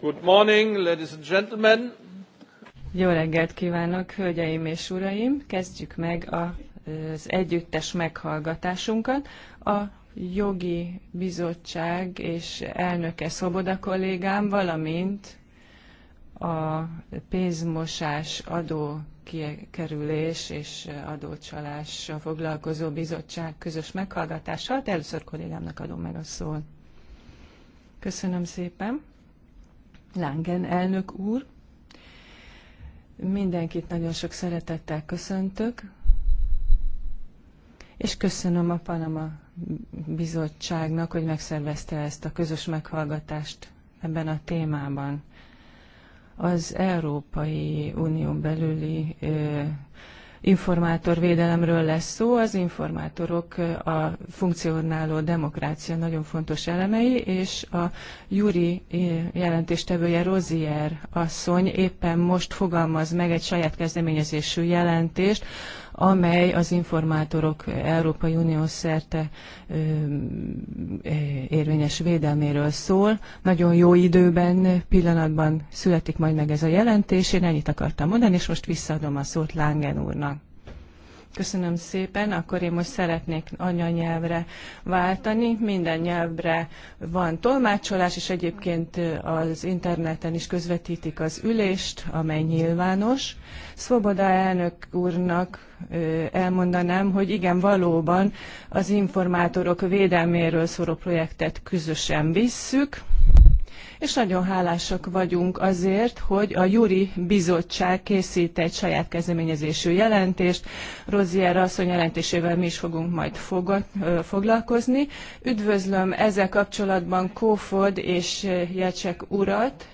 Good morning, ladies and gentlemen. Jó reggelt kívánok, hölgyeim és uraim! Kezdjük meg az együttes meghallgatásunkat. A jogi bizottság és elnöke Szoboda kollégám, valamint a pénzmosás adó kikerülés és adócsalással foglalkozó bizottság közös meghallgatása. De hát először kollégámnak adom meg a szót. Köszönöm szépen. lángen elnök úr. Mindenkit nagyon sok szeretettel köszöntök, és köszönöm a Panama Bizottságnak, hogy megszervezte ezt a közös meghallgatást ebben a témában az Európai Unión belüli informátorvédelemről lesz szó. Az informátorok a funkcionáló demokrácia nagyon fontos elemei, és a Juri jelentéstevője Rozier asszony éppen most fogalmaz meg egy saját kezdeményezésű jelentést, amely az informátorok Európai Unió szerte érvényes védelméről szól. Nagyon jó időben, pillanatban születik majd meg ez a jelentés. Én ennyit akartam mondani, és most visszaadom a szót Lángen úrnak. Köszönöm szépen, akkor én most szeretnék anyanyelvre váltani. Minden nyelvre van tolmácsolás, és egyébként az interneten is közvetítik az ülést, amely nyilvános. Szvoboda elnök úrnak elmondanám, hogy igen, valóban az informátorok védelméről szóló projektet közösen visszük, és nagyon hálásak vagyunk azért, hogy a Juri Bizottság készít egy saját kezdeményezésű jelentést. Rozier asszony jelentésével mi is fogunk majd foglalkozni. Üdvözlöm ezzel kapcsolatban Kófod és Jecsek urat,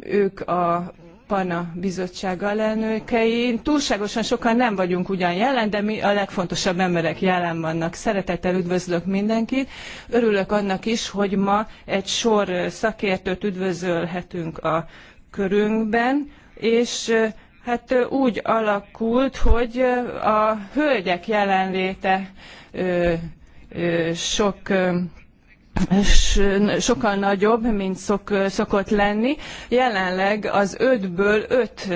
ők a PANA bizottság alelnökei. Túlságosan sokan nem vagyunk ugyan jelen, de mi a legfontosabb emberek jelen vannak. Szeretettel üdvözlök mindenkit. Örülök annak is, hogy ma egy sor szakértőt üdvözölhetünk a körünkben, és hát úgy alakult, hogy a hölgyek jelenléte sok sokkal nagyobb, mint szok, szokott lenni. Jelenleg az ötből öt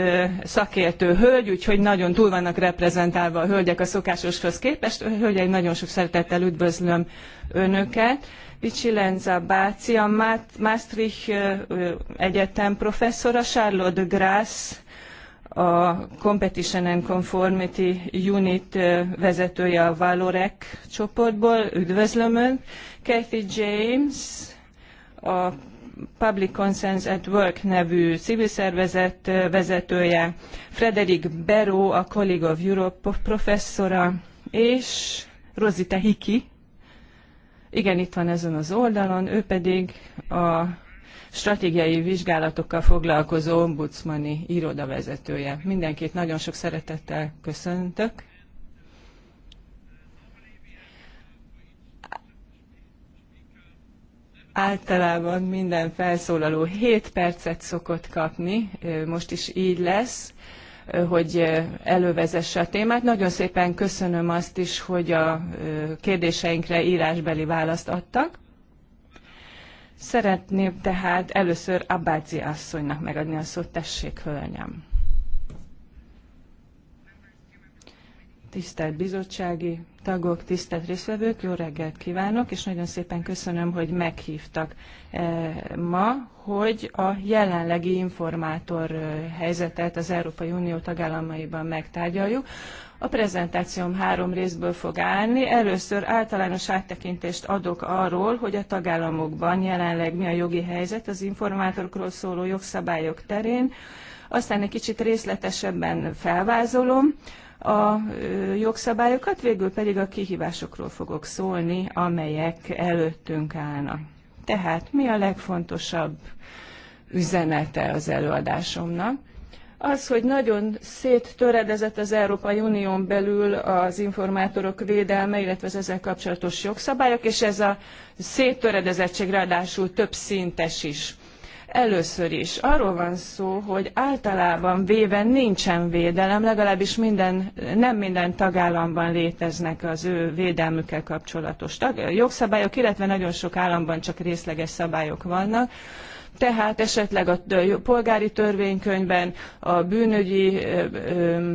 szakértő hölgy, úgyhogy nagyon túl vannak reprezentálva a hölgyek a szokásoshoz képest. Hölgyeim, nagyon sok szeretettel üdvözlöm Önöket. Vicilenza Báci, a Maastricht Egyetem professzora, Charlotte Grass a Competition and Conformity Unit vezetője a Valorec csoportból. Üdvözlöm Önt. Kathy James, a Public Consensus at Work nevű civil szervezet vezetője, Frederik Beró, a Colleague of Europe professzora, és Rosita Hiki, igen, itt van ezen az oldalon, ő pedig a stratégiai vizsgálatokkal foglalkozó ombudsmani irodavezetője. Mindenkit nagyon sok szeretettel köszöntök. Általában minden felszólaló 7 percet szokott kapni, most is így lesz hogy elővezesse a témát. Nagyon szépen köszönöm azt is, hogy a kérdéseinkre írásbeli választ adtak. Szeretném tehát először Abáci asszonynak megadni a szót, tessék, hölgyem. tisztelt bizottsági tagok, tisztelt részvevők, jó reggelt kívánok, és nagyon szépen köszönöm, hogy meghívtak eh, ma, hogy a jelenlegi informátor eh, helyzetet az Európai Unió tagállamaiban megtárgyaljuk. A prezentációm három részből fog állni. Először általános áttekintést adok arról, hogy a tagállamokban jelenleg mi a jogi helyzet az informátorokról szóló jogszabályok terén. Aztán egy kicsit részletesebben felvázolom, a jogszabályokat, végül pedig a kihívásokról fogok szólni, amelyek előttünk állnak. Tehát mi a legfontosabb üzenete az előadásomnak? az, hogy nagyon széttöredezett az Európai Unión belül az informátorok védelme, illetve az ezzel kapcsolatos jogszabályok, és ez a széttöredezettség ráadásul több szintes is. Először is arról van szó, hogy általában véve nincsen védelem, legalábbis minden, nem minden tagállamban léteznek az ő védelmükkel kapcsolatos tag, jogszabályok, illetve nagyon sok államban csak részleges szabályok vannak tehát esetleg a polgári törvénykönyvben, a bűnügyi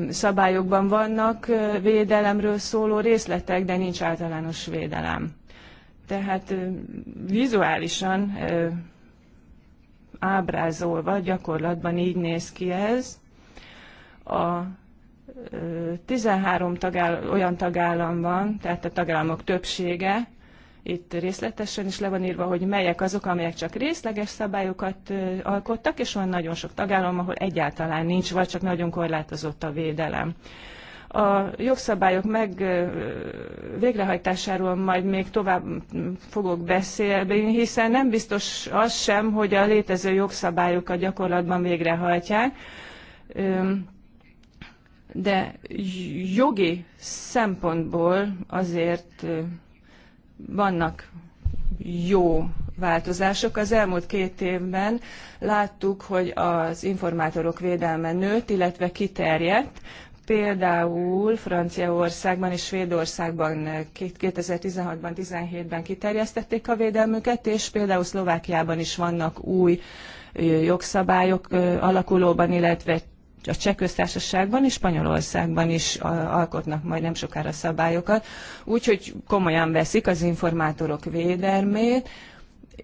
szabályokban vannak védelemről szóló részletek, de nincs általános védelem. Tehát vizuálisan ábrázolva, gyakorlatban így néz ki ez. A 13 tagáll- olyan tagállam van, tehát a tagállamok többsége, itt részletesen is le van írva, hogy melyek azok, amelyek csak részleges szabályokat alkottak, és van nagyon sok tagállam, ahol egyáltalán nincs, vagy csak nagyon korlátozott a védelem a jogszabályok meg végrehajtásáról majd még tovább fogok beszélni, hiszen nem biztos az sem, hogy a létező jogszabályokat gyakorlatban végrehajtják, de jogi szempontból azért vannak jó változások. Az elmúlt két évben láttuk, hogy az informátorok védelme nőtt, illetve kiterjedt például Franciaországban és Svédországban 2016-ban, 17-ben kiterjesztették a védelmüket, és például Szlovákiában is vannak új jogszabályok alakulóban, illetve a cseh köztársaságban és Spanyolországban is alkotnak majd nem sokára szabályokat, úgyhogy komolyan veszik az informátorok védelmét,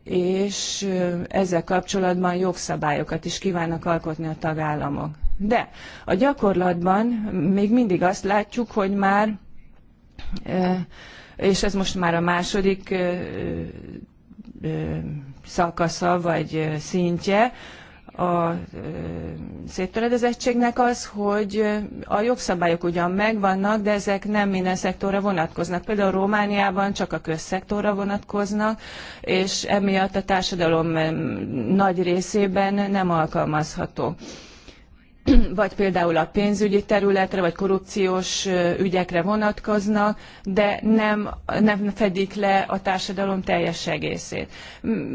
és ezzel kapcsolatban jogszabályokat is kívánnak alkotni a tagállamok. De a gyakorlatban még mindig azt látjuk, hogy már, és ez most már a második szakasza vagy szintje, a széttöredezettségnek az, hogy a jogszabályok ugyan megvannak, de ezek nem minden szektorra vonatkoznak. Például Romániában csak a közszektorra vonatkoznak, és emiatt a társadalom nagy részében nem alkalmazható. vagy például a pénzügyi területre, vagy korrupciós ügyekre vonatkoznak, de nem, nem fedik le a társadalom teljes egészét.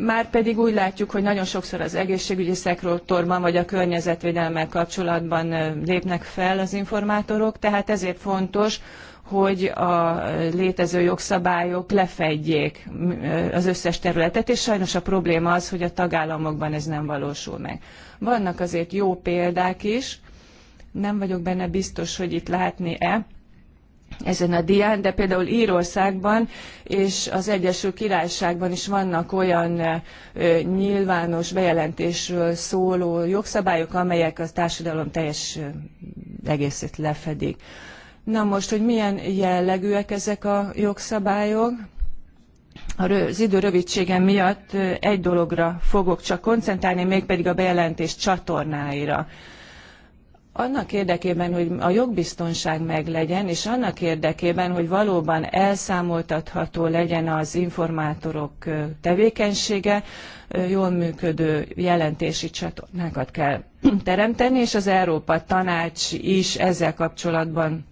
Már pedig úgy látjuk, hogy nagyon sokszor az egészségügyi szektorban, vagy a környezetvédelemmel kapcsolatban lépnek fel az informátorok, tehát ezért fontos, hogy a létező jogszabályok lefedjék az összes területet, és sajnos a probléma az, hogy a tagállamokban ez nem valósul meg. Vannak azért jó példák is, nem vagyok benne biztos, hogy itt látni-e ezen a dián, de például Írországban és az Egyesült Királyságban is vannak olyan nyilvános bejelentésről szóló jogszabályok, amelyek a társadalom teljes egészét lefedik. Na most, hogy milyen jellegűek ezek a jogszabályok? Az idő rövidsége miatt egy dologra fogok csak koncentrálni, mégpedig a bejelentés csatornáira annak érdekében, hogy a jogbiztonság meglegyen, és annak érdekében, hogy valóban elszámoltatható legyen az informátorok tevékenysége, jól működő jelentési csatornákat kell teremteni, és az Európa Tanács is ezzel kapcsolatban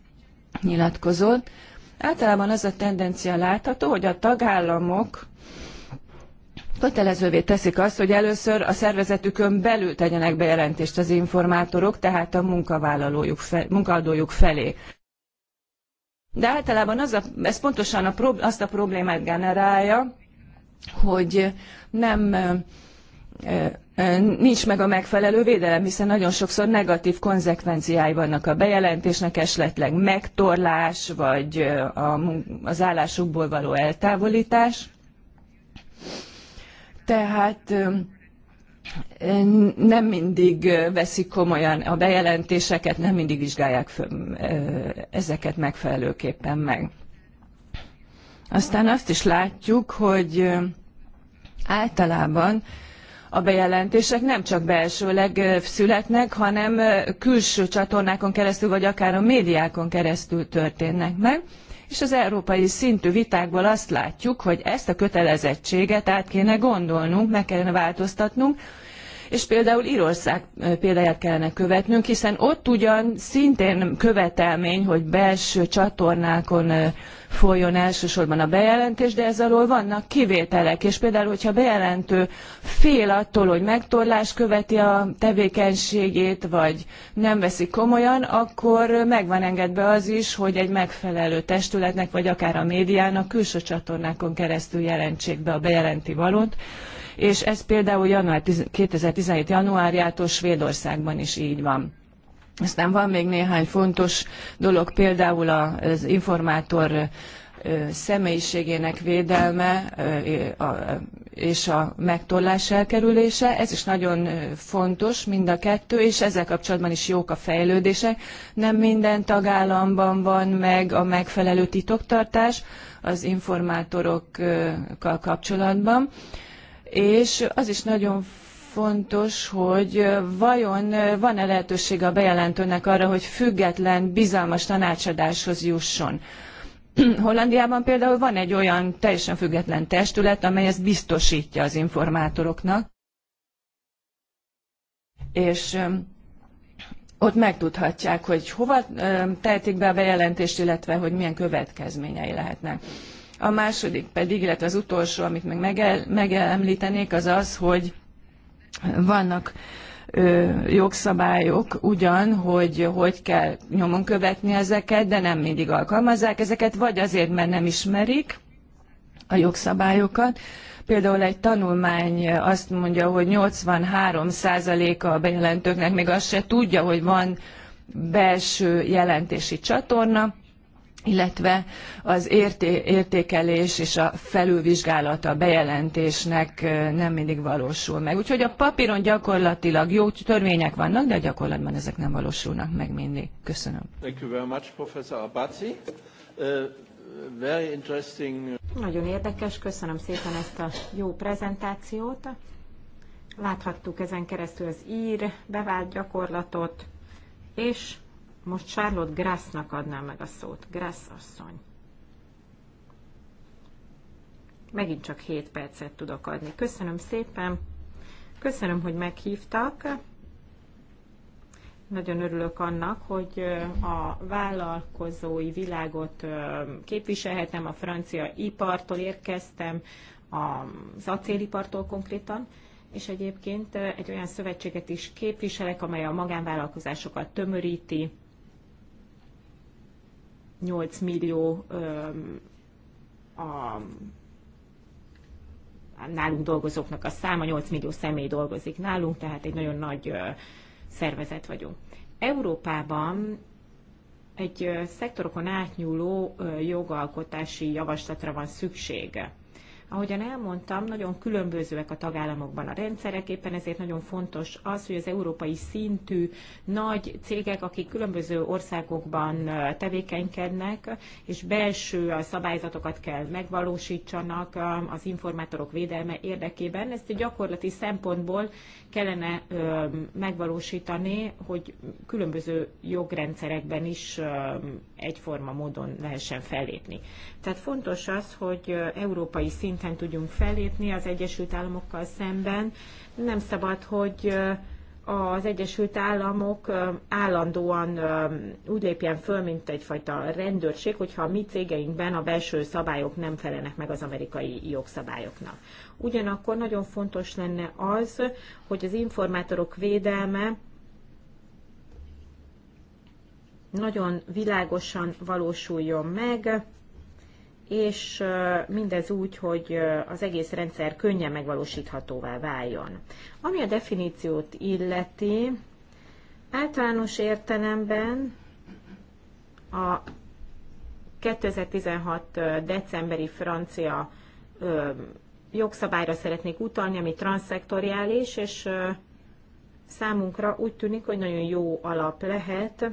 nyilatkozott. Általában az a tendencia látható, hogy a tagállamok kötelezővé teszik azt, hogy először a szervezetükön belül tegyenek bejelentést az informátorok, tehát a munkavállalójuk fe, munkadójuk felé. De általában az a, ez pontosan a, azt a problémát generálja, hogy nem nincs meg a megfelelő védelem, hiszen nagyon sokszor negatív konzekvenciái vannak a bejelentésnek, esetleg megtorlás, vagy a, az állásukból való eltávolítás. Tehát nem mindig veszik komolyan a bejelentéseket, nem mindig vizsgálják föl, ezeket megfelelőképpen meg. Aztán azt is látjuk, hogy általában a bejelentések nem csak belsőleg születnek, hanem külső csatornákon keresztül, vagy akár a médiákon keresztül történnek meg. És az európai szintű vitákból azt látjuk, hogy ezt a kötelezettséget át kéne gondolnunk, meg kellene változtatnunk, és például Írország példáját kellene követnünk, hiszen ott ugyan szintén követelmény, hogy belső csatornákon folyjon elsősorban a bejelentés, de ez alól vannak kivételek, és például, hogyha bejelentő fél attól, hogy megtorlás követi a tevékenységét, vagy nem veszi komolyan, akkor megvan engedve az is, hogy egy megfelelő testületnek, vagy akár a médiának külső csatornákon keresztül jelentsék be a bejelenti valót és ez például január 2017. januárjától Svédországban is így van. Aztán van még néhány fontos dolog, például az informátor személyiségének védelme és a megtorlás elkerülése. Ez is nagyon fontos, mind a kettő, és ezzel kapcsolatban is jók a fejlődések. Nem minden tagállamban van meg a megfelelő titoktartás az informátorokkal kapcsolatban és az is nagyon fontos, hogy vajon eh, van-e lehetőség a bejelentőnek arra, hogy független, bizalmas tanácsadáshoz jusson. Hollandiában például van egy olyan teljesen független testület, amely ezt biztosítja az informátoroknak, és ott megtudhatják, hogy hova tehetik be a bejelentést, illetve hogy milyen következményei lehetnek. A második pedig, illetve az utolsó, amit meg megemlítenék, az az, hogy vannak ö, jogszabályok ugyan, hogy hogy kell nyomon követni ezeket, de nem mindig alkalmazzák ezeket, vagy azért, mert nem ismerik a jogszabályokat, Például egy tanulmány azt mondja, hogy 83%-a a bejelentőknek még azt se tudja, hogy van belső jelentési csatorna, illetve az érté értékelés és a felülvizsgálata a bejelentésnek nem mindig valósul meg. Úgyhogy a papíron gyakorlatilag jó törvények vannak, de a gyakorlatban ezek nem valósulnak meg mindig. Köszönöm. Thank you very much, Professor Abazi. Uh, very interesting. Nagyon érdekes, köszönöm szépen ezt a jó prezentációt. Láthattuk ezen keresztül az ír bevált gyakorlatot, és most Charlotte Grassnak adnám meg a szót. Grass asszony. Megint csak 7 percet tudok adni. Köszönöm szépen. Köszönöm, hogy meghívtak. Nagyon örülök annak, hogy a vállalkozói világot képviselhetem, a francia ipartól érkeztem, az acélipartól konkrétan, és egyébként egy olyan szövetséget is képviselek, amely a magánvállalkozásokat tömöríti, 8 millió a nálunk dolgozóknak a száma, 8 millió személy dolgozik nálunk, tehát egy nagyon nagy szervezet vagyunk. Európában egy szektorokon átnyúló jogalkotási javaslatra van szüksége Ahogyan elmondtam, nagyon különbözőek a tagállamokban a rendszerek, éppen ezért nagyon fontos az, hogy az európai szintű nagy cégek, akik különböző országokban tevékenykednek, és belső szabályzatokat kell megvalósítsanak az informátorok védelme érdekében, ezt gyakorlati szempontból kellene megvalósítani, hogy különböző jogrendszerekben is egyforma módon lehessen fellépni. Tehát fontos az, hogy európai szintű szinten tudjunk fellépni az Egyesült Államokkal szemben. Nem szabad, hogy az Egyesült Államok állandóan úgy lépjen föl, mint egyfajta rendőrség, hogyha a mi cégeinkben a belső szabályok nem felelnek meg az amerikai jogszabályoknak. Ugyanakkor nagyon fontos lenne az, hogy az informátorok védelme nagyon világosan valósuljon meg, és mindez úgy, hogy az egész rendszer könnyen megvalósíthatóvá váljon. Ami a definíciót illeti, általános értelemben a 2016. decemberi francia jogszabályra szeretnék utalni, ami transzektoriális, és számunkra úgy tűnik, hogy nagyon jó alap lehet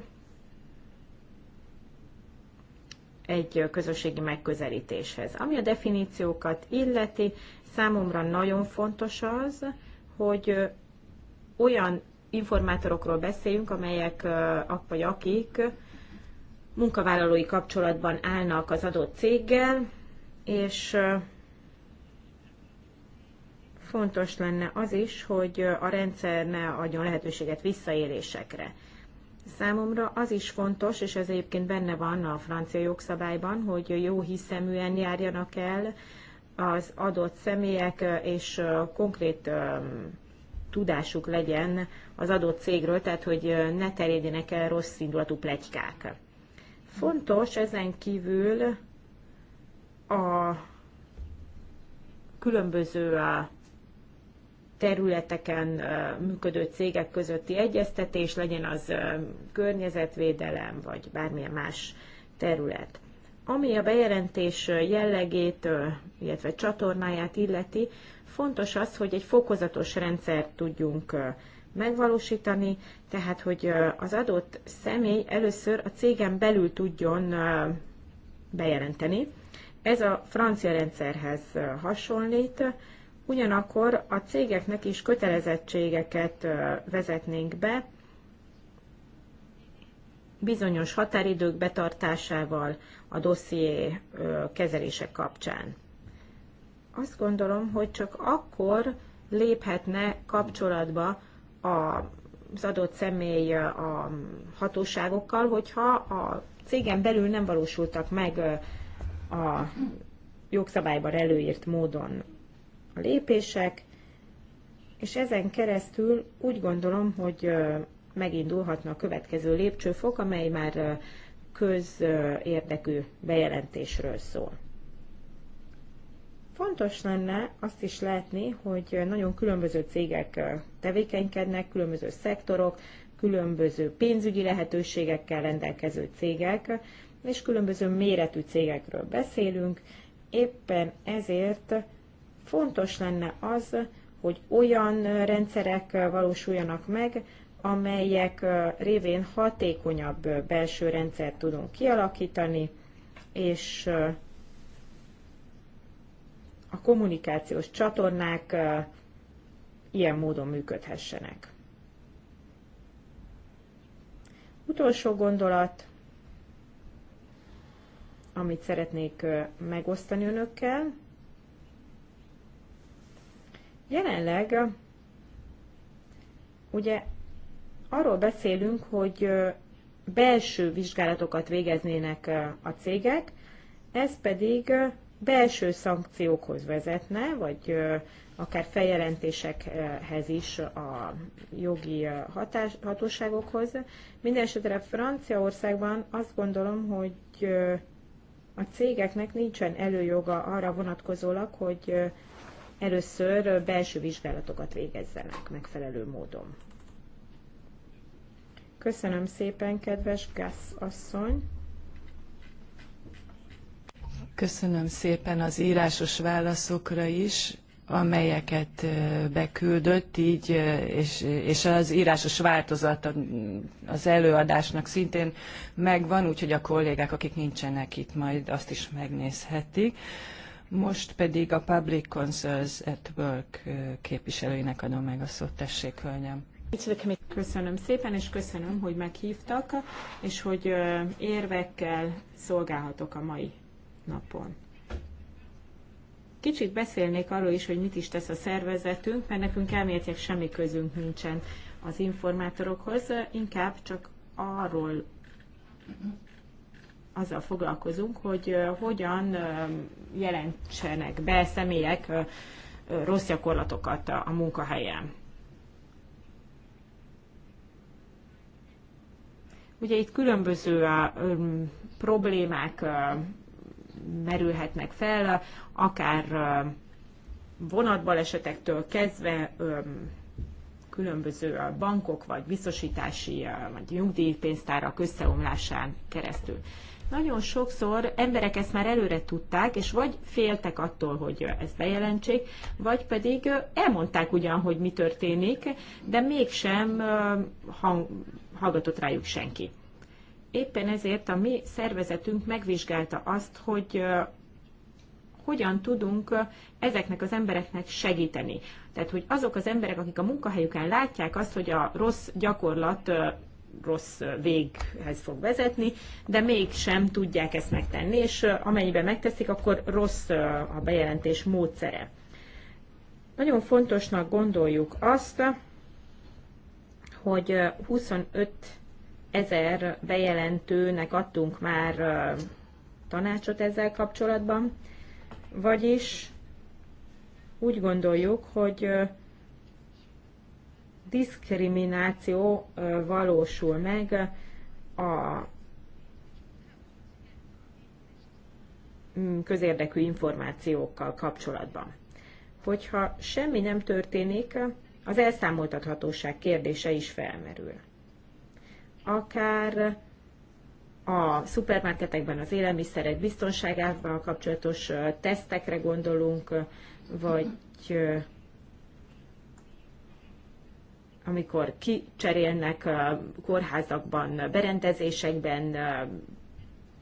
egy közösségi megközelítéshez. Ami a definíciókat illeti, számomra nagyon fontos az, hogy olyan informátorokról beszéljünk, amelyek, vagy akik munkavállalói kapcsolatban állnak az adott céggel, és fontos lenne az is, hogy a rendszer ne adjon lehetőséget visszaélésekre. Számomra az is fontos, és ez egyébként benne van a francia jogszabályban, hogy jó hiszeműen járjanak el az adott személyek, és konkrét tudásuk legyen az adott cégről, tehát hogy ne terjedjenek el rossz indulatú plegykák. Fontos ezen kívül a különböző területeken működő cégek közötti egyeztetés, legyen az környezetvédelem, vagy bármilyen más terület. Ami a bejelentés jellegét, illetve csatornáját illeti, fontos az, hogy egy fokozatos rendszert tudjunk megvalósítani, tehát hogy az adott személy először a cégen belül tudjon bejelenteni. Ez a francia rendszerhez hasonlít, Ugyanakkor a cégeknek is kötelezettségeket vezetnénk be bizonyos határidők betartásával a dosszié kezelése kapcsán. Azt gondolom, hogy csak akkor léphetne kapcsolatba az adott személy a hatóságokkal, hogyha a cégen belül nem valósultak meg a jogszabályban előírt módon a lépések, és ezen keresztül úgy gondolom, hogy megindulhatna a következő lépcsőfok, amely már közérdekű bejelentésről szól. Fontos lenne azt is látni, hogy nagyon különböző cégek tevékenykednek, különböző szektorok, különböző pénzügyi lehetőségekkel rendelkező cégek, és különböző méretű cégekről beszélünk. Éppen ezért Fontos lenne az, hogy olyan rendszerek valósuljanak meg, amelyek révén hatékonyabb belső rendszert tudunk kialakítani, és a kommunikációs csatornák ilyen módon működhessenek. Utolsó gondolat, amit szeretnék megosztani önökkel, Jelenleg ugye arról beszélünk, hogy belső vizsgálatokat végeznének a cégek, ez pedig belső szankciókhoz vezetne, vagy akár feljelentésekhez is a jogi hatás, hatóságokhoz. Mindenesetre Franciaországban azt gondolom, hogy a cégeknek nincsen előjoga arra vonatkozólag, hogy először belső vizsgálatokat végezzenek megfelelő módon. Köszönöm szépen, kedves Gász asszony! Köszönöm szépen az írásos válaszokra is, amelyeket beküldött, így, és, és az írásos változat az előadásnak szintén megvan, úgyhogy a kollégák, akik nincsenek itt, majd azt is megnézhetik. Most pedig a Public Concerns at Work képviselőinek adom meg a szót, tessék, hölgyem. Köszönöm szépen, és köszönöm, hogy meghívtak, és hogy érvekkel szolgálhatok a mai napon. Kicsit beszélnék arról is, hogy mit is tesz a szervezetünk, mert nekünk elméletileg semmi közünk nincsen az informátorokhoz, inkább csak arról azzal foglalkozunk, hogy hogyan jelentsenek be személyek rossz gyakorlatokat a munkahelyen. Ugye itt különböző problémák merülhetnek fel, akár vonatbalesetektől kezdve különböző bankok, vagy biztosítási, vagy nyugdíjpénztárak összeomlásán keresztül. Nagyon sokszor emberek ezt már előre tudták, és vagy féltek attól, hogy ezt bejelentsék, vagy pedig elmondták ugyan, hogy mi történik, de mégsem hang, hallgatott rájuk senki. Éppen ezért a mi szervezetünk megvizsgálta azt, hogy hogyan tudunk ezeknek az embereknek segíteni. Tehát, hogy azok az emberek, akik a munkahelyükön látják azt, hogy a rossz gyakorlat rossz véghez fog vezetni, de mégsem tudják ezt megtenni, és amennyiben megteszik, akkor rossz a bejelentés módszere. Nagyon fontosnak gondoljuk azt, hogy 25 ezer bejelentőnek adtunk már tanácsot ezzel kapcsolatban, vagyis úgy gondoljuk, hogy diszkrimináció valósul meg a mm, közérdekű információkkal kapcsolatban. Hogyha semmi nem történik, az elszámoltathatóság kérdése is felmerül. Akár a szupermarketekben az élelmiszerek biztonságával kapcsolatos tesztekre gondolunk, vagy amikor kicserélnek kórházakban, berendezésekben,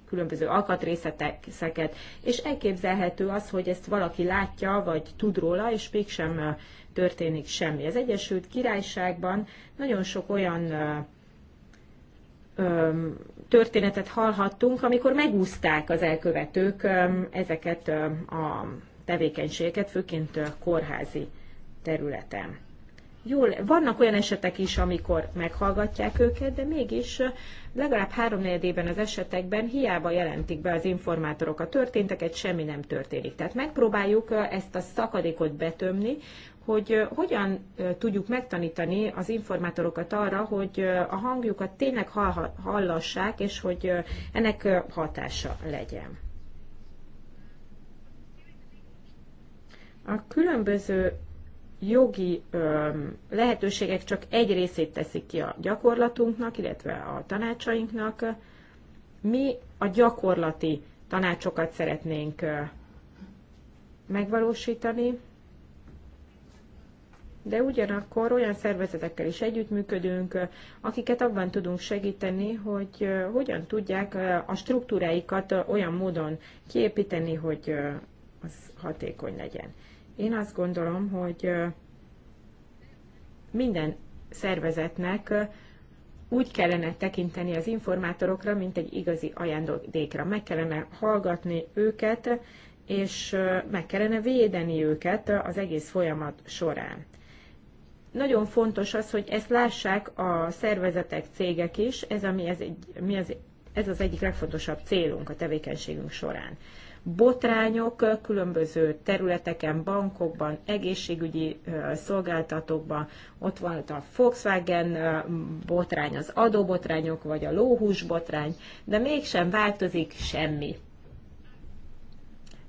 különböző alkatrészeket, és elképzelhető az, hogy ezt valaki látja, vagy tud róla, és mégsem történik semmi. Az Egyesült Királyságban nagyon sok olyan történetet hallhattunk, amikor megúzták az elkövetők ezeket a tevékenységeket, főként kórházi területen jól, vannak olyan esetek is, amikor meghallgatják őket, de mégis legalább háromnegyedében az esetekben hiába jelentik be az informátorok a történteket, semmi nem történik. Tehát megpróbáljuk ezt a szakadékot betömni, hogy hogyan tudjuk megtanítani az informátorokat arra, hogy a hangjukat tényleg hallassák, és hogy ennek hatása legyen. A különböző jogi ö, lehetőségek csak egy részét teszik ki a gyakorlatunknak, illetve a tanácsainknak. Mi a gyakorlati tanácsokat szeretnénk ö, megvalósítani, de ugyanakkor olyan szervezetekkel is együttműködünk, akiket abban tudunk segíteni, hogy hogyan tudják a struktúráikat olyan módon kiépíteni, hogy az hatékony legyen. Én azt gondolom, hogy minden szervezetnek úgy kellene tekinteni az informátorokra, mint egy igazi ajándékra. Meg kellene hallgatni őket, és meg kellene védeni őket az egész folyamat során. Nagyon fontos az, hogy ezt lássák a szervezetek, cégek is, ez, ami ez, egy, mi az, ez az egyik legfontosabb célunk a tevékenységünk során botrányok különböző területeken, bankokban, egészségügyi szolgáltatókban, ott volt a Volkswagen botrány, az adóbotrányok, vagy a lóhús botrány, de mégsem változik semmi.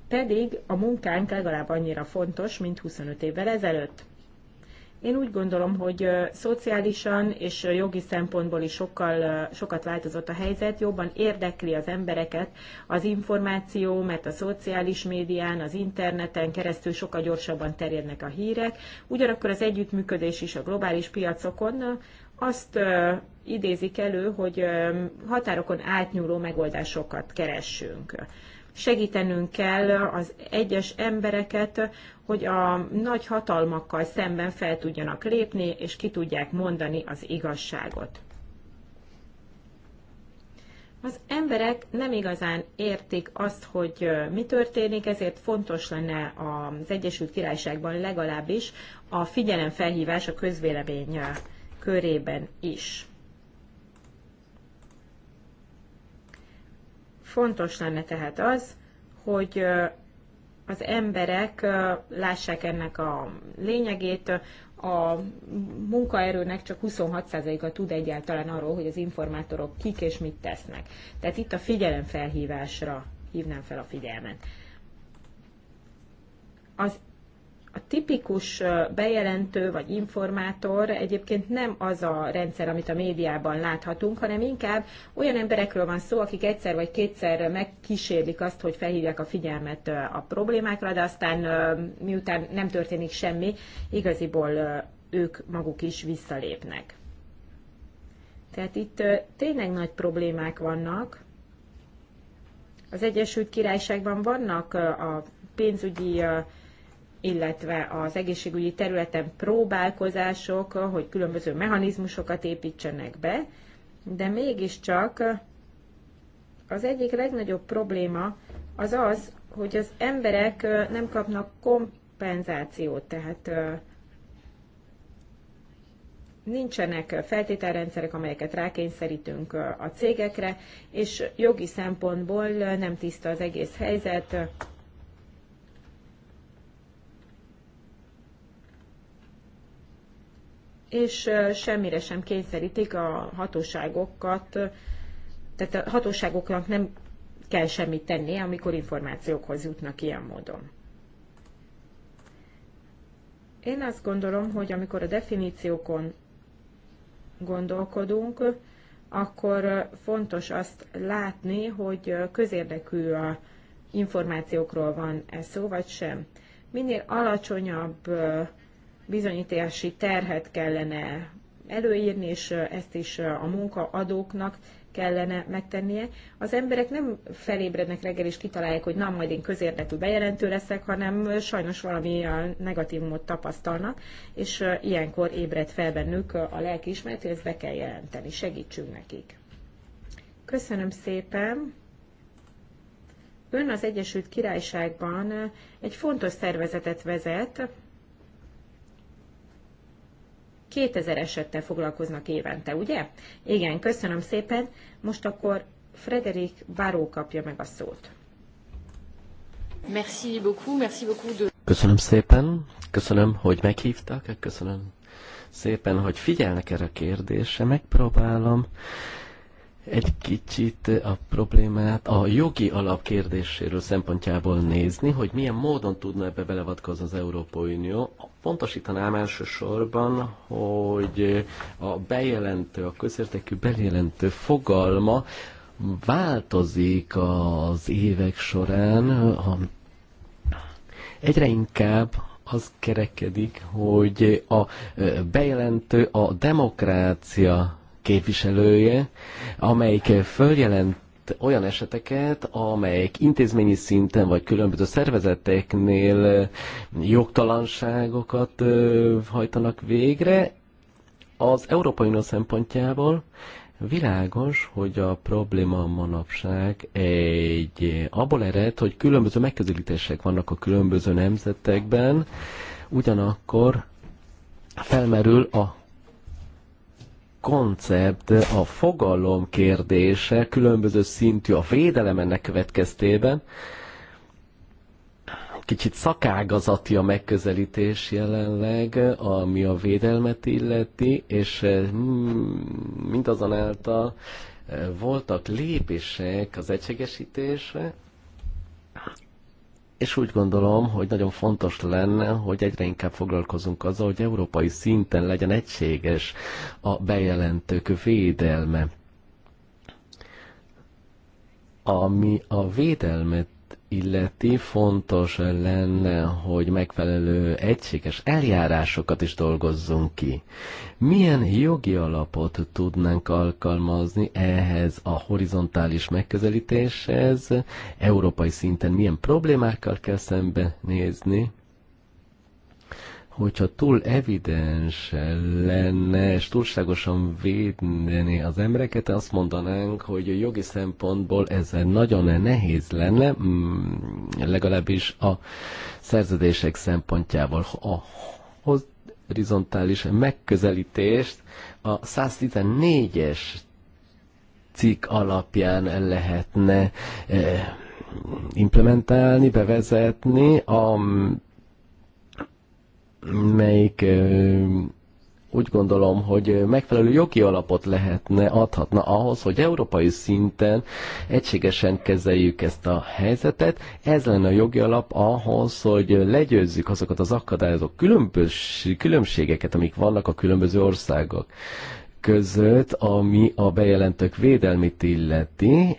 Pedig a munkánk legalább annyira fontos, mint 25 évvel ezelőtt. Én úgy gondolom, hogy szociálisan és jogi szempontból is sokkal, sokat változott a helyzet, jobban érdekli az embereket az információ, mert a szociális médián, az interneten keresztül sokkal gyorsabban terjednek a hírek. Ugyanakkor az együttműködés is a globális piacokon azt idézik elő, hogy határokon átnyúló megoldásokat keressünk segítenünk kell az egyes embereket, hogy a nagy hatalmakkal szemben fel tudjanak lépni, és ki tudják mondani az igazságot. Az emberek nem igazán értik azt, hogy mi történik, ezért fontos lenne az Egyesült Királyságban legalábbis a figyelemfelhívás a közvélemény körében is. Fontos lenne tehát az, hogy az emberek lássák ennek a lényegét, a munkaerőnek csak 26%-a tud egyáltalán arról, hogy az informátorok kik és mit tesznek. Tehát itt a figyelemfelhívásra hívnám fel a figyelmet. Az a tipikus bejelentő vagy informátor egyébként nem az a rendszer, amit a médiában láthatunk, hanem inkább olyan emberekről van szó, akik egyszer vagy kétszer megkísérlik azt, hogy felhívják a figyelmet a problémákra, de aztán miután nem történik semmi, igaziból ők maguk is visszalépnek. Tehát itt tényleg nagy problémák vannak. Az Egyesült Királyságban vannak a pénzügyi illetve az egészségügyi területen próbálkozások, hogy különböző mechanizmusokat építsenek be, de mégiscsak az egyik legnagyobb probléma az az, hogy az emberek nem kapnak kompenzációt, tehát nincsenek feltételrendszerek, amelyeket rákényszerítünk a cégekre, és jogi szempontból nem tiszta az egész helyzet, és semmire sem kényszerítik a hatóságokat, tehát a hatóságoknak nem kell semmit tennie, amikor információkhoz jutnak ilyen módon. Én azt gondolom, hogy amikor a definíciókon gondolkodunk, akkor fontos azt látni, hogy közérdekű a információkról van ez szó, vagy sem. Minél alacsonyabb bizonyítási terhet kellene előírni, és ezt is a munkaadóknak kellene megtennie. Az emberek nem felébrednek reggel és kitalálják, hogy nem majd én közérdekű bejelentő leszek, hanem sajnos valami negatívumot tapasztalnak, és ilyenkor ébred fel bennük a lelkiismeret, hogy ezt be kell jelenteni. Segítsünk nekik. Köszönöm szépen! Ön az Egyesült Királyságban egy fontos szervezetet vezet, 2000 esettel foglalkoznak évente, ugye? Igen, köszönöm szépen. Most akkor Frederik Baró kapja meg a szót. Merci beaucoup, merci beaucoup de... Köszönöm szépen, köszönöm, hogy meghívtak, köszönöm szépen, hogy figyelnek erre a kérdésre, megpróbálom egy kicsit a problémát a jogi alapkérdéséről szempontjából nézni, hogy milyen módon tudna ebbe belevatkozni az Európai Unió. Pontosítanám elsősorban, hogy a bejelentő, a közértékű bejelentő fogalma változik az évek során. Egyre inkább az kerekedik, hogy a bejelentő a demokrácia képviselője, amelyik följelent olyan eseteket, amelyek intézményi szinten vagy különböző szervezeteknél jogtalanságokat hajtanak végre. Az Európai Unió szempontjából világos, hogy a probléma manapság egy abból ered, hogy különböző megközelítések vannak a különböző nemzetekben, ugyanakkor felmerül a koncept, a fogalom kérdése különböző szintű a védelem ennek következtében. Kicsit szakágazati a megközelítés jelenleg, ami a védelmet illeti, és eh, mindazonáltal eh, voltak lépések az egységesítésre, és úgy gondolom, hogy nagyon fontos lenne, hogy egyre inkább foglalkozunk azzal, hogy európai szinten legyen egységes a bejelentők védelme. Ami a védelmet illeti, fontos lenne, hogy megfelelő egységes eljárásokat is dolgozzunk ki. Milyen jogi alapot tudnánk alkalmazni ehhez a horizontális megközelítéshez? Európai szinten milyen problémákkal kell szembenézni? hogyha túl evidens lenne, és túlságosan védeni az embereket, azt mondanánk, hogy a jogi szempontból ez nagyon nehéz lenne, mm, legalábbis a szerződések szempontjából. A horizontális megközelítést a 114-es cikk alapján lehetne eh, implementálni, bevezetni, a melyik úgy gondolom, hogy megfelelő jogi alapot lehetne, adhatna ahhoz, hogy európai szinten egységesen kezeljük ezt a helyzetet. Ez lenne a jogi alap ahhoz, hogy legyőzzük azokat az akadályozók különbségeket, amik vannak a különböző országok között, ami a bejelentők védelmét illeti,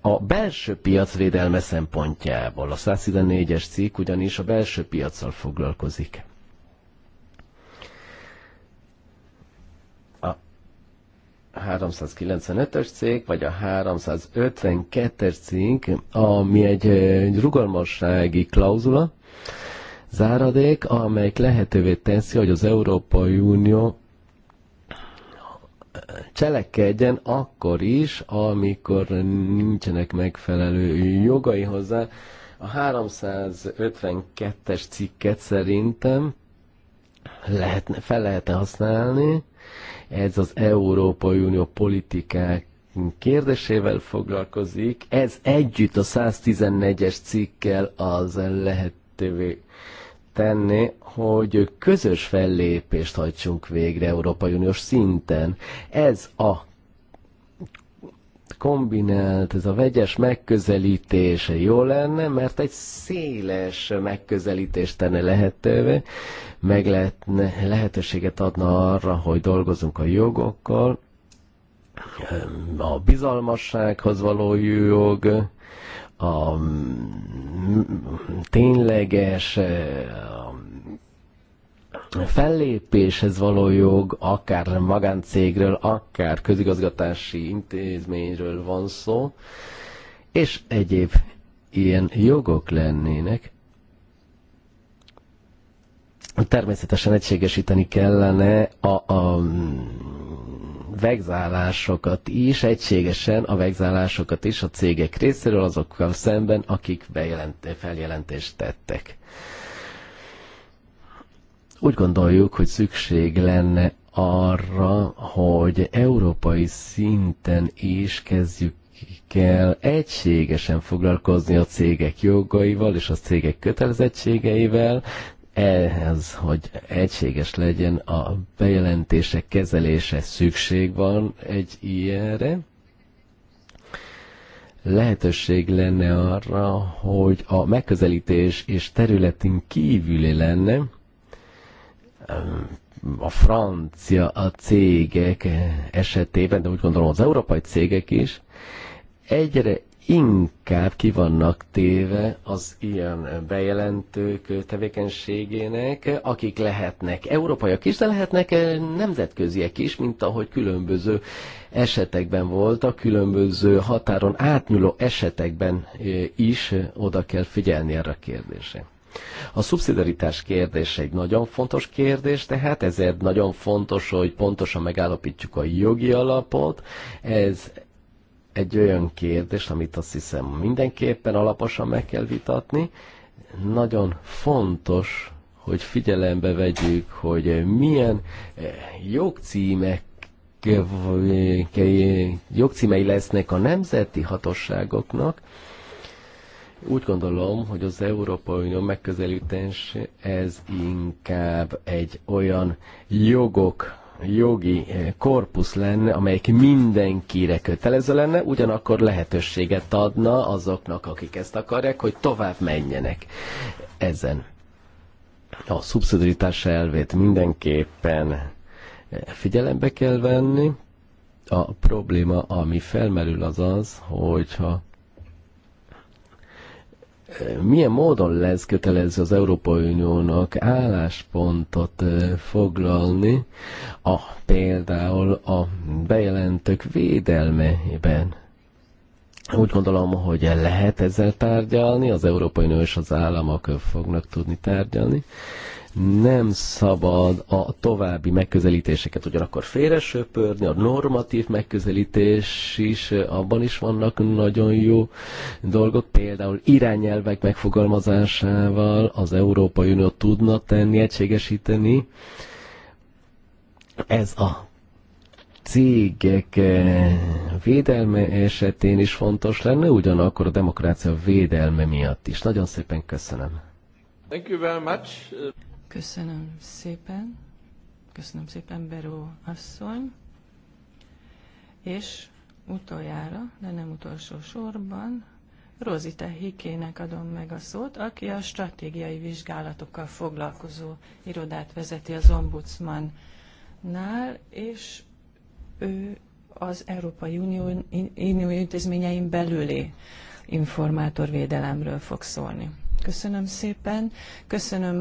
a belső piac védelme szempontjából. A 114-es cikk ugyanis a belső piacsal foglalkozik. 395-ös cég, vagy a 352-es cég, ami egy, egy rugalmassági klauzula, záradék, amelyik lehetővé teszi, hogy az Európai Unió cselekedjen akkor is, amikor nincsenek megfelelő jogai hozzá. A 352-es cikket szerintem lehetne, fel lehetne használni, ez az Európai Unió politikák kérdésével foglalkozik. Ez együtt a 114-es cikkel az lehetővé tenni, hogy közös fellépést hajtsunk végre Európai Uniós szinten. Ez a kombinált, ez a vegyes megközelítése jó lenne, mert egy széles megközelítést tenne lehetővé, meg lehetne, lehetőséget adna arra, hogy dolgozunk a jogokkal, a bizalmassághoz való jog, a tényleges a fellépéshez való jog, akár magáncégről, akár közigazgatási intézményről van szó, és egyéb ilyen jogok lennének. Természetesen egységesíteni kellene a, a vegzálásokat is, egységesen a vegzálásokat is a cégek részéről azokkal szemben, akik feljelentést tettek. Úgy gondoljuk, hogy szükség lenne arra, hogy európai szinten is kezdjük kell egységesen foglalkozni a cégek jogaival és a cégek kötelezettségeivel, ehhez, hogy egységes legyen a bejelentések kezelése, szükség van egy ilyenre. Lehetőség lenne arra, hogy a megközelítés és területén kívüli lenne, a francia a cégek esetében, de úgy gondolom az európai cégek is, egyre inkább vannak téve az ilyen bejelentők tevékenységének, akik lehetnek európaiak is, de lehetnek nemzetköziek is, mint ahogy különböző esetekben voltak, különböző határon átnyúló esetekben eh, is oda kell figyelni erre a kérdésre. A szubszidaritás kérdése egy nagyon fontos kérdés, tehát ezért nagyon fontos, hogy pontosan megállapítjuk a jogi alapot. Ez egy olyan kérdés, amit azt hiszem mindenképpen alaposan meg kell vitatni. Nagyon fontos, hogy figyelembe vegyük, hogy milyen eh, jogcímek eh, jogcímei lesznek a nemzeti hatóságoknak, úgy gondolom, hogy az Európai Unió megközelítés ez inkább egy olyan jogok jogi eh, korpusz lenne, amelyik mindenkire kötelező lenne, ugyanakkor lehetőséget adna azoknak, akik ezt akarják, hogy tovább menjenek ezen. A szubszidiaritás elvét mindenképpen eh, figyelembe kell venni. A probléma, ami felmerül az az, hogyha milyen módon lesz kötelező az Európai Uniónak álláspontot foglalni a, például a bejelentők védelmében? Úgy gondolom, hogy lehet ezzel tárgyalni, az Európai Unió és az államok fognak tudni tárgyalni nem szabad a további megközelítéseket ugyanakkor félre söpörni, a normatív megközelítés is, abban is vannak nagyon jó dolgok, például irányelvek megfogalmazásával az Európai Unió tudna tenni, egységesíteni. Ez a cégek védelme esetén is fontos lenne, ugyanakkor a demokrácia védelme miatt is. Nagyon szépen köszönöm. Thank you very much. Köszönöm szépen. Köszönöm szépen, Beró asszony. És utoljára, de nem utolsó sorban, Rozita Hikének adom meg a szót, aki a stratégiai vizsgálatokkal foglalkozó irodát vezeti az ombudsmannál, és ő az Európai Unió, Unió intézményein belüli informátorvédelemről fog szólni. Köszönöm szépen. Köszönöm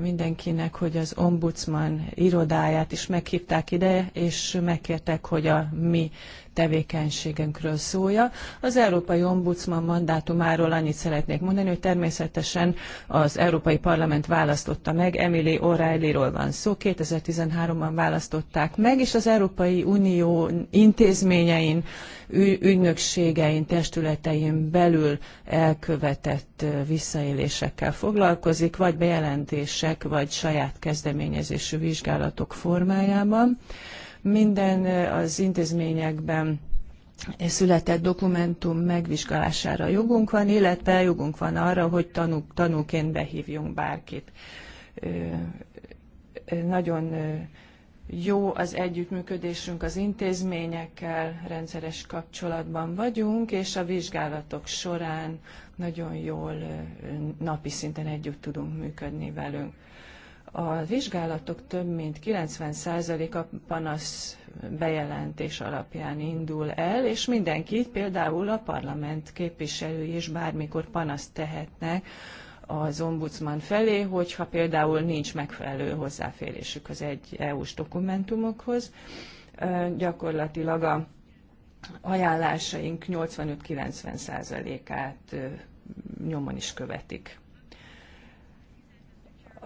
mindenkinek, hogy az ombudsman irodáját is meghívták ide, és megkértek, hogy a mi tevékenységünkről szólja. Az Európai Ombudsman mandátumáról annyit szeretnék mondani, hogy természetesen az Európai Parlament választotta meg, Emily O'Reillyról van szó, 2013-ban választották meg, és az Európai Unió intézményein, ügynökségein, testületein belül elkövetett visszaélésekkel foglalkozik, vagy bejelentések, vagy saját kezdeményezésű vizsgálatok formájában. Minden az intézményekben született dokumentum megvizsgálására jogunk van, illetve jogunk van arra, hogy tanú, tanúként behívjunk bárkit. Nagyon jó az együttműködésünk az intézményekkel, rendszeres kapcsolatban vagyunk, és a vizsgálatok során nagyon jól napi szinten együtt tudunk működni velünk. A vizsgálatok több mint 90%-a panasz bejelentés alapján indul el, és mindenki, például a parlament képviselői is bármikor panaszt tehetnek az ombudsman felé, hogyha például nincs megfelelő hozzáférésük az egy EU-s dokumentumokhoz. Gyakorlatilag a ajánlásaink 85-90%-át nyomon is követik.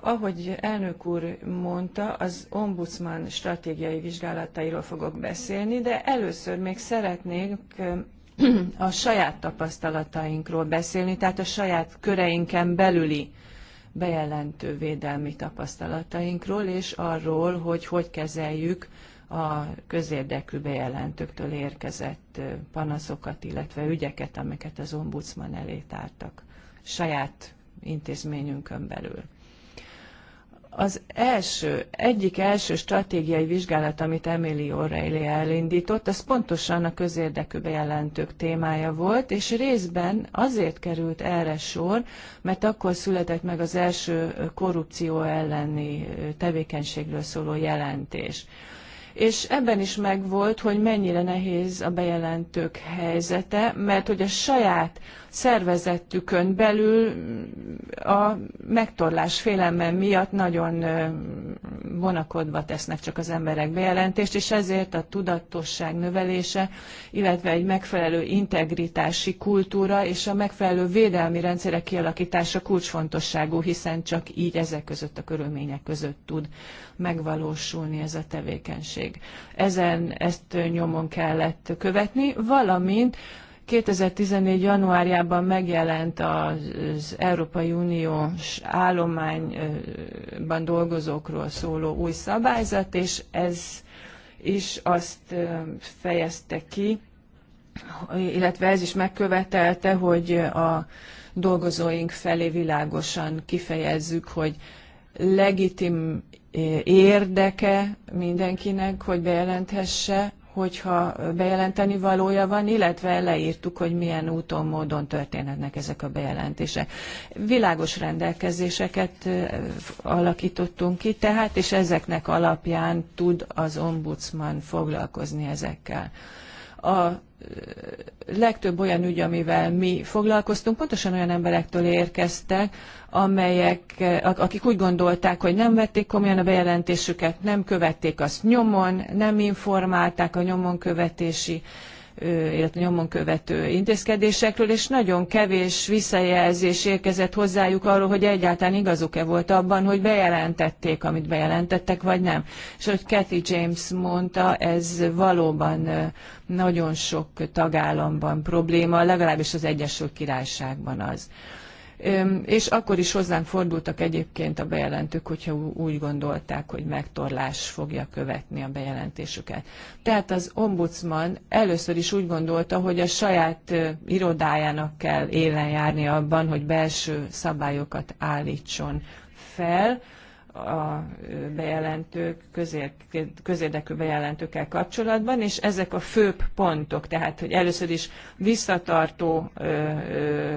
Ahogy elnök úr mondta, az ombudsman stratégiai vizsgálatairól fogok beszélni, de először még szeretnék a saját tapasztalatainkról beszélni, tehát a saját köreinken belüli bejelentő védelmi tapasztalatainkról, és arról, hogy hogy kezeljük a közérdekű bejelentőktől érkezett panaszokat, illetve ügyeket, amiket az ombudsman elé tártak saját intézményünkön belül az első, egyik első stratégiai vizsgálat, amit Emily O'Reilly elindított, az pontosan a közérdekű bejelentők témája volt, és részben azért került erre sor, mert akkor született meg az első korrupció elleni tevékenységről szóló jelentés és ebben is megvolt, hogy mennyire nehéz a bejelentők helyzete, mert hogy a saját szervezetükön belül a megtorlás félelme miatt nagyon vonakodva tesznek csak az emberek bejelentést, és ezért a tudatosság növelése, illetve egy megfelelő integritási kultúra és a megfelelő védelmi rendszerek kialakítása kulcsfontosságú, hiszen csak így ezek között a körülmények között tud megvalósulni ez a tevékenység. Ezen ezt nyomon kellett követni, valamint 2014. januárjában megjelent az Európai Uniós állományban dolgozókról szóló új szabályzat, és ez is azt fejezte ki, illetve ez is megkövetelte, hogy a dolgozóink felé világosan kifejezzük, hogy legitim érdeke mindenkinek, hogy bejelenthesse, hogyha bejelenteni valója van, illetve leírtuk, hogy milyen úton, módon történhetnek ezek a bejelentések. Világos rendelkezéseket alakítottunk ki, tehát, és ezeknek alapján tud az ombudsman foglalkozni ezekkel. A legtöbb olyan ügy, amivel mi foglalkoztunk, pontosan olyan emberektől érkeztek, amelyek, akik úgy gondolták, hogy nem vették komolyan a bejelentésüket, nem követték azt nyomon, nem informálták a nyomon követési illetve nyomon követő intézkedésekről, és nagyon kevés visszajelzés érkezett hozzájuk arról, hogy egyáltalán igazuk-e volt abban, hogy bejelentették, amit bejelentettek, vagy nem. És ahogy Kathy James mondta, ez valóban nagyon sok tagállamban probléma, legalábbis az Egyesült Királyságban az és akkor is hozzánk fordultak egyébként a bejelentők, hogyha úgy gondolták, hogy megtorlás fogja követni a bejelentésüket. Tehát az ombudsman először is úgy gondolta, hogy a saját irodájának kell élen járni abban, hogy belső szabályokat állítson fel, a bejelentők, közérdekű bejelentőkkel kapcsolatban, és ezek a főbb pontok, tehát hogy először is visszatartó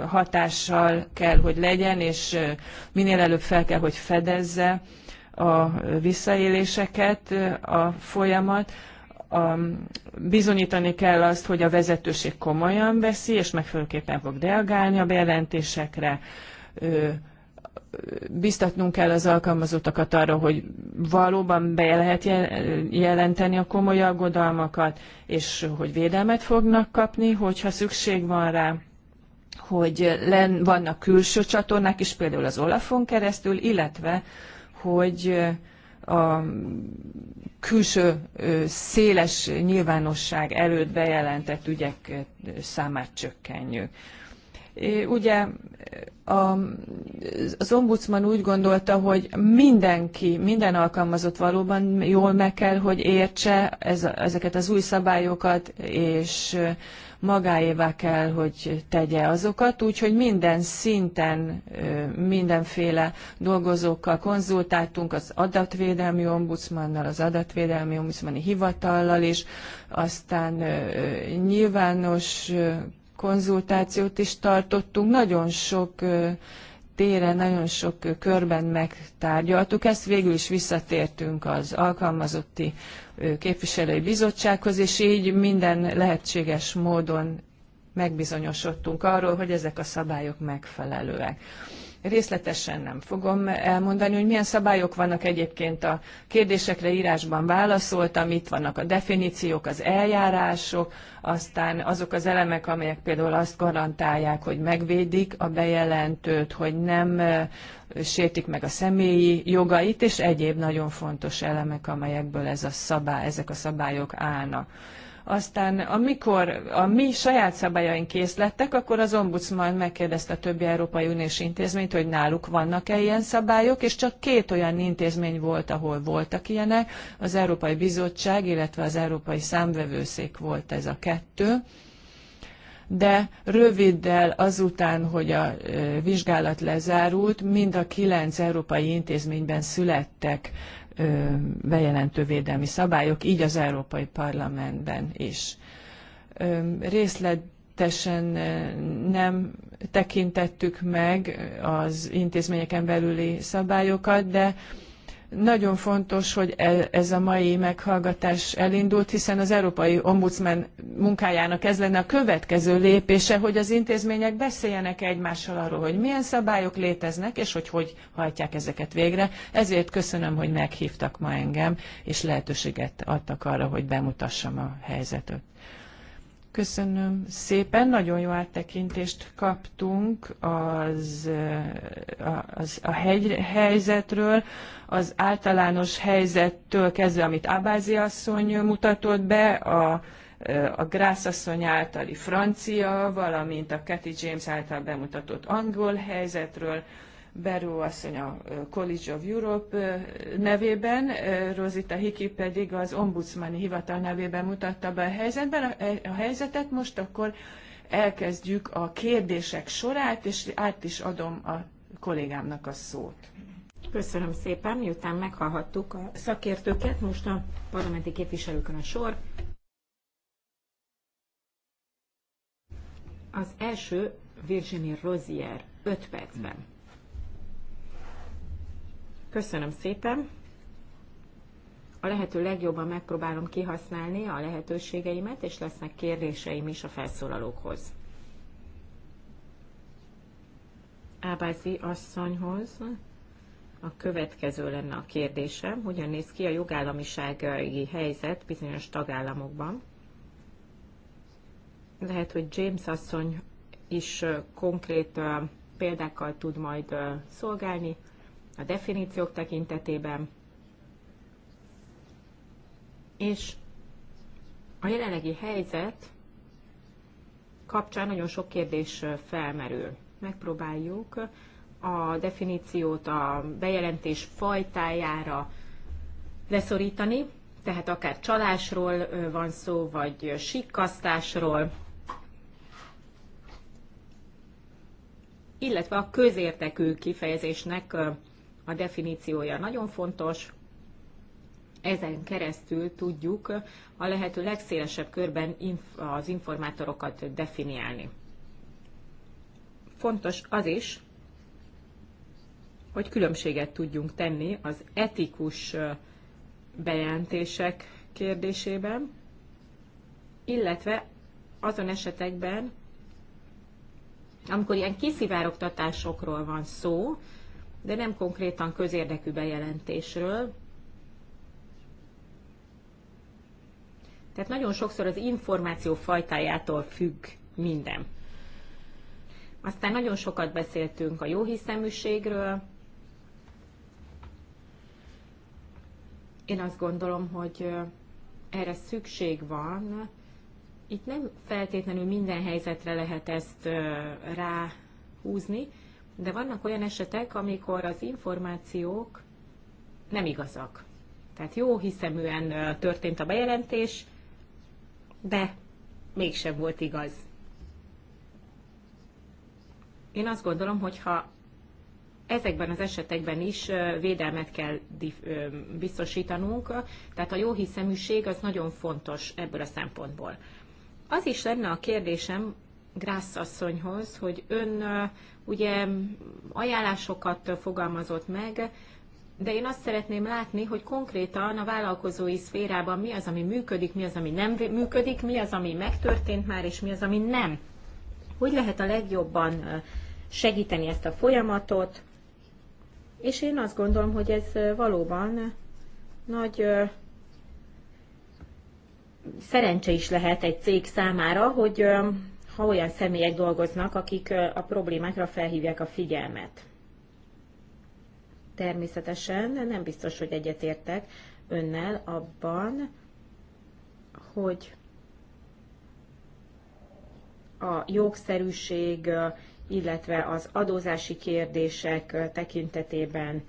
hatással kell, hogy legyen, és minél előbb fel kell, hogy fedezze a visszaéléseket a folyamat, a, bizonyítani kell azt, hogy a vezetőség komolyan veszi, és megfelelőképpen fog reagálni a bejelentésekre, biztatnunk kell az alkalmazottakat arra, hogy valóban be lehet jelenteni a komoly aggodalmakat, és hogy védelmet fognak kapni, hogyha szükség van rá hogy len, vannak külső csatornák is, például az Olafon keresztül, illetve, hogy a külső széles nyilvánosság előtt bejelentett ügyek számát csökkenjük. Ugye a, az ombudsman úgy gondolta, hogy mindenki, minden alkalmazott valóban jól meg kell, hogy értse ez, ezeket az új szabályokat, és magáévá kell, hogy tegye azokat, úgyhogy minden szinten mindenféle dolgozókkal konzultáltunk, az adatvédelmi ombudsmannal, az adatvédelmi ombudsmani hivatallal is, aztán nyilvános konzultációt is tartottunk, nagyon sok téren, nagyon sok körben megtárgyaltuk. Ezt végül is visszatértünk az alkalmazotti képviselői bizottsághoz, és így minden lehetséges módon megbizonyosodtunk arról, hogy ezek a szabályok megfelelőek. Részletesen nem fogom elmondani, hogy milyen szabályok vannak egyébként a kérdésekre írásban válaszoltam, itt vannak a definíciók, az eljárások, aztán azok az elemek, amelyek például azt garantálják, hogy megvédik a bejelentőt, hogy nem sértik meg a személyi jogait, és egyéb nagyon fontos elemek, amelyekből ez a szabály, ezek a szabályok állnak aztán amikor a mi saját szabályaink lettek, akkor az ombudsman megkérdezte a többi Európai Uniós intézményt, hogy náluk vannak-e ilyen szabályok, és csak két olyan intézmény volt, ahol voltak ilyenek. Az Európai Bizottság, illetve az Európai Számvevőszék volt ez a kettő de röviddel azután, hogy a vizsgálat lezárult, mind a kilenc európai intézményben születtek bejelentő védelmi szabályok, így az Európai Parlamentben is. részletesen nem tekintettük meg az intézményeken belüli szabályokat, de nagyon fontos, hogy e, ez a mai meghallgatás elindult, hiszen az Európai Ombudsman munkájának ez lenne a következő lépése, hogy az intézmények beszéljenek egymással arról, hogy milyen szabályok léteznek, és hogy hogy hajtják ezeket végre. Ezért köszönöm, hogy meghívtak ma engem, és lehetőséget adtak arra, hogy bemutassam a helyzetet. Köszönöm szépen, nagyon jó áttekintést kaptunk az, az a hegy, helyzetről, az általános helyzettől kezdve, amit Abázi asszony mutatott be, a, a Grász asszony általi francia, valamint a Cathy James által bemutatott angol helyzetről, Beru asszony a College of Europe nevében, Rosita Hiki pedig az ombudsmani hivatal nevében mutatta be a, helyzetben, e, a helyzetet. Most akkor elkezdjük a kérdések sorát, és át is adom a kollégámnak a szót. Köszönöm szépen, miután meghallhattuk a szakértőket, most a parlamenti képviselőkön a sor. Az első Virginie Rozier 5 percben. Köszönöm szépen. A lehető legjobban megpróbálom kihasználni a lehetőségeimet, és lesznek kérdéseim is a felszólalókhoz. Ábázi asszonyhoz a következő lenne a kérdésem, hogyan néz ki a jogállamisági helyzet bizonyos tagállamokban. Lehet, hogy James asszony is konkrét példákkal tud majd szolgálni a definíciók tekintetében, és a jelenlegi helyzet kapcsán nagyon sok kérdés felmerül. Megpróbáljuk a definíciót a bejelentés fajtájára leszorítani, tehát akár csalásról van szó, vagy sikkasztásról, illetve a közértekű kifejezésnek a definíciója nagyon fontos, ezen keresztül tudjuk a lehető legszélesebb körben az informátorokat definiálni. Fontos az is, hogy különbséget tudjunk tenni az etikus bejelentések kérdésében, illetve azon esetekben, amikor ilyen kiszivárogtatásokról van szó, de nem konkrétan közérdekű bejelentésről. Tehát nagyon sokszor az információ fajtájától függ minden. Aztán nagyon sokat beszéltünk a jó hiszeműségről. Én azt gondolom, hogy erre szükség van. Itt nem feltétlenül minden helyzetre lehet ezt ráhúzni, de vannak olyan esetek, amikor az információk nem igazak. Tehát jó hiszeműen történt a bejelentés, de mégsem volt igaz. Én azt gondolom, hogy ha ezekben az esetekben is védelmet kell biztosítanunk, tehát a jó hiszeműség az nagyon fontos ebből a szempontból. Az is lenne a kérdésem Grász asszonyhoz, hogy ön ugye ajánlásokat fogalmazott meg, de én azt szeretném látni, hogy konkrétan a vállalkozói szférában mi az, ami működik, mi az, ami nem működik, mi az, ami megtörtént már, és mi az, ami nem. Hogy lehet a legjobban segíteni ezt a folyamatot, és én azt gondolom, hogy ez valóban nagy szerencse is lehet egy cég számára, hogy ha olyan személyek dolgoznak, akik a problémákra felhívják a figyelmet. Természetesen nem biztos, hogy egyetértek önnel abban, hogy a jogszerűség, illetve az adózási kérdések tekintetében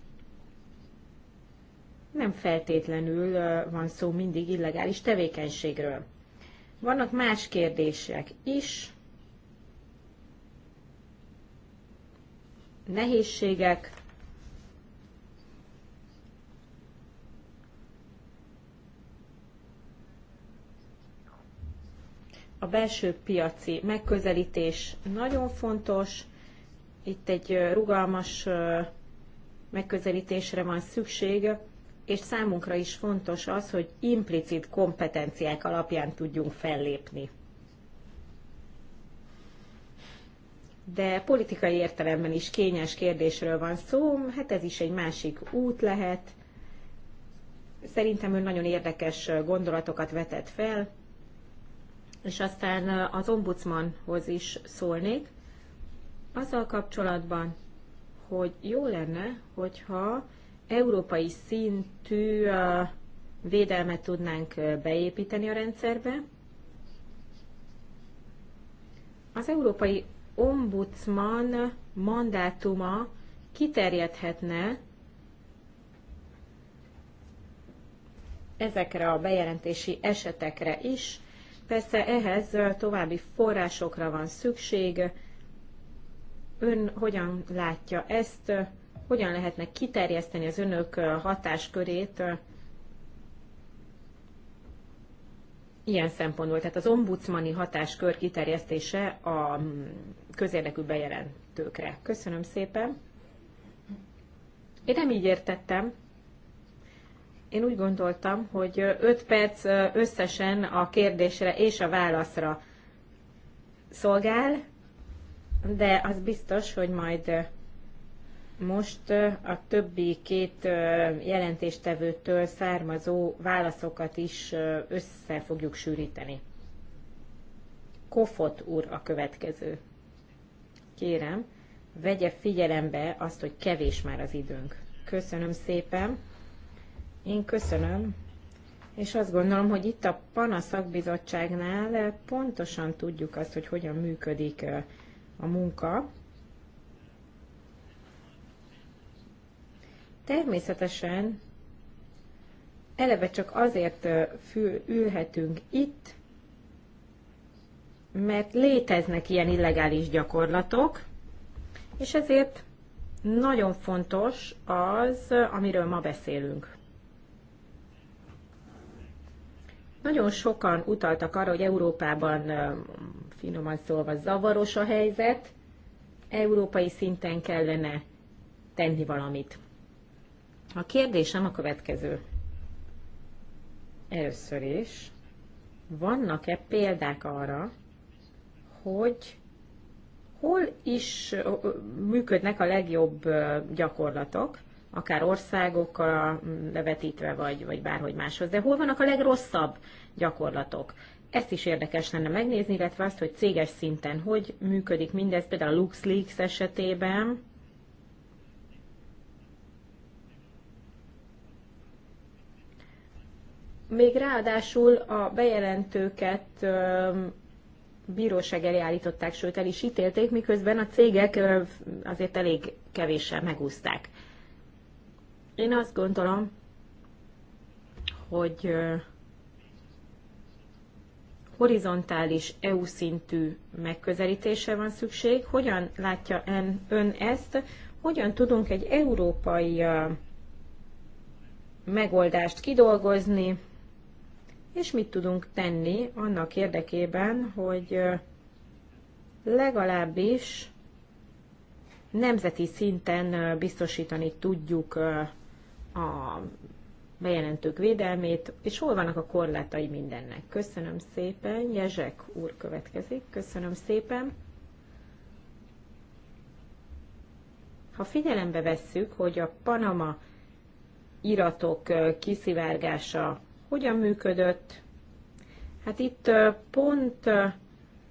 nem feltétlenül van szó mindig illegális tevékenységről. Vannak más kérdések is, nehézségek, a belső piaci megközelítés nagyon fontos, itt egy rugalmas megközelítésre van szükség, és számunkra is fontos az, hogy implicit kompetenciák alapján tudjunk fellépni. de politikai értelemben is kényes kérdésről van szó, hát ez is egy másik út lehet. Szerintem ő nagyon érdekes gondolatokat vetett fel, és aztán az ombudsmanhoz is szólnék, azzal kapcsolatban, hogy jó lenne, hogyha európai szintű védelmet tudnánk beépíteni a rendszerbe. Az Európai ombudsman mandátuma kiterjedhetne ezekre a bejelentési esetekre is. Persze ehhez további forrásokra van szükség. Ön hogyan látja ezt? Hogyan lehetne kiterjeszteni az önök hatáskörét ilyen szempontból, tehát az ombudsmani hatáskör kiterjesztése a mm, közérdekű bejelentőkre. Köszönöm szépen. Én nem így értettem. Én úgy gondoltam, hogy 5 perc összesen a kérdésre és a válaszra szolgál, de az biztos, hogy majd most a többi két jelentéstevőtől származó válaszokat is össze fogjuk sűríteni. Kofot úr a következő. Kérem, vegye figyelembe azt, hogy kevés már az időnk. Köszönöm szépen. Én köszönöm. És azt gondolom, hogy itt a PANA szakbizottságnál pontosan tudjuk azt, hogy hogyan működik a munka. Természetesen eleve csak azért fül, ülhetünk itt, mert léteznek ilyen illegális gyakorlatok, és ezért nagyon fontos az, amiről ma beszélünk. Nagyon sokan utaltak arra, hogy Európában finoman szólva zavaros a helyzet, európai szinten kellene tenni valamit. A kérdésem a következő. Először is, vannak-e példák arra, hogy hol is működnek a legjobb gyakorlatok, akár országokkal levetítve, vagy, vagy bárhogy máshoz, de hol vannak a legrosszabb gyakorlatok? Ezt is érdekes lenne megnézni, illetve azt, hogy céges szinten hogy működik mindez, például a LuxLeaks esetében, még ráadásul a bejelentőket bíróság elé állították, sőt el is ítélték, miközben a cégek azért elég kevéssel megúzták. Én azt gondolom, hogy horizontális EU szintű megközelítése van szükség. Hogyan látja ön ezt? Hogyan tudunk egy európai megoldást kidolgozni, és mit tudunk tenni annak érdekében, hogy legalábbis nemzeti szinten biztosítani tudjuk a bejelentők védelmét, és hol vannak a korlátai mindennek. Köszönöm szépen, Jezsek úr következik, köszönöm szépen. Ha figyelembe vesszük, hogy a Panama iratok kiszivárgása hogyan működött? Hát itt pont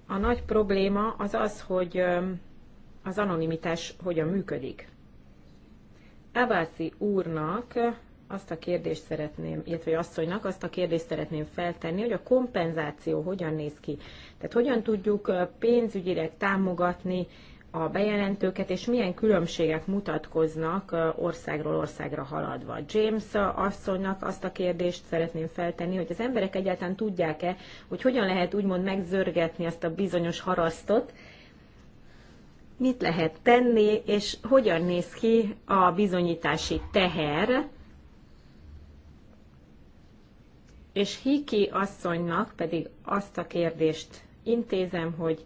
a nagy probléma az az, hogy az anonimitás hogyan működik. Abászi úrnak azt a kérdést szeretném, illetve asszonynak azt a kérdést szeretném feltenni, hogy a kompenzáció hogyan néz ki. Tehát hogyan tudjuk pénzügyileg támogatni a bejelentőket, és milyen különbségek mutatkoznak országról országra haladva. James asszonynak azt a kérdést szeretném feltenni, hogy az emberek egyáltalán tudják-e, hogy hogyan lehet úgymond megzörgetni azt a bizonyos harasztot, mit lehet tenni, és hogyan néz ki a bizonyítási teher, és Hiki asszonynak pedig azt a kérdést intézem, hogy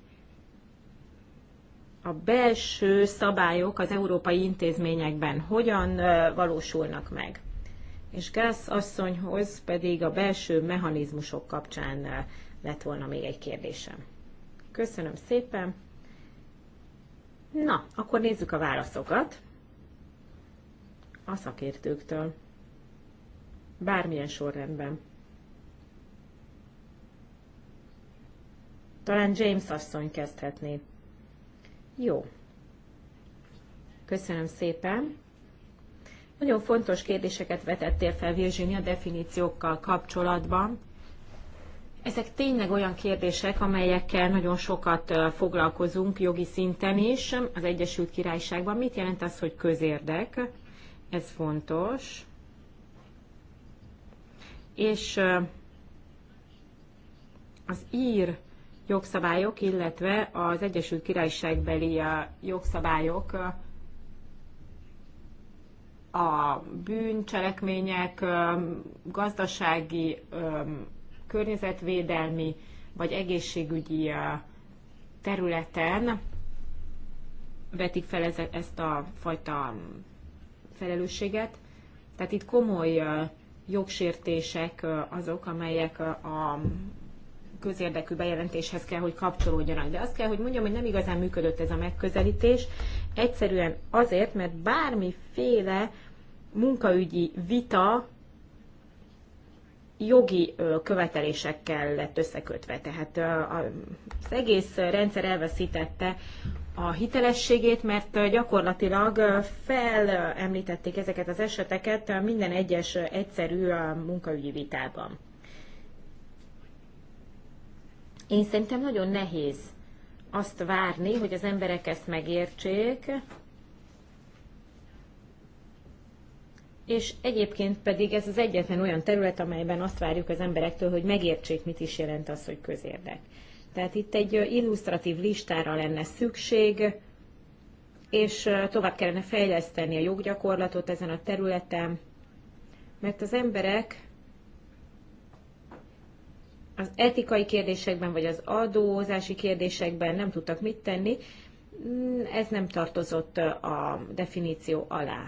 a belső szabályok az európai intézményekben hogyan valósulnak meg. És Gász asszonyhoz pedig a belső mechanizmusok kapcsán lett volna még egy kérdésem. Köszönöm szépen. Na, akkor nézzük a válaszokat a szakértőktől. Bármilyen sorrendben. Talán James asszony kezdhetné. Jó. Köszönöm szépen. Nagyon fontos kérdéseket vetettél fel, Virginia, definíciókkal kapcsolatban. Ezek tényleg olyan kérdések, amelyekkel nagyon sokat foglalkozunk jogi szinten is az Egyesült Királyságban. Mit jelent az, hogy közérdek? Ez fontos. És az ír jogszabályok, illetve az Egyesült Királyságbeli jogszabályok a bűncselekmények gazdasági, környezetvédelmi vagy egészségügyi területen vetik fel ezt a fajta felelősséget. Tehát itt komoly jogsértések azok, amelyek a közérdekű bejelentéshez kell, hogy kapcsolódjanak. De azt kell, hogy mondjam, hogy nem igazán működött ez a megközelítés. Egyszerűen azért, mert bármiféle munkaügyi vita jogi követelésekkel lett összekötve. Tehát az egész rendszer elveszítette a hitelességét, mert gyakorlatilag felemlítették ezeket az eseteket minden egyes egyszerű munkaügyi vitában. Én szerintem nagyon nehéz azt várni, hogy az emberek ezt megértsék, és egyébként pedig ez az egyetlen olyan terület, amelyben azt várjuk az emberektől, hogy megértsék, mit is jelent az, hogy közérdek. Tehát itt egy illusztratív listára lenne szükség, és tovább kellene fejleszteni a joggyakorlatot ezen a területen, mert az emberek az etikai kérdésekben, vagy az adózási kérdésekben nem tudtak mit tenni, mm, ez nem tartozott a definíció alá.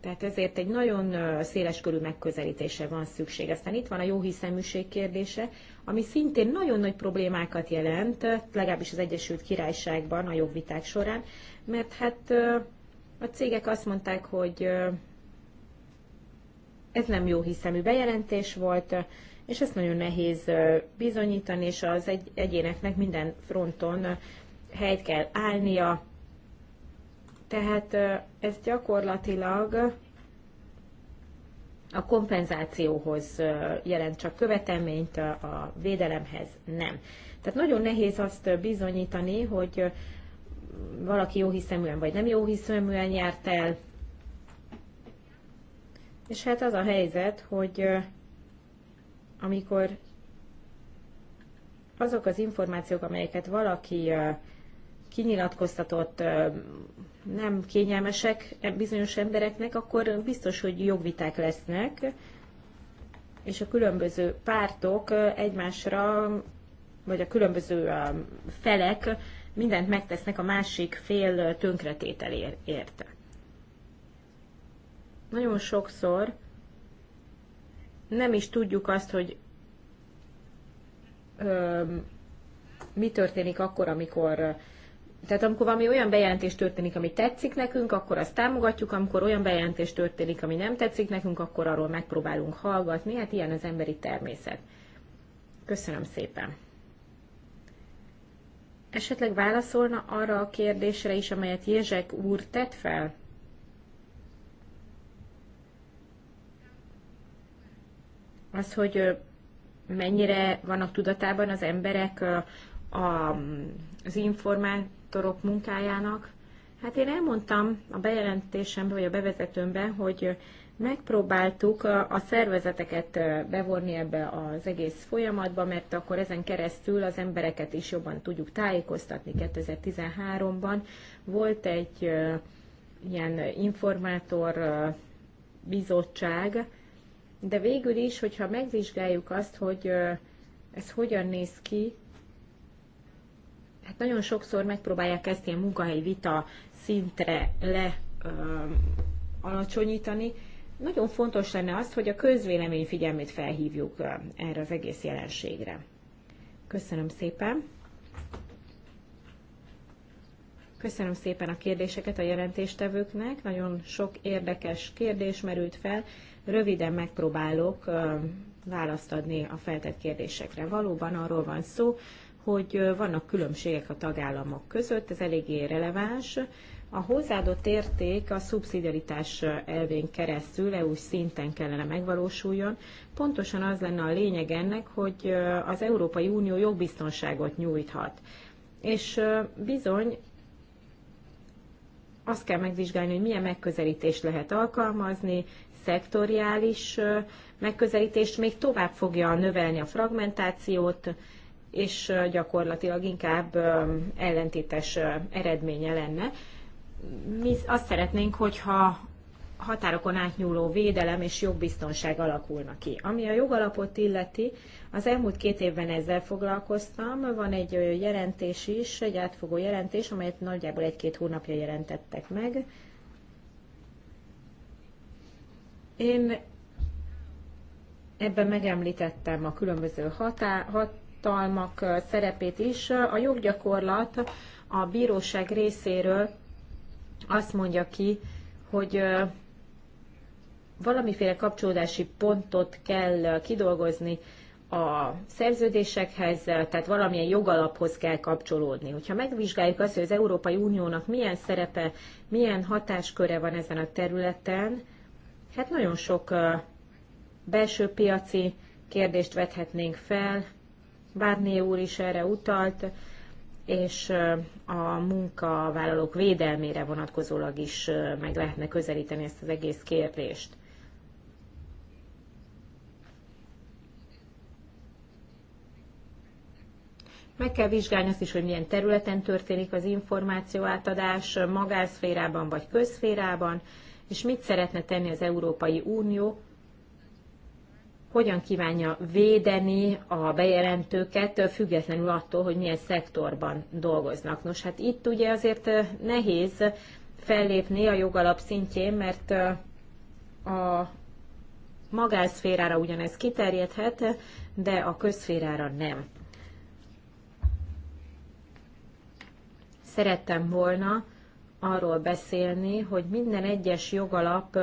Tehát ezért egy nagyon széles körű megközelítése van szükség. Aztán itt van a hiszeműség kérdése, ami szintén nagyon nagy problémákat jelent, legalábbis az Egyesült Királyságban a jogviták során, mert hát a cégek azt mondták, hogy ez nem jó hiszemű bejelentés volt, és ezt nagyon nehéz bizonyítani, és az egy, egyéneknek minden fronton helyt kell állnia. Tehát ez gyakorlatilag a kompenzációhoz jelent csak követelményt, a védelemhez nem. Tehát nagyon nehéz azt bizonyítani, hogy valaki jó hiszeműen vagy nem jó hiszeműen járt el. És hát az a helyzet, hogy amikor azok az információk, amelyeket valaki kinyilatkoztatott nem kényelmesek e- bizonyos embereknek, akkor biztos, hogy jogviták lesznek, és a különböző pártok egymásra, vagy a különböző felek mindent megtesznek a másik fél tönkretételért. Nagyon sokszor nem is tudjuk azt, hogy ö, mi történik akkor, amikor tehát amikor valami olyan bejelentés történik, ami tetszik nekünk, akkor azt támogatjuk, amikor olyan bejelentés történik, ami nem tetszik nekünk, akkor arról megpróbálunk hallgatni. Hát ilyen az emberi természet. Köszönöm szépen. Esetleg válaszolna arra a kérdésre is, amelyet Jézsek úr tett fel? az, hogy mennyire vannak tudatában az emberek a, az informátorok munkájának. Hát én elmondtam a bejelentésemben, vagy a bevezetőmben, hogy megpróbáltuk a szervezeteket bevonni ebbe az egész folyamatba, mert akkor ezen keresztül az embereket is jobban tudjuk tájékoztatni. 2013-ban volt egy ilyen informátor bizottság, de végül is, hogyha megvizsgáljuk azt, hogy ez hogyan néz ki, hát nagyon sokszor megpróbálják ezt ilyen munkahelyi vita szintre le alacsonyítani. Nagyon fontos lenne az, hogy a közvélemény figyelmét felhívjuk erre az egész jelenségre. Köszönöm szépen! Köszönöm szépen a kérdéseket a jelentéstevőknek, nagyon sok érdekes kérdés merült fel. Röviden megpróbálok választ adni a feltett kérdésekre. Valóban arról van szó, hogy vannak különbségek a tagállamok között, ez eléggé releváns. A hozzáadott érték a szubszidiaritás elvén keresztül EU szinten kellene megvalósuljon. Pontosan az lenne a lényeg ennek, hogy az Európai Unió jogbiztonságot nyújthat. És bizony azt kell megvizsgálni, hogy milyen megközelítést lehet alkalmazni, szektoriális megközelítést még tovább fogja növelni a fragmentációt, és gyakorlatilag inkább ellentétes eredménye lenne. Mi azt szeretnénk, hogyha határokon átnyúló védelem és jogbiztonság alakulna ki. Ami a jogalapot illeti, az elmúlt két évben ezzel foglalkoztam, van egy jelentés is, egy átfogó jelentés, amelyet nagyjából egy-két hónapja jelentettek meg, én ebben megemlítettem a különböző hatá, hatalmak szerepét is. A joggyakorlat a bíróság részéről azt mondja ki, hogy valamiféle kapcsolódási pontot kell kidolgozni a szerződésekhez, tehát valamilyen jogalaphoz kell kapcsolódni. Hogyha megvizsgáljuk azt, hogy az Európai Uniónak milyen szerepe, milyen hatásköre van ezen a területen, Hát nagyon sok belső piaci kérdést vethetnénk fel, Várné úr is erre utalt, és a munkavállalók védelmére vonatkozólag is meg lehetne közelíteni ezt az egész kérdést. Meg kell vizsgálni azt is, hogy milyen területen történik az információ átadás, magánszférában vagy közszférában, és mit szeretne tenni az Európai Unió, hogyan kívánja védeni a bejelentőket, függetlenül attól, hogy milyen szektorban dolgoznak. Nos, hát itt ugye azért eh, nehéz fellépni a jogalap szintjén, mert eh, a magánszférára ugyanez kiterjedhet, de a közszférára nem. Szerettem volna arról beszélni, hogy minden egyes jogalap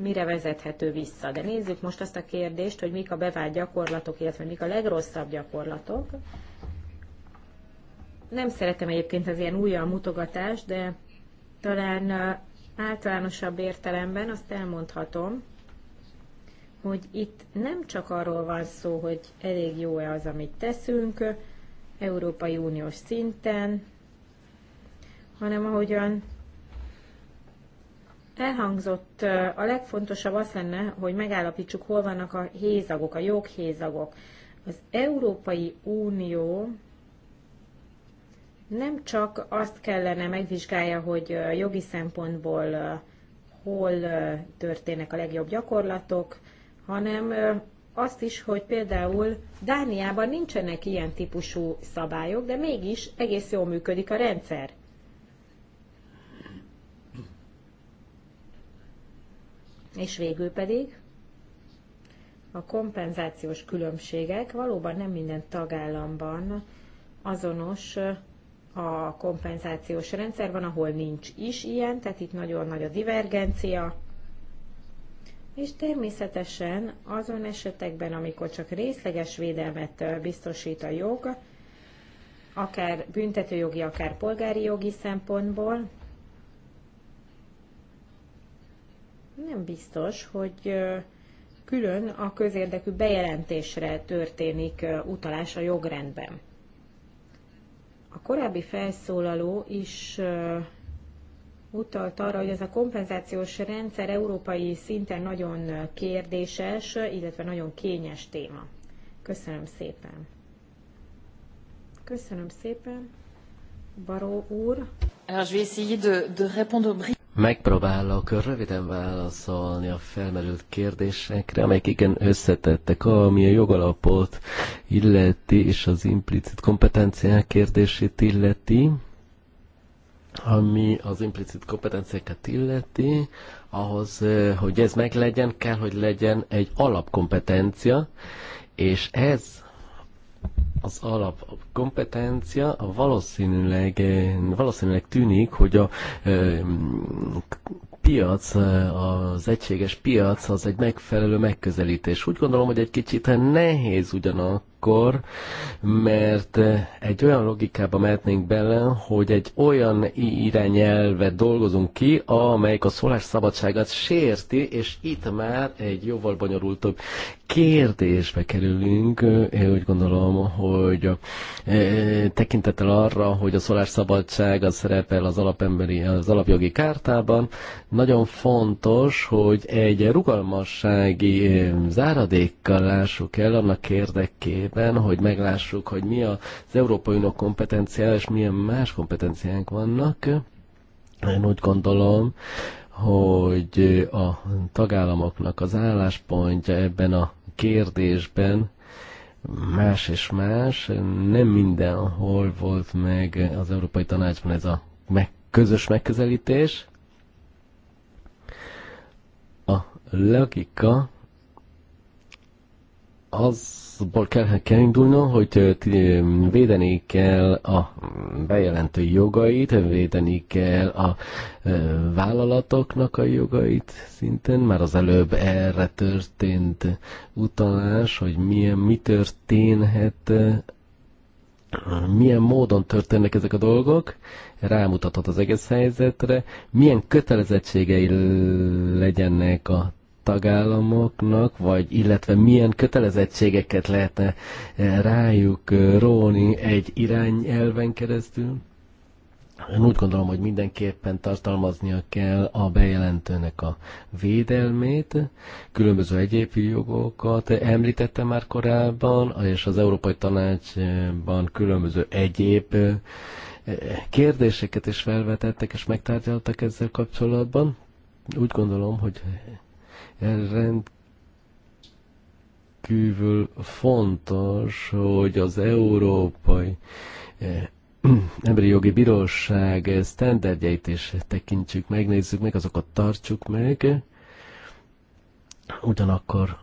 mire vezethető vissza. De nézzük most azt a kérdést, hogy mik a bevált gyakorlatok, illetve mik a legrosszabb gyakorlatok. Nem szeretem egyébként az ilyen újjal mutogatást, de talán általánosabb értelemben azt elmondhatom, hogy itt nem csak arról van szó, hogy elég jó-e az, amit teszünk Európai Uniós szinten, hanem ahogyan elhangzott, a legfontosabb az lenne, hogy megállapítsuk, hol vannak a hézagok, a joghézagok. Az Európai Unió nem csak azt kellene megvizsgálja, hogy jogi szempontból hol történnek a legjobb gyakorlatok, hanem azt is, hogy például Dániában nincsenek ilyen típusú szabályok, de mégis egész jól működik a rendszer. És végül pedig a kompenzációs különbségek valóban nem minden tagállamban azonos a kompenzációs rendszer, van, ahol nincs is ilyen, tehát itt nagyon nagy a divergencia, és természetesen azon esetekben, amikor csak részleges védelmet biztosít a jog, akár büntetőjogi, akár polgári jogi szempontból, nem biztos, hogy külön a közérdekű bejelentésre történik utalás a jogrendben. A korábbi felszólaló is utalt arra, hogy ez a kompenzációs rendszer európai szinten nagyon kérdéses, illetve nagyon kényes téma. Köszönöm szépen. Köszönöm szépen, Baró úr. Alors, je vais essayer de, de répondre au Megpróbálok röviden válaszolni a felmerült kérdésekre, amelyek igen összetettek, ami a jogalapot illeti, és az implicit kompetenciák kérdését illeti, ami az implicit kompetenciákat illeti, ahhoz, eh, hogy ez meglegyen, kell, hogy legyen egy alapkompetencia, és ez az alap kompetencia a valószínűleg, eh, valószínűleg tűnik, hogy a eh, piac, eh, az egységes piac az egy megfelelő megközelítés. Úgy gondolom, hogy egy kicsit nehéz ugyanak akkor, mert eh, egy olyan logikába mehetnénk bele, hogy egy olyan irányelvet dolgozunk ki, amelyik a szólás szabadságát sérti, és itt már egy jóval bonyolultabb kérdésbe kerülünk. Eh, én úgy gondolom, hogy eh, tekintettel arra, hogy a szólásszabadság az szerepel az, alapemberi, az alapjogi kártában, nagyon fontos, hogy egy rugalmassági záradékkal lássuk el annak érdekében, érdekében, hogy meglássuk, hogy mi az Európai Unió kompetenciája, és milyen más kompetenciánk vannak. Én úgy gondolom, hogy a tagállamoknak az álláspontja ebben a kérdésben más és más. Nem mindenhol volt meg az Európai Tanácsban ez a meg, közös megközelítés. A logika az azból kell, kell indulnom, hogy védeni kell a bejelentő jogait, védeni kell a vállalatoknak a jogait szintén, Már az előbb erre történt utalás, hogy milyen, mi történhet milyen módon történnek ezek a dolgok, rámutatott az egész helyzetre, milyen kötelezettségei legyenek a tagállamoknak, vagy illetve milyen kötelezettségeket lehetne eh, rájuk eh, róni egy irányelven keresztül? Én úgy gondolom, hogy mindenképpen tartalmaznia kell a bejelentőnek a védelmét, különböző egyéb jogokat említettem már korábban, és az Európai Tanácsban különböző egyéb eh, kérdéseket is felvetettek és megtárgyaltak ezzel kapcsolatban. Úgy gondolom, hogy rendkívül fontos, hogy az európai eh, emberi jogi bíróság sztenderdjeit is tekintsük meg, nézzük meg, azokat tartsuk meg. Ugyanakkor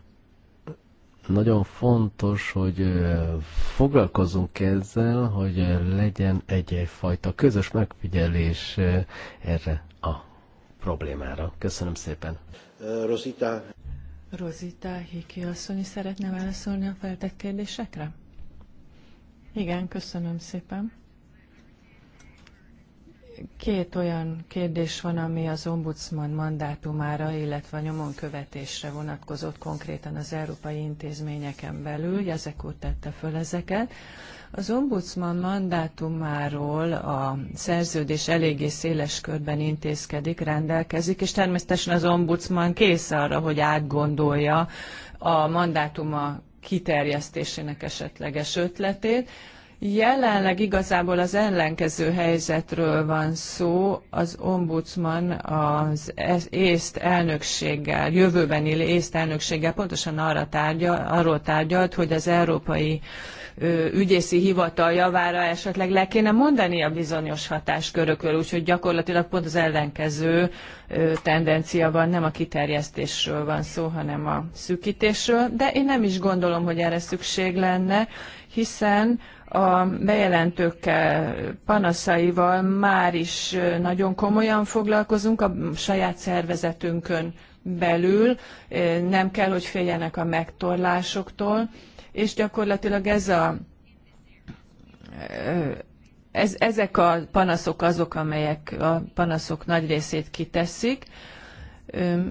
nagyon fontos, hogy eh, foglalkozunk ezzel, hogy legyen egyfajta közös megfigyelés eh, erre a problémára. Köszönöm szépen! Eh, Rosita. Rosita Hiki asszony szeretne válaszolni a feltett kérdésekre? Igen, köszönöm szépen. Két olyan kérdés van, ami az ombudsman mandátumára, illetve a követésre vonatkozott konkrétan az európai intézményeken belül. Jezekó tette föl ezeket. Az ombudsman mandátumáról a szerződés eléggé széles körben intézkedik, rendelkezik, és természetesen az ombudsman kész arra, hogy átgondolja a mandátuma kiterjesztésének esetleges ötletét. Jelenleg igazából az ellenkező helyzetről van szó. Az ombudsman az észt elnökséggel, jövőbeni észt elnökséggel pontosan arra tárgyal, arról tárgyalt, hogy az európai ügyészi hivatal javára esetleg le kéne mondani a bizonyos hatáskörökről, úgyhogy gyakorlatilag pont az ellenkező tendencia van, nem a kiterjesztésről van szó, hanem a szűkítésről, de én nem is gondolom, hogy erre szükség lenne, hiszen a bejelentőkkel, panaszaival már is nagyon komolyan foglalkozunk a saját szervezetünkön belül, nem kell, hogy féljenek a megtorlásoktól, és gyakorlatilag ez a, ez, ezek a panaszok azok, amelyek a panaszok nagy részét kiteszik,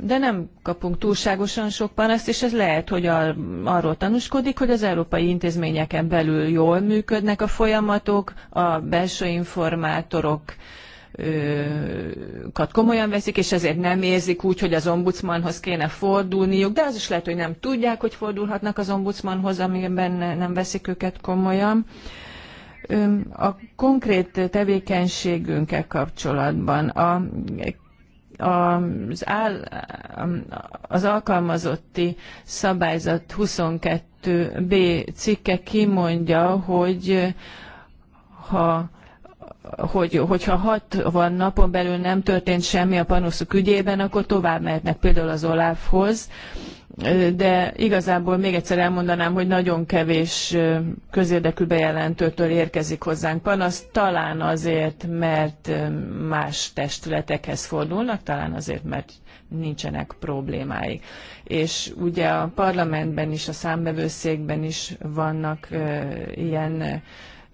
de nem kapunk túlságosan sok panaszt, és ez lehet, hogy arról tanúskodik, hogy az európai intézményeken belül jól működnek a folyamatok, a belső informátorok kat komolyan veszik, és ezért nem érzik úgy, hogy az ombudsmanhoz kéne fordulniuk, de az is lehet, hogy nem tudják, hogy fordulhatnak az ombudsmanhoz, amiben nem veszik őket komolyan. A konkrét tevékenységünkkel kapcsolatban a az, áll, az alkalmazotti szabályzat 22b cikke kimondja, hogy ha hogy, hogyha 60 napon belül nem történt semmi a panoszuk ügyében, akkor tovább mehetnek például az Olafhoz, de igazából még egyszer elmondanám, hogy nagyon kevés közérdekű bejelentőtől érkezik hozzánk panasz, talán azért, mert más testületekhez fordulnak, talán azért, mert nincsenek problémáik. És ugye a parlamentben is, a számbevőszékben is vannak ilyen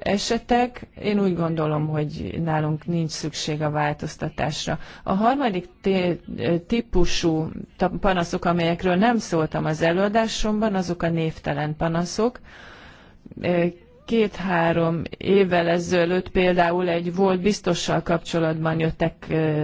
esetek. Én úgy gondolom, hogy nálunk nincs szükség a változtatásra. A harmadik típusú panaszok, amelyekről nem szóltam az előadásomban, azok a névtelen panaszok két-három évvel ezelőtt például egy volt biztossal kapcsolatban jöttek ö,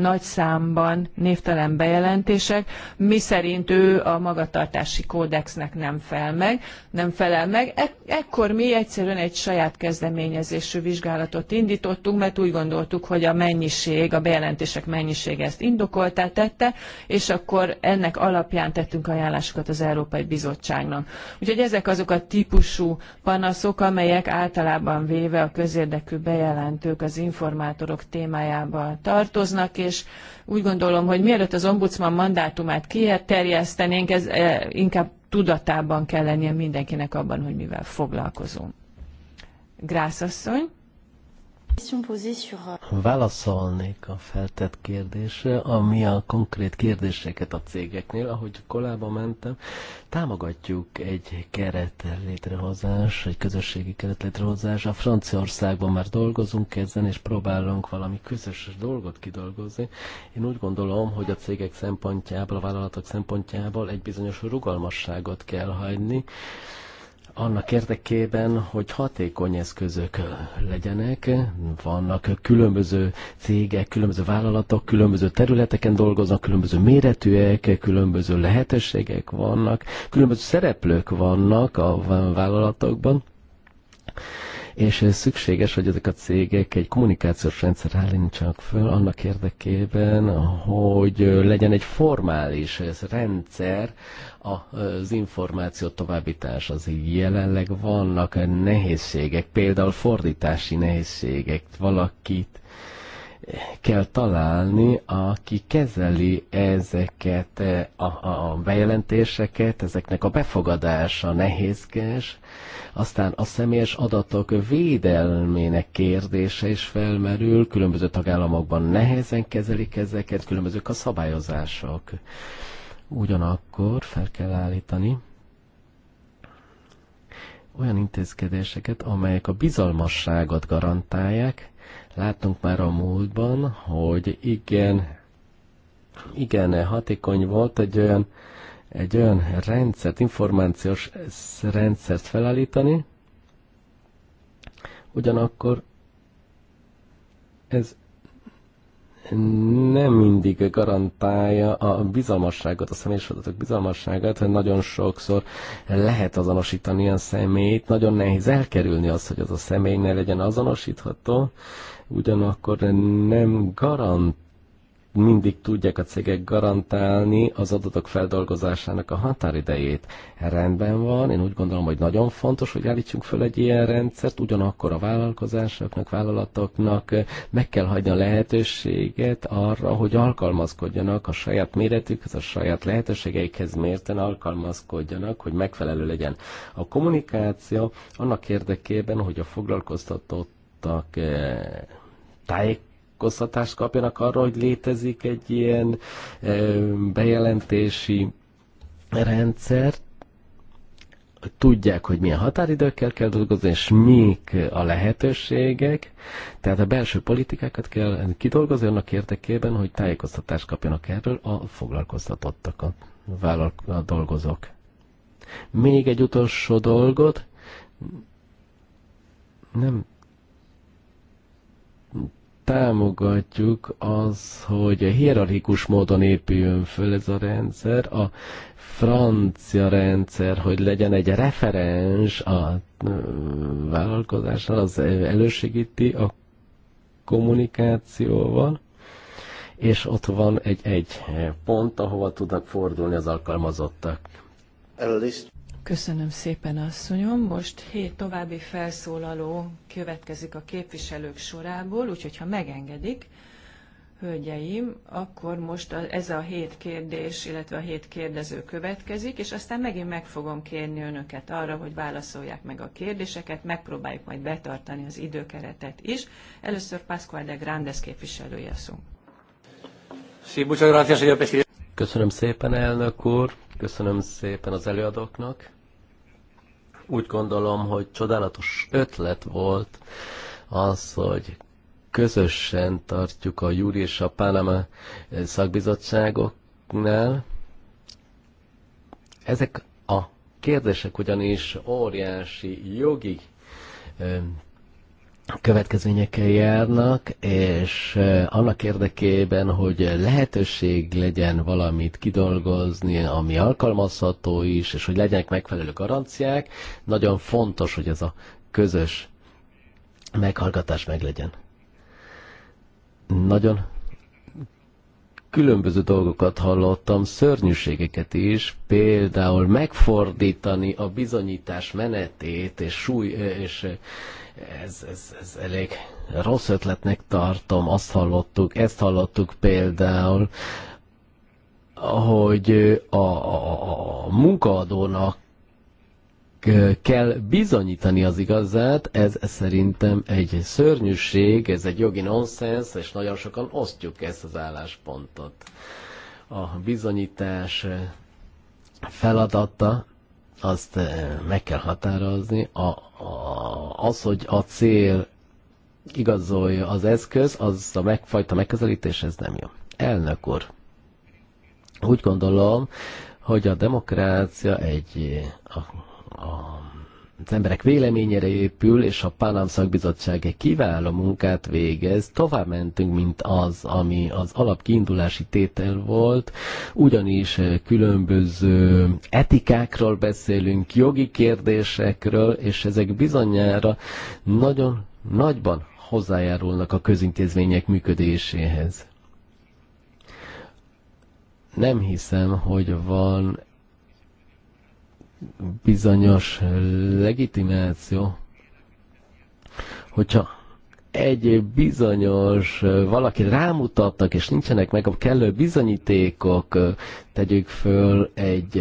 nagy számban névtelen bejelentések, miszerint ő a magatartási kódexnek nem fel meg, nem felel meg. E ekkor mi egyszerűen egy saját kezdeményezésű vizsgálatot indítottunk, mert úgy gondoltuk, hogy a mennyiség, a bejelentések mennyisége ezt indokoltá tette, és akkor ennek alapján tettünk ajánlásokat az Európai Bizottságnak. Úgyhogy ezek azok a típusú panaszok, amelyek általában véve a közérdekű bejelentők, az informátorok témájába tartoznak, és úgy gondolom, hogy mielőtt az ombudsman mandátumát kiterjesztenénk, ez eh, inkább tudatában kell lennie mindenkinek abban, hogy mivel foglalkozunk. Grászasszony. Euh, Válaszolnék a feltett kérdésre, ami a konkrét kérdéseket a cégeknél, ahogy kolába mentem, támogatjuk egy keret létrehozás, egy közösségi keret létrehozás. A Franciaországban már dolgozunk ezen, és próbálunk valami közös dolgot kidolgozni. Én úgy gondolom, hogy a cégek szempontjából, a vállalatok szempontjából egy bizonyos rugalmasságot kell hagyni, annak érdekében, hogy hatékony eszközök legyenek. Vannak különböző cégek, különböző vállalatok, különböző területeken dolgoznak, különböző méretűek, különböző lehetőségek vannak, különböző szereplők vannak a vállalatokban és szükséges, hogy ezek a cégek egy kommunikációs rendszer állítsanak föl annak érdekében, hogy legyen egy formális ez rendszer az információ továbbítás. Az jelenleg vannak nehézségek, például fordítási nehézségek, valakit kell találni, aki kezeli ezeket eh, a, a bejelentéseket, ezeknek a befogadása nehézkes, aztán a személyes adatok védelmének kérdése is felmerül, különböző tagállamokban nehezen kezelik ezeket, különbözők a szabályozások. Ugyanakkor fel kell állítani olyan intézkedéseket, amelyek a bizalmasságot garantálják, Láttunk már a múltban, hogy igen, igen hatékony volt egy olyan, egy olyan rendszert, információs rendszert felállítani, ugyanakkor ez nem mindig garantálja a bizalmasságot, a személyes adatok bizalmasságát, hogy nagyon sokszor lehet azonosítani ilyen személyt, nagyon nehéz elkerülni azt, hogy az a személy ne legyen azonosítható, ugyanakkor nem garant mindig tudják a cégek garantálni az adatok feldolgozásának a határidejét. Rendben van, én úgy gondolom, hogy nagyon fontos, hogy állítsunk föl egy ilyen rendszert, ugyanakkor a vállalkozásoknak, vállalatoknak meg kell hagyni a lehetőséget arra, hogy alkalmazkodjanak a saját méretükhez, a saját lehetőségeikhez mérten alkalmazkodjanak, hogy megfelelő legyen a kommunikáció annak érdekében, hogy a foglalkoztatott alkalmazottak eh, tájékoztatást kapjanak arra, hogy létezik egy ilyen eh, bejelentési rendszer, hogy tudják, hogy milyen határidőkkel kell dolgozni, és mik a lehetőségek. Tehát a belső politikákat kell kidolgozni annak érdekében, hogy tájékoztatást kapjanak erről a foglalkoztatottak, a, vállalk- a dolgozók. Még egy utolsó dolgot. Nem támogatjuk az, hogy a hierarchikus módon épüljön föl ez a rendszer, a francia rendszer, hogy legyen egy referens a vállalkozásnál, az elősegíti a kommunikációval, és ott van egy-egy pont, ahova tudnak fordulni az alkalmazottak. Előlist. Köszönöm szépen, asszonyom. Most hét további felszólaló következik a képviselők sorából, úgyhogy ha megengedik, hölgyeim, akkor most a, ez a hét kérdés, illetve a hét kérdező következik, és aztán megint meg fogom kérni önöket arra, hogy válaszolják meg a kérdéseket, megpróbáljuk majd betartani az időkeretet is. Először Pascual de Grandes képviselője szó. Köszönöm szépen, elnök úr, köszönöm szépen az előadóknak. Úgy gondolom, hogy csodálatos ötlet volt az, hogy közösen tartjuk a Júri és a Pánama szakbizottságoknál. Ezek a kérdések ugyanis óriási jogi következményekkel járnak, és annak érdekében, hogy lehetőség legyen valamit kidolgozni, ami alkalmazható is, és hogy legyenek megfelelő garanciák, nagyon fontos, hogy ez a közös meghallgatás meglegyen. Nagyon különböző dolgokat hallottam, szörnyűségeket is, például megfordítani a bizonyítás menetét és súly és ez, ez, ez elég rossz ötletnek tartom, azt hallottuk, ezt hallottuk például, hogy a, a, a munkaadónak kell bizonyítani az igazát, ez szerintem egy szörnyűség, ez egy jogi nonsens, és nagyon sokan osztjuk ezt az álláspontot. A bizonyítás feladata azt eh, meg kell határozni, a, a, az, hogy a cél igazolja az eszköz, az a megfajta megközelítés, ez nem jó. Elnök úr, úgy gondolom, hogy a demokrácia egy eh, a, a az emberek véleményére épül, és a Pánám szakbizottság kiváló munkát végez. Tovább mentünk, mint az, ami az alapkiindulási tétel volt, ugyanis eh, különböző etikákról beszélünk, jogi kérdésekről, és ezek bizonyára nagyon nagyban hozzájárulnak a közintézmények működéséhez. Nem hiszem, hogy van bizonyos legitimáció, hogyha egy bizonyos valaki rámutatnak, és nincsenek meg a kellő bizonyítékok, tegyük föl egy,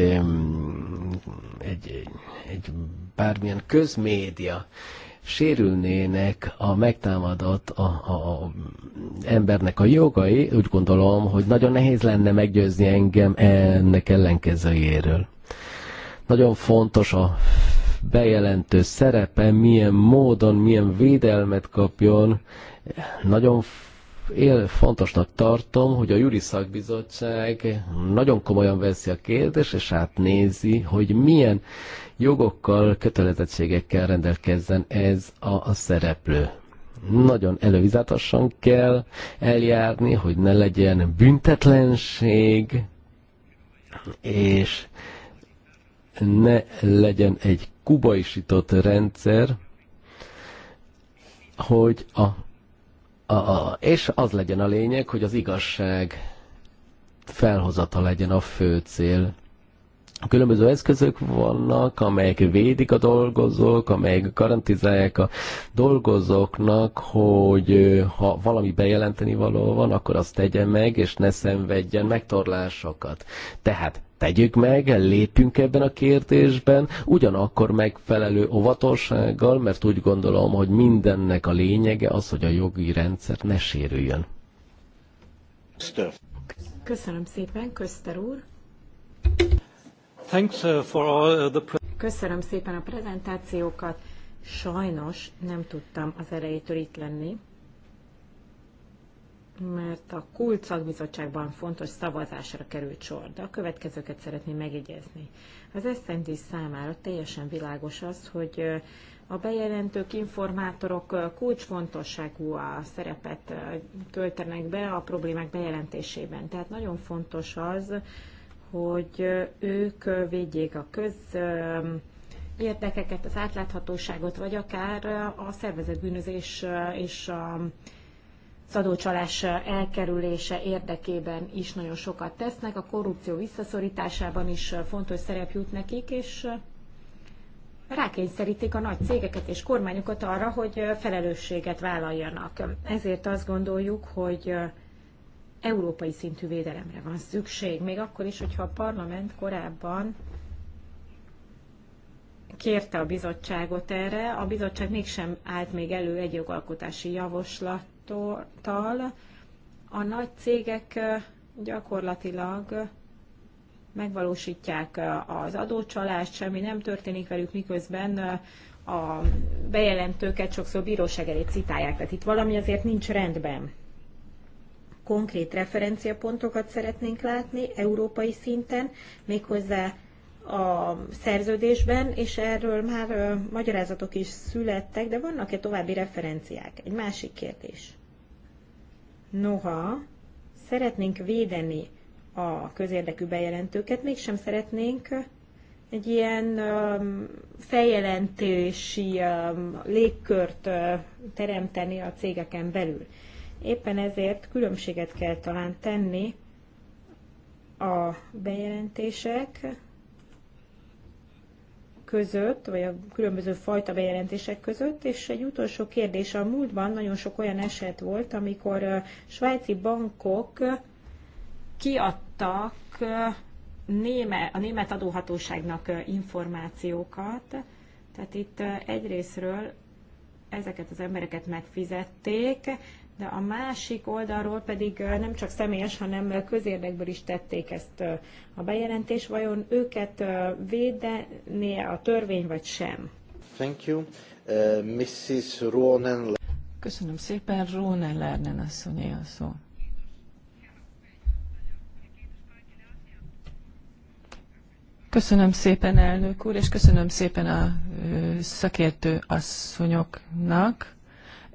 egy, egy bármilyen közmédia, sérülnének a megtámadott a, a, a embernek a jogai, úgy gondolom, hogy nagyon nehéz lenne meggyőzni engem ennek ellenkezőjéről. Nagyon fontos a bejelentő szerepe, milyen módon, milyen védelmet kapjon. Nagyon én fontosnak tartom, hogy a Juri Szakbizottság nagyon komolyan veszi a kérdést, és átnézi, hogy milyen jogokkal, kötelezettségekkel rendelkezzen ez a, a szereplő. Nagyon elővizatosan kell eljárni, hogy ne legyen büntetlenség, és ne legyen egy kubaisított rendszer, hogy a, a, a, és az legyen a lényeg, hogy az igazság felhozata legyen a fő cél. A Különböző eszközök vannak, amelyek védik a dolgozók, amelyek garantizálják a dolgozóknak, hogy ha valami bejelenteni való van, akkor azt tegye meg, és ne szenvedjen megtorlásokat. Tehát tegyük meg, lépjünk ebben a kérdésben, ugyanakkor megfelelő óvatossággal, mert úgy gondolom, hogy mindennek a lényege az, hogy a jogi rendszer ne sérüljön. Köszönöm szépen, Köszter úr! Uh, uh, Köszönöm szépen a prezentációkat. Sajnos nem tudtam az erejétől itt lenni, mert a kult szakbizottságban fontos szavazásra került sor, de a következőket szeretném megjegyezni. Az SZND számára teljesen világos az, hogy a bejelentők, informátorok kulcsfontosságú a szerepet töltenek be a problémák bejelentésében. Tehát nagyon fontos az, hogy ők védjék a köz érdekeket, az átláthatóságot, vagy akár a szervezetbűnözés és a az adócsalás elkerülése érdekében is nagyon sokat tesznek, a korrupció visszaszorításában is fontos szerep jut nekik, és eh, rákényszerítik a nagy cégeket és kormányokat arra, hogy eh, felelősséget vállaljanak. Ezért azt gondoljuk, hogy eh, európai szintű védelemre van szükség, még akkor is, hogyha a parlament korábban kérte a bizottságot erre, a bizottság mégsem állt még elő egy jogalkotási javaslat tal a nagy cégek gyakorlatilag megvalósítják az adócsalást, semmi nem történik velük, miközben a bejelentőket sokszor bíróság elé citálják, tehát itt valami azért nincs rendben. Konkrét referenciapontokat szeretnénk látni európai szinten, méghozzá a szerződésben, és erről már magyarázatok is születtek, de vannak-e további referenciák? Egy másik kérdés. Noha szeretnénk védeni a közérdekű bejelentőket, mégsem szeretnénk egy ilyen feljelentési légkört teremteni a cégeken belül. Éppen ezért különbséget kell talán tenni a bejelentések között, vagy a különböző fajta bejelentések között, és egy utolsó kérdés, a múltban nagyon sok olyan eset volt, amikor svájci bankok kiadtak néme, a német adóhatóságnak információkat, tehát itt egyrésztről ezeket az embereket megfizették, de a másik oldalról pedig nem csak személyes, hanem közérdekből is tették ezt a bejelentés. Vajon őket védené a törvény, vagy sem? Thank you. Uh, Mrs. Ronen... Köszönöm szépen, Rónen Lernen asszonyé a szó. Köszönöm szépen, elnök úr, és köszönöm szépen a szakértő asszonyoknak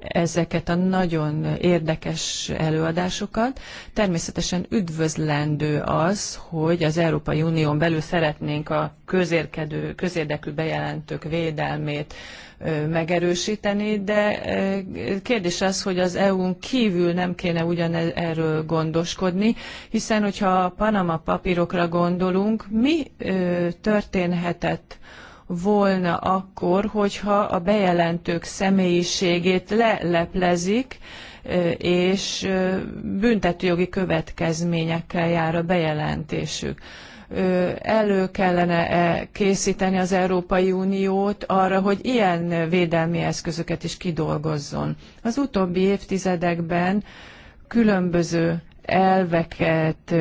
ezeket a nagyon érdekes előadásokat. Természetesen üdvözlendő az, hogy az Európai Unión belül szeretnénk a közérkedő, közérdekű bejelentők védelmét megerősíteni, de kérdés az, hogy az EU-n kívül nem kéne ugyan erről gondoskodni, hiszen hogyha a Panama papírokra gondolunk, mi történhetett volna akkor, hogyha a bejelentők személyiségét leleplezik, és büntetőjogi következményekkel jár a bejelentésük elő kellene -e készíteni az Európai Uniót arra, hogy ilyen védelmi eszközöket is kidolgozzon. Az utóbbi évtizedekben különböző elveket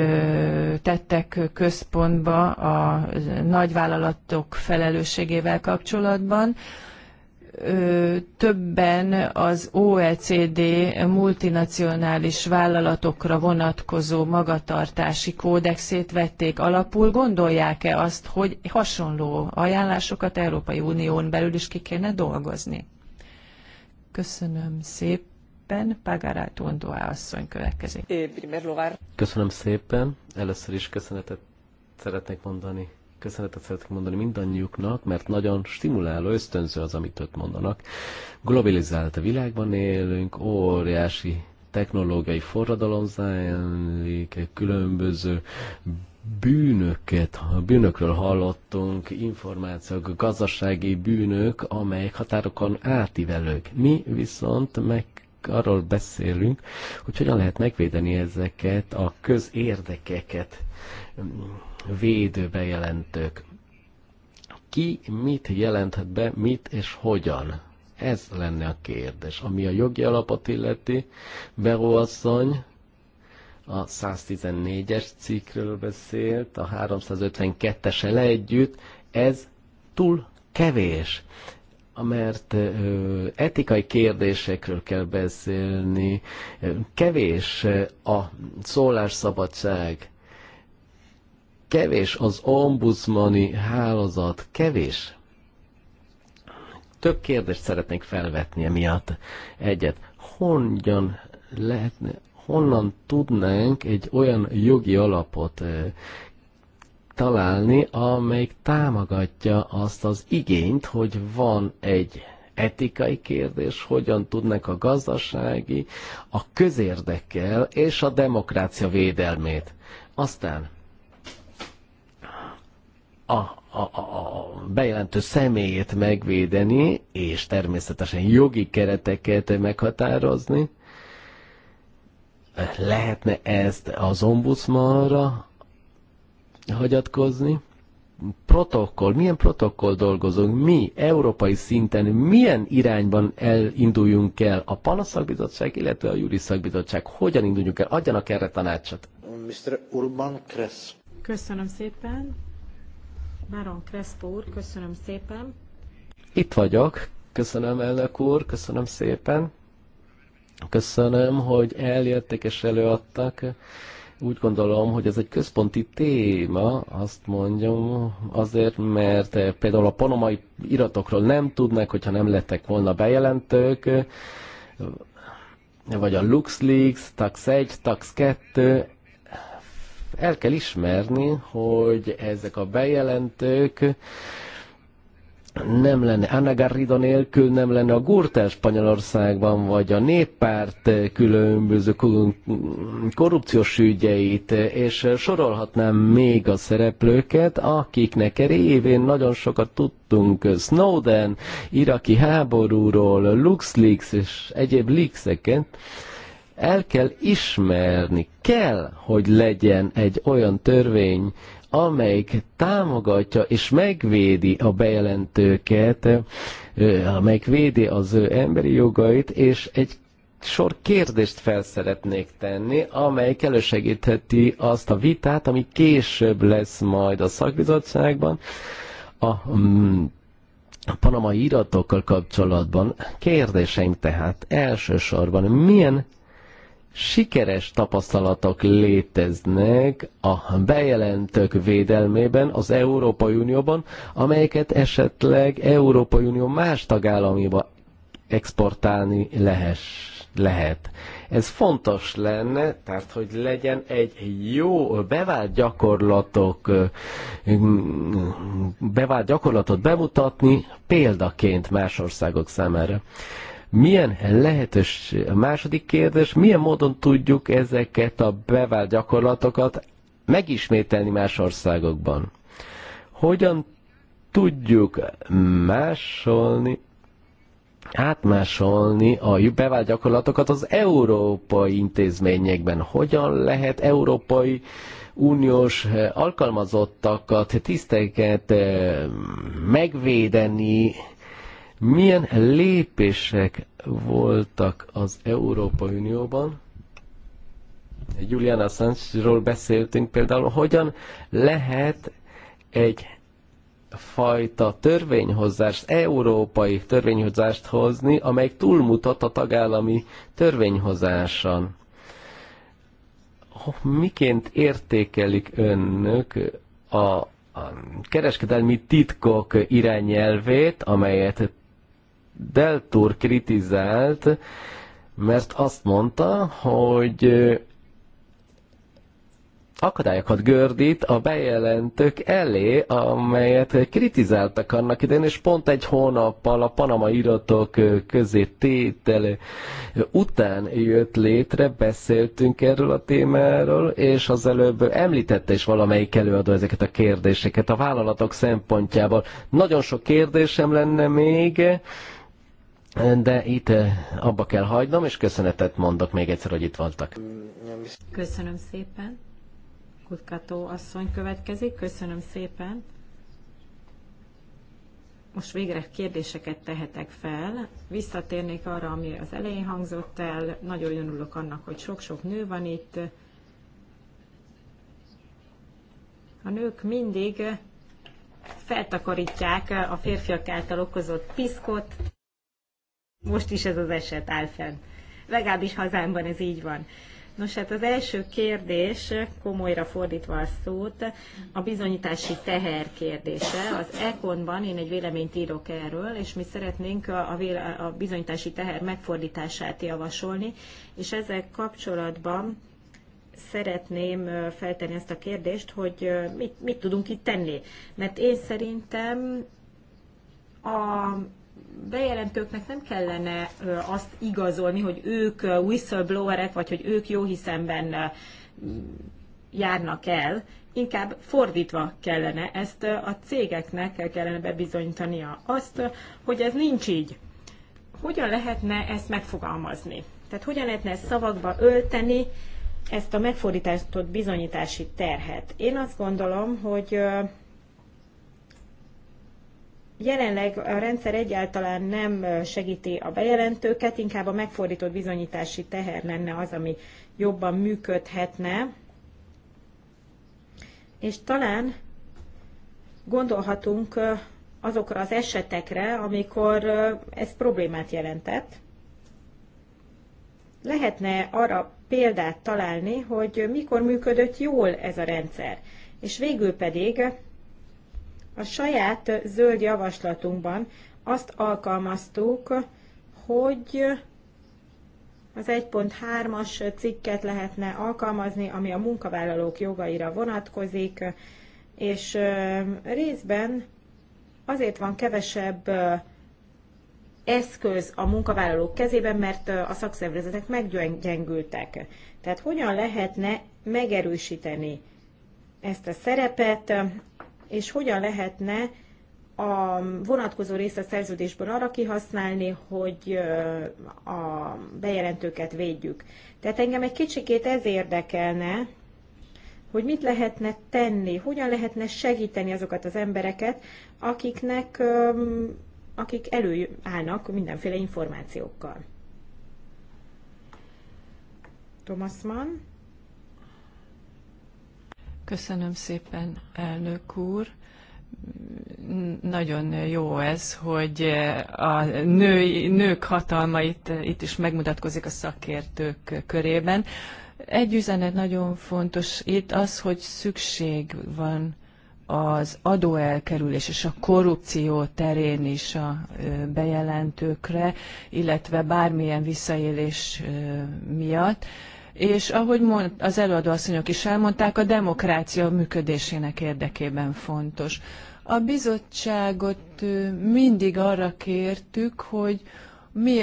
tettek központba a nagyvállalatok felelősségével kapcsolatban. Többen az OECD multinacionális vállalatokra vonatkozó magatartási kódexét vették alapul. Gondolják-e azt, hogy hasonló ajánlásokat Európai Unión belül is ki kéne dolgozni? Köszönöm szépen szépen, Pagará asszony következik. Eh, Köszönöm szépen, először is köszönetet szeretnék mondani köszönetet szeretnék mondani mindannyiuknak, mert nagyon stimuláló, ösztönző az, amit ott mondanak. Globalizált a világban élünk, óriási technológiai forradalom zajlik, különböző bűnöket, bűnökről hallottunk, információk, gazdasági bűnök, amelyek határokon átívelők. Mi viszont meg arról beszélünk, hogy hogyan lehet megvédeni ezeket a közérdekeket védő bejelentők. Ki mit jelenthet be, mit és hogyan? Ez lenne a kérdés. Ami a jogi alapot illeti, Beróasszony a 114-es cikkről beszélt, a 352 ele együtt, ez túl kevés mert etikai kérdésekről kell beszélni. Kevés a szólásszabadság, kevés az ombudsmani hálózat, kevés. Több kérdést szeretnék felvetni emiatt egyet. Honnan lehetne, honnan tudnánk egy olyan jogi alapot találni, amelyik támogatja azt az igényt, hogy van egy etikai kérdés, hogyan tudnak a gazdasági, a közérdekkel és a demokrácia védelmét. Aztán a, a, a bejelentő személyét megvédeni, és természetesen jogi kereteket meghatározni. Lehetne ezt az ombudsmanra hagyatkozni. Protokoll, milyen protokoll dolgozunk mi európai szinten, milyen irányban elinduljunk el a panaszakbizottság, illetve a júri szakbizottság, hogyan induljunk el, adjanak erre tanácsot. Mr. Urban Kressz. Köszönöm szépen. Baron Crespo úr, köszönöm szépen. Itt vagyok. Köszönöm, elnök úr, köszönöm szépen. Köszönöm, hogy eljöttek és előadtak. Úgy gondolom, hogy ez egy központi téma, azt mondjam, azért, mert eh, például a panomai iratokról nem tudnak, hogyha nem lettek volna bejelentők, eh, vagy a LuxLeaks, Tax 1, Tax 2, el kell ismerni, hogy ezek a bejelentők nem lenne Anna Garrido nélkül, nem lenne a Gürtel Spanyolországban, vagy a néppárt különböző korrupciós ügyeit, és sorolhatnám még a szereplőket, akiknek révén nagyon sokat tudtunk Snowden, iraki háborúról, LuxLeaks és egyéb leakseket, el kell ismerni, kell, hogy legyen egy olyan törvény, amelyik támogatja és megvédi a bejelentőket, amelyik védi az ő emberi jogait, és egy sor kérdést fel szeretnék tenni, amelyik elősegítheti azt a vitát, ami később lesz majd a szakbizottságban, a mm, a panamai iratokkal kapcsolatban kérdéseim tehát elsősorban milyen sikeres tapasztalatok léteznek a bejelentők védelmében az Európai Unióban, amelyeket esetleg Európai Unió más tagállamiba exportálni lehess, lehet. Ez fontos lenne, tehát hogy legyen egy jó bevált gyakorlatok, bevált gyakorlatot bemutatni példaként más országok számára milyen lehetős, a második kérdés, milyen módon tudjuk ezeket a bevált gyakorlatokat megismételni más országokban? Hogyan tudjuk másolni, átmásolni a bevált gyakorlatokat az európai intézményekben? Hogyan lehet európai uniós alkalmazottakat, tiszteket eh, megvédeni, milyen lépések voltak az Európa Unióban? Julian Assange-ról beszéltünk például, hogyan lehet egy fajta törvényhozást, európai törvényhozást hozni, amely túlmutat a tagállami törvényhozáson. Miként értékelik önök a kereskedelmi titkok irányelvét, amelyet Deltour kritizált, mert azt mondta, hogy akadályokat gördít a bejelentők elé, amelyet kritizáltak annak idején, és pont egy hónappal a panama iratok közé tétel után jött létre, beszéltünk erről a témáról, és az előbb említette is valamelyik előadó ezeket a kérdéseket a vállalatok szempontjából. Nagyon sok kérdésem lenne még, de itt eh, abba kell hagynom, és köszönetet mondok még egyszer, hogy itt voltak. Köszönöm szépen. Kutkató asszony következik. Köszönöm szépen. Most végre kérdéseket tehetek fel. Visszatérnék arra, ami az elején hangzott el. Nagyon örülök annak, hogy sok-sok nő van itt. A nők mindig feltakarítják a férfiak által okozott piszkot most is ez az eset áll fenn. Legalábbis hazámban ez így van. Nos, hát az első kérdés, komolyra fordítva a szót, a bizonyítási teher kérdése. Az Econban én egy véleményt írok erről, és mi szeretnénk a, véle, a bizonyítási teher megfordítását javasolni, és ezzel kapcsolatban szeretném feltenni ezt a kérdést, hogy mit, mit tudunk itt tenni. Mert én szerintem a bejelentőknek nem kellene azt igazolni, hogy ők whistleblowerek, vagy hogy ők jó hiszemben járnak el, inkább fordítva kellene ezt a cégeknek kellene bebizonyítania azt, hogy ez nincs így. Hogyan lehetne ezt megfogalmazni? Tehát hogyan lehetne ezt szavakba ölteni, ezt a megfordított bizonyítási terhet? Én azt gondolom, hogy Jelenleg a rendszer egyáltalán nem segíti a bejelentőket, inkább a megfordított bizonyítási teher lenne az, ami jobban működhetne. És talán gondolhatunk azokra az esetekre, amikor ez problémát jelentett. Lehetne arra példát találni, hogy mikor működött jól ez a rendszer. És végül pedig a saját zöld javaslatunkban azt alkalmaztuk, hogy az 1.3-as cikket lehetne alkalmazni, ami a munkavállalók jogaira vonatkozik, és részben azért van kevesebb eszköz a munkavállalók kezében, mert a szakszervezetek meggyengültek. Tehát hogyan lehetne megerősíteni ezt a szerepet és hogyan lehetne a vonatkozó részt a szerződésből arra kihasználni, hogy a bejelentőket védjük. Tehát engem egy kicsikét ez érdekelne, hogy mit lehetne tenni, hogyan lehetne segíteni azokat az embereket, akiknek, akik előállnak mindenféle információkkal. Thomas Mann. Köszönöm szépen, elnök úr. Nagyon jó ez, hogy a női, nők hatalma itt, itt is megmutatkozik a szakértők körében. Egy üzenet nagyon fontos itt az, hogy szükség van az adóelkerülés és a korrupció terén is a bejelentőkre, illetve bármilyen visszaélés miatt és ahogy mond, az előadóasszonyok is elmondták, a demokrácia működésének érdekében fontos. A bizottságot mindig arra kértük, hogy mi,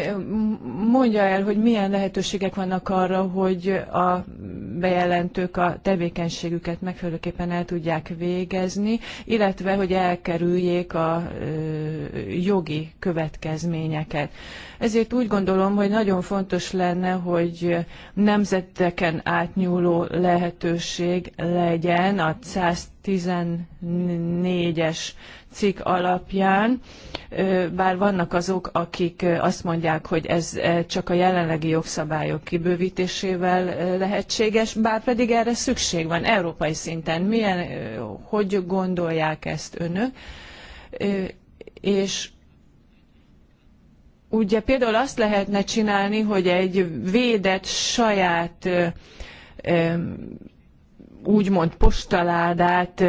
mondja el, hogy milyen lehetőségek vannak arra, hogy a bejelentők a tevékenységüket megfelelőképpen el tudják végezni, illetve hogy elkerüljék a ö, jogi következményeket. Ezért úgy gondolom, hogy nagyon fontos lenne, hogy nemzeteken átnyúló lehetőség legyen a 100 14-es cikk alapján, bár vannak azok, akik azt mondják, hogy ez csak a jelenlegi jogszabályok kibővítésével lehetséges, bár pedig erre szükség van európai szinten. Milyen, hogy gondolják ezt önök? És ugye például azt lehetne csinálni, hogy egy védett saját úgymond postaládát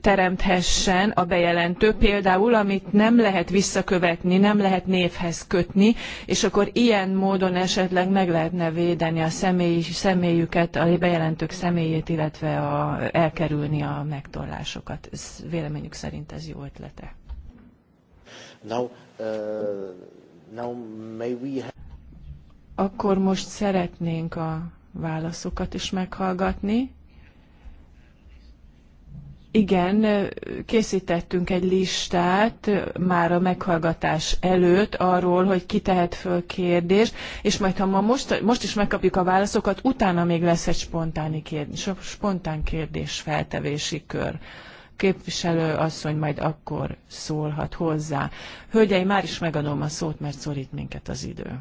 teremthessen a bejelentő, például amit nem lehet visszakövetni, nem lehet névhez kötni, és akkor ilyen módon esetleg meg lehetne védeni a személy, személyüket, a bejelentők személyét, illetve a, elkerülni a megtorlásokat. Ez, véleményük szerint ez jó ötlete. Now, uh, now may we have... Akkor most szeretnénk a válaszokat is meghallgatni igen, készítettünk egy listát már a meghallgatás előtt arról, hogy ki tehet föl kérdést, és majd ha ma most, most is megkapjuk a válaszokat, utána még lesz egy kérdés, spontán kérdés feltevési kör. Képviselő asszony majd akkor szólhat hozzá. Hölgyeim, már is megadom a szót, mert szorít minket az idő.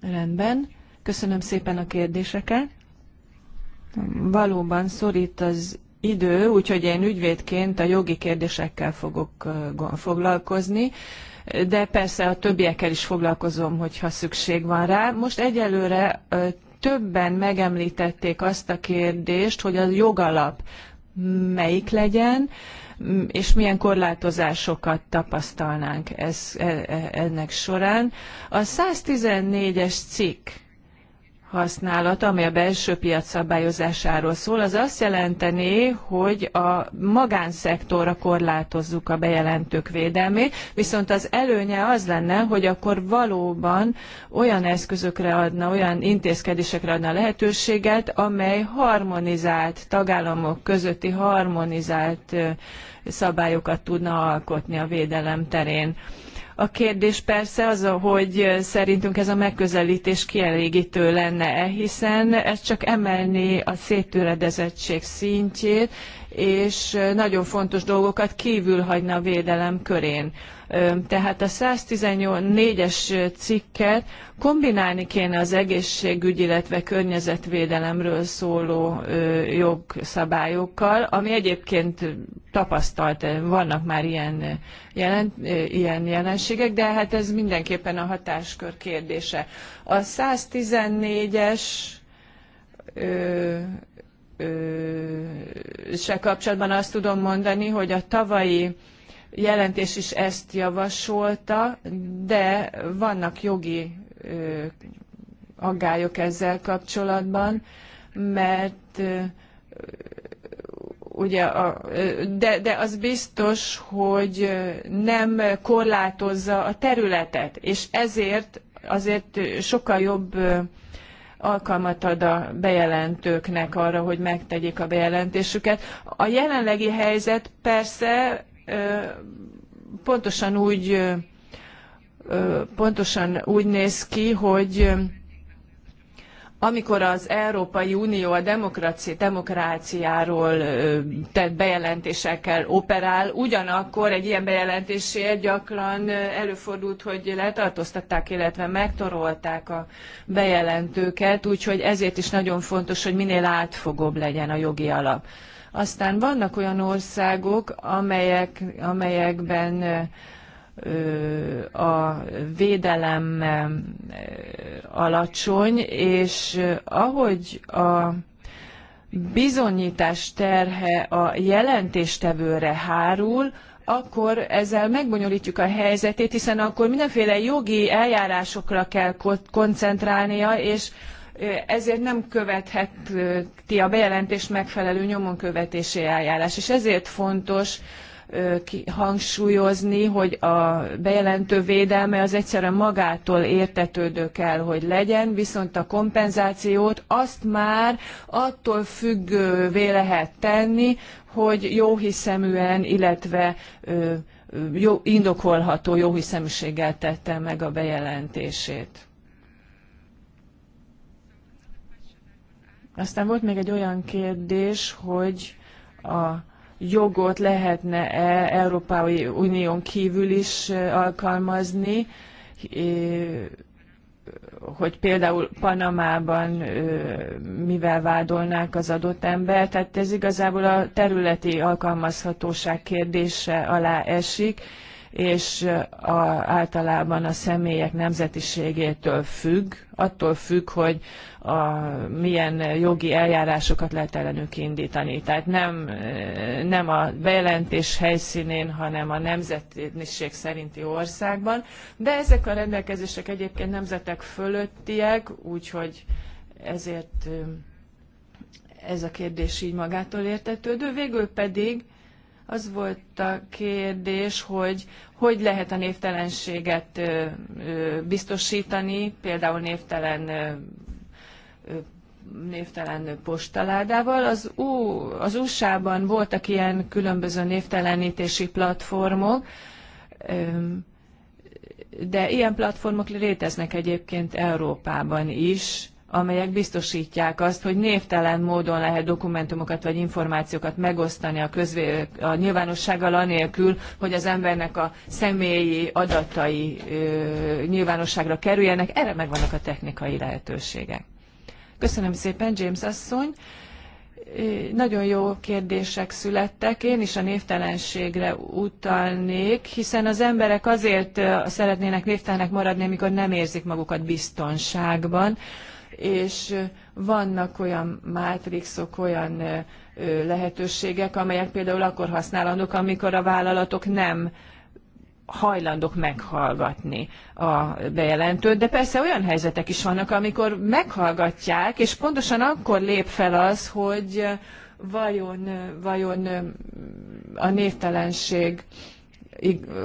Rendben. Köszönöm szépen a kérdéseket. Valóban szorít az idő, úgyhogy én ügyvédként a jogi kérdésekkel fogok foglalkozni, de persze a többiekkel is foglalkozom, hogyha szükség van rá. Most egyelőre többen megemlítették azt a kérdést, hogy a jogalap melyik legyen, és milyen korlátozásokat tapasztalnánk ez, e, e, ennek során. A 114-es cikk használata, ami a belső piac szabályozásáról szól, az azt jelenteni, hogy a magánszektorra korlátozzuk a bejelentők védelmét, viszont az előnye az lenne, hogy akkor valóban olyan eszközökre adna, olyan intézkedésekre adna lehetőséget, amely harmonizált tagállamok közötti harmonizált szabályokat tudna alkotni a védelem terén a kérdés persze az, hogy szerintünk ez a megközelítés kielégítő lenne, hiszen ez csak emelné a széttöredezettség szintjét, és nagyon fontos dolgokat kívül hagyna a védelem körén. Tehát a 114-es cikket kombinálni kéne az egészségügy, illetve környezetvédelemről szóló jogszabályokkal, ami egyébként tapasztalt, vannak már ilyen, jelen, ilyen jelenségek, de hát ez mindenképpen a hatáskör kérdése. A 114-es se kapcsolatban azt tudom mondani, hogy a tavalyi jelentés is ezt javasolta, de vannak jogi aggályok ezzel kapcsolatban, mert ugye a, de, de az biztos, hogy nem korlátozza a területet, és ezért azért sokkal jobb alkalmat ad a bejelentőknek arra, hogy megtegyék a bejelentésüket. A jelenlegi helyzet persze pontosan úgy pontosan úgy néz ki, hogy amikor az Európai Unió a demokráci, demokráciáról tett bejelentésekkel operál, ugyanakkor egy ilyen bejelentésért gyakran előfordult, hogy letartóztatták, illetve megtorolták a bejelentőket, úgyhogy ezért is nagyon fontos, hogy minél átfogóbb legyen a jogi alap. Aztán vannak olyan országok, amelyek, amelyekben a védelem alacsony, és ahogy a bizonyítás terhe a jelentéstevőre hárul, akkor ezzel megbonyolítjuk a helyzetét, hiszen akkor mindenféle jogi eljárásokra kell koncentrálnia, és ezért nem követheti a bejelentés megfelelő nyomon követési eljárás. És ezért fontos hangsúlyozni, hogy a bejelentő védelme az egyszerűen magától értetődő kell, hogy legyen, viszont a kompenzációt azt már attól függővé lehet tenni, hogy jóhiszeműen, illetve jó, indokolható jóhiszeműséggel tette meg a bejelentését. Aztán volt még egy olyan kérdés, hogy a jogot lehetne-e Európai Unión kívül is alkalmazni, hogy például Panamában mivel vádolnák az adott ember. Tehát ez igazából a területi alkalmazhatóság kérdése alá esik és a, általában a személyek nemzetiségétől függ, attól függ, hogy a, milyen jogi eljárásokat lehet ellenük indítani. Tehát nem, nem a bejelentés helyszínén, hanem a nemzetiség szerinti országban, de ezek a rendelkezések egyébként nemzetek fölöttiek, úgyhogy ezért ez a kérdés így magától értetődő. Végül pedig az volt a kérdés, hogy hogy lehet a névtelenséget biztosítani, például névtelen névtelen postaládával. Az, U, az USA-ban voltak ilyen különböző névtelenítési platformok, de ilyen platformok léteznek egyébként Európában is, amelyek biztosítják azt, hogy névtelen módon lehet dokumentumokat vagy információkat megosztani a, közvé, a nyilvánossággal anélkül, hogy az embernek a személyi adatai ö, nyilvánosságra kerüljenek. Erre megvannak a technikai lehetőségek. Köszönöm szépen, James asszony. Nagyon jó kérdések születtek. Én is a névtelenségre utalnék, hiszen az emberek azért szeretnének névtelenek maradni, amikor nem érzik magukat biztonságban és vannak olyan mátrixok, olyan lehetőségek, amelyek például akkor használandók, amikor a vállalatok nem hajlandók meghallgatni a bejelentőt, de persze olyan helyzetek is vannak, amikor meghallgatják, és pontosan akkor lép fel az, hogy vajon, vajon a névtelenség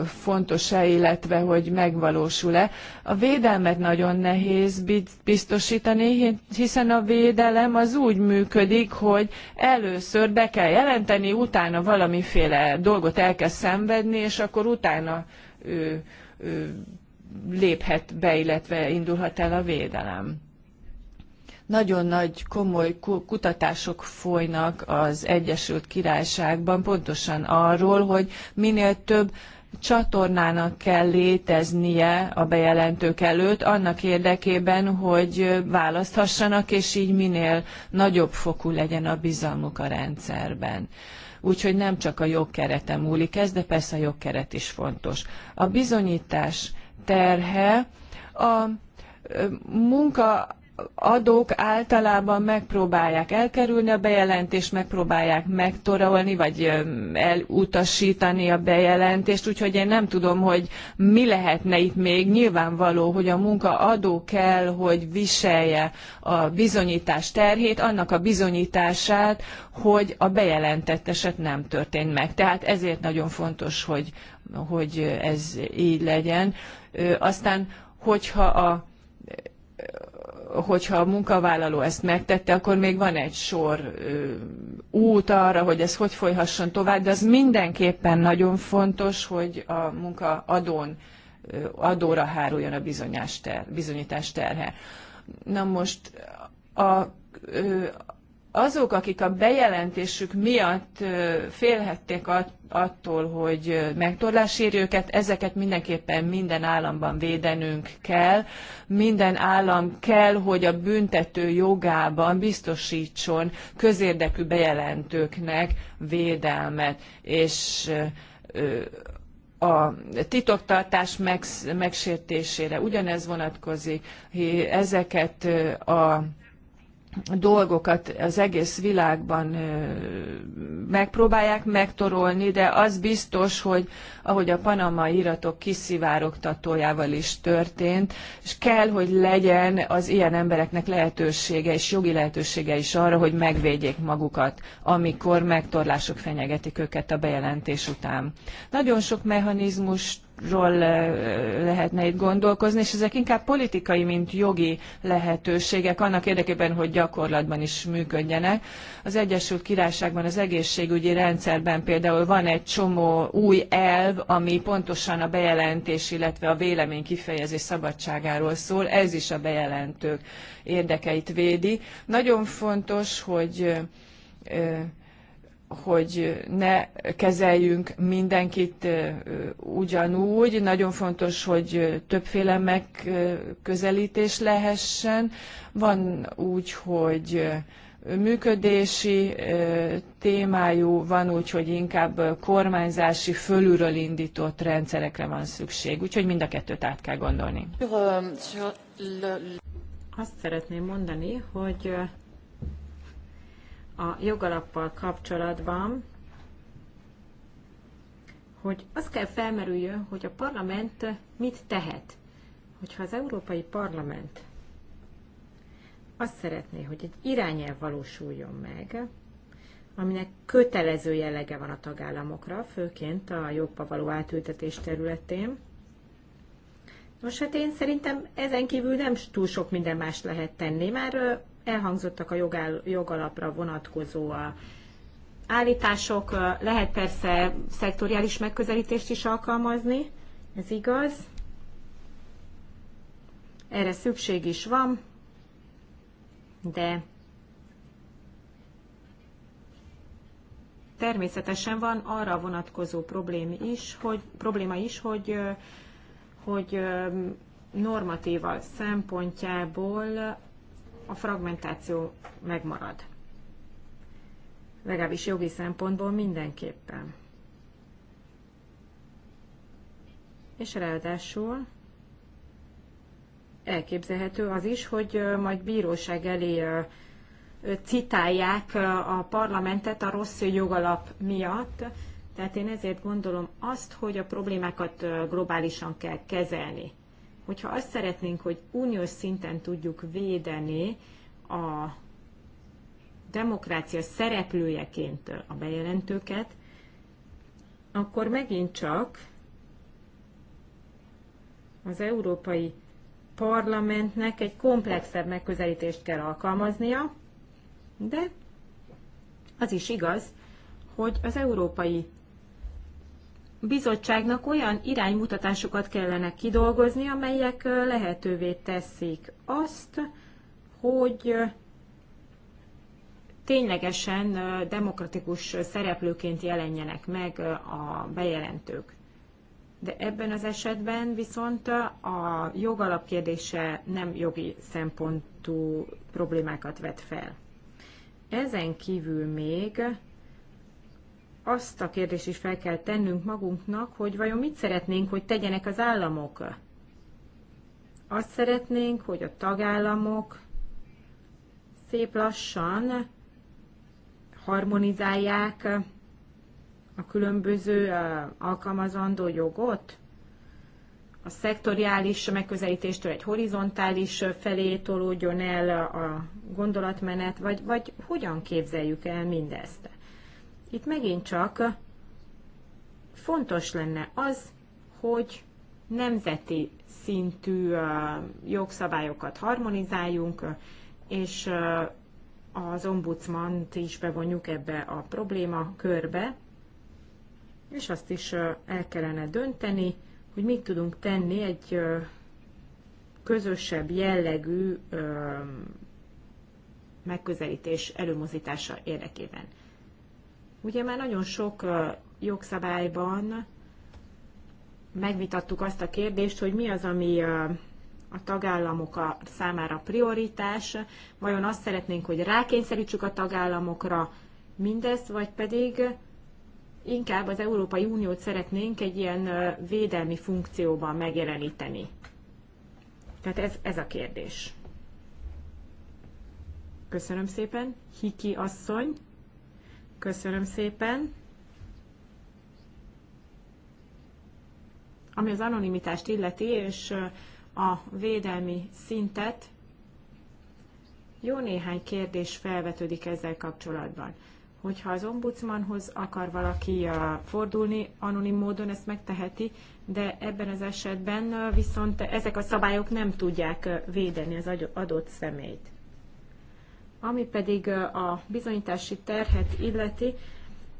fontos-e, illetve hogy megvalósul-e. A védelmet nagyon nehéz biztosítani, hiszen a védelem az úgy működik, hogy először be kell jelenteni, utána valamiféle dolgot el kell szenvedni, és akkor utána ő, ő, léphet be, illetve indulhat el a védelem nagyon nagy, komoly kutatások folynak az Egyesült Királyságban pontosan arról, hogy minél több csatornának kell léteznie a bejelentők előtt annak érdekében, hogy választhassanak, és így minél nagyobb fokú legyen a bizalmuk a rendszerben. Úgyhogy nem csak a jogkerete múlik ez, de persze a jogkeret is fontos. A bizonyítás terhe a munka adók általában megpróbálják elkerülni a bejelentést, megpróbálják megtorolni, vagy elutasítani a bejelentést, úgyhogy én nem tudom, hogy mi lehetne itt még. Nyilvánvaló, hogy a munkaadó kell, hogy viselje a bizonyítás terhét, annak a bizonyítását, hogy a bejelentett eset nem történt meg. Tehát ezért nagyon fontos, hogy, hogy ez így legyen. Aztán, hogyha a hogyha a munkavállaló ezt megtette, akkor még van egy sor út arra, hogy ez hogy folyhasson tovább, de az mindenképpen nagyon fontos, hogy a munkaadón adóra háruljon a bizonyás bizonyítás terhe. Na most a, azok, akik a bejelentésük miatt félhették attól, hogy megtorlás éri őket, ezeket mindenképpen minden államban védenünk kell. Minden állam kell, hogy a büntető jogában biztosítson közérdekű bejelentőknek védelmet. És a titoktartás megsértésére ugyanez vonatkozik. Ezeket a dolgokat az egész világban megpróbálják megtorolni, de az biztos, hogy ahogy a panamai iratok kiszivárogtatójával is történt, és kell, hogy legyen az ilyen embereknek lehetősége és jogi lehetősége is arra, hogy megvédjék magukat, amikor megtorlások fenyegetik őket a bejelentés után. Nagyon sok mechanizmust ról lehetne itt gondolkozni, és ezek inkább politikai, mint jogi lehetőségek annak érdekében, hogy gyakorlatban is működjenek. Az Egyesült Királyságban az egészségügyi rendszerben például van egy csomó új elv, ami pontosan a bejelentés, illetve a vélemény kifejezés szabadságáról szól, ez is a bejelentők érdekeit védi. Nagyon fontos, hogy hogy ne kezeljünk mindenkit ugyanúgy. Nagyon fontos, hogy többféle megközelítés lehessen. Van úgy, hogy működési témájú, van úgy, hogy inkább kormányzási fölülről indított rendszerekre van szükség. Úgyhogy mind a kettőt át kell gondolni. Euh, Azt szeretném mondani, hogy a jogalappal kapcsolatban, hogy az kell felmerüljön, hogy a parlament mit tehet. Hogyha az Európai Parlament azt szeretné, hogy egy irányelv valósuljon meg, aminek kötelező jellege van a tagállamokra, főként a jogba való átültetés területén. Nos, hát én szerintem ezen kívül nem túl sok minden más lehet tenni, már elhangzottak a jogál, jogalapra vonatkozó a állítások, lehet persze szektoriális megközelítést is alkalmazni, ez igaz. Erre szükség is van, de természetesen van arra vonatkozó probléma is, hogy, probléma is, hogy, hogy normatíva szempontjából a fragmentáció megmarad. Legalábbis jogi szempontból mindenképpen. És ráadásul elképzelhető az is, hogy majd bíróság elé citálják a parlamentet a rossz jogalap miatt. Tehát én ezért gondolom azt, hogy a problémákat globálisan kell kezelni hogyha azt szeretnénk, hogy uniós szinten tudjuk védeni a demokrácia szereplőjeként a bejelentőket, akkor megint csak az Európai Parlamentnek egy komplexebb megközelítést kell alkalmaznia, de az is igaz, hogy az Európai bizottságnak olyan iránymutatásokat kellene kidolgozni, amelyek lehetővé teszik azt, hogy ténylegesen demokratikus szereplőként jelenjenek meg a bejelentők. De ebben az esetben viszont a jogalap kérdése nem jogi szempontú problémákat vet fel. Ezen kívül még azt a kérdést is fel kell tennünk magunknak, hogy vajon mit szeretnénk, hogy tegyenek az államok. Azt szeretnénk, hogy a tagállamok szép lassan harmonizálják a különböző alkalmazandó jogot, a szektoriális megközelítéstől egy horizontális felé tolódjon el a gondolatmenet, vagy, vagy hogyan képzeljük el mindezt? Itt megint csak fontos lenne az, hogy nemzeti szintű jogszabályokat harmonizáljunk, és az ombudsmant is bevonjuk ebbe a probléma körbe, és azt is el kellene dönteni, hogy mit tudunk tenni egy közösebb jellegű megközelítés előmozítása érdekében. Ugye már nagyon sok jogszabályban megvitattuk azt a kérdést, hogy mi az, ami a tagállamok a számára prioritás, vajon azt szeretnénk, hogy rákényszerítsük a tagállamokra mindezt, vagy pedig inkább az Európai Uniót szeretnénk egy ilyen védelmi funkcióban megjeleníteni. Tehát ez, ez a kérdés. Köszönöm szépen. Hiki asszony. Köszönöm szépen. Ami az anonimitást illeti, és a védelmi szintet, jó néhány kérdés felvetődik ezzel kapcsolatban. Hogyha az ombudsmanhoz akar valaki fordulni, anonim módon ezt megteheti, de ebben az esetben viszont ezek a szabályok nem tudják védeni az adott személyt. Ami pedig a bizonyítási terhet illeti,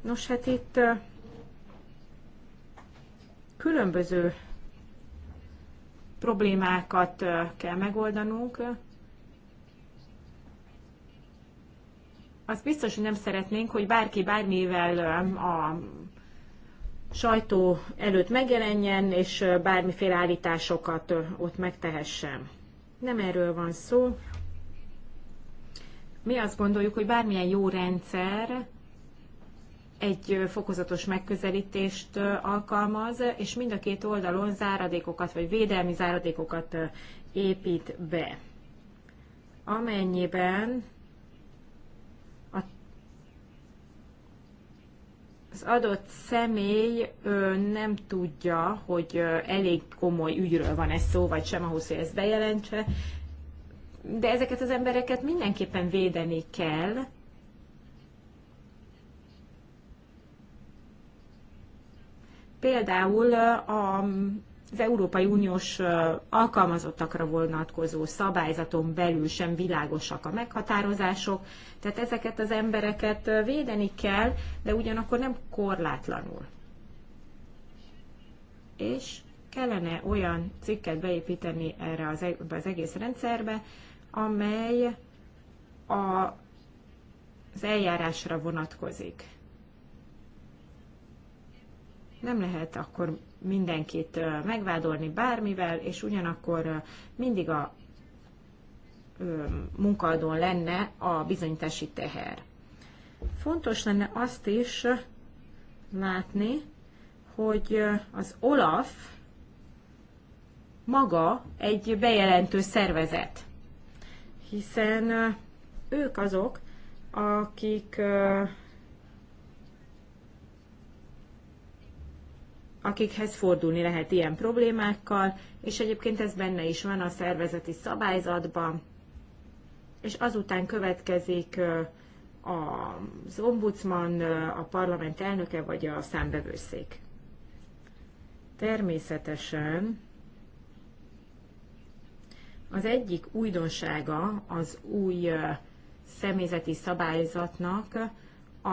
nos hát itt különböző problémákat kell megoldanunk. Az biztos, hogy nem szeretnénk, hogy bárki bármivel a sajtó előtt megjelenjen, és bármiféle állításokat ott megtehessen. Nem erről van szó, mi azt gondoljuk, hogy bármilyen jó rendszer egy fokozatos megközelítést alkalmaz, és mind a két oldalon záradékokat vagy védelmi záradékokat épít be. Amennyiben az adott személy nem tudja, hogy elég komoly ügyről van ez szó, vagy sem ahhoz, hogy ezt bejelentse, de ezeket az embereket mindenképpen védeni kell. Például a az Európai Uniós alkalmazottakra vonatkozó szabályzaton belül sem világosak a meghatározások, tehát ezeket az embereket védeni kell, de ugyanakkor nem korlátlanul. És kellene olyan cikket beépíteni erre az, e-, egész rendszerbe, amely a, az eljárásra vonatkozik. Nem lehet akkor mindenkit megvádolni bármivel, és ugyanakkor mindig a munkaadón lenne a bizonyítási teher. Fontos lenne azt is látni, hogy az OLAF maga egy bejelentő szervezet hiszen ők azok, akik akikhez fordulni lehet ilyen problémákkal, és egyébként ez benne is van a szervezeti szabályzatban, és azután következik az ombudsman, a parlament elnöke vagy a számbevőszék. Természetesen az egyik újdonsága az új személyzeti szabályzatnak a,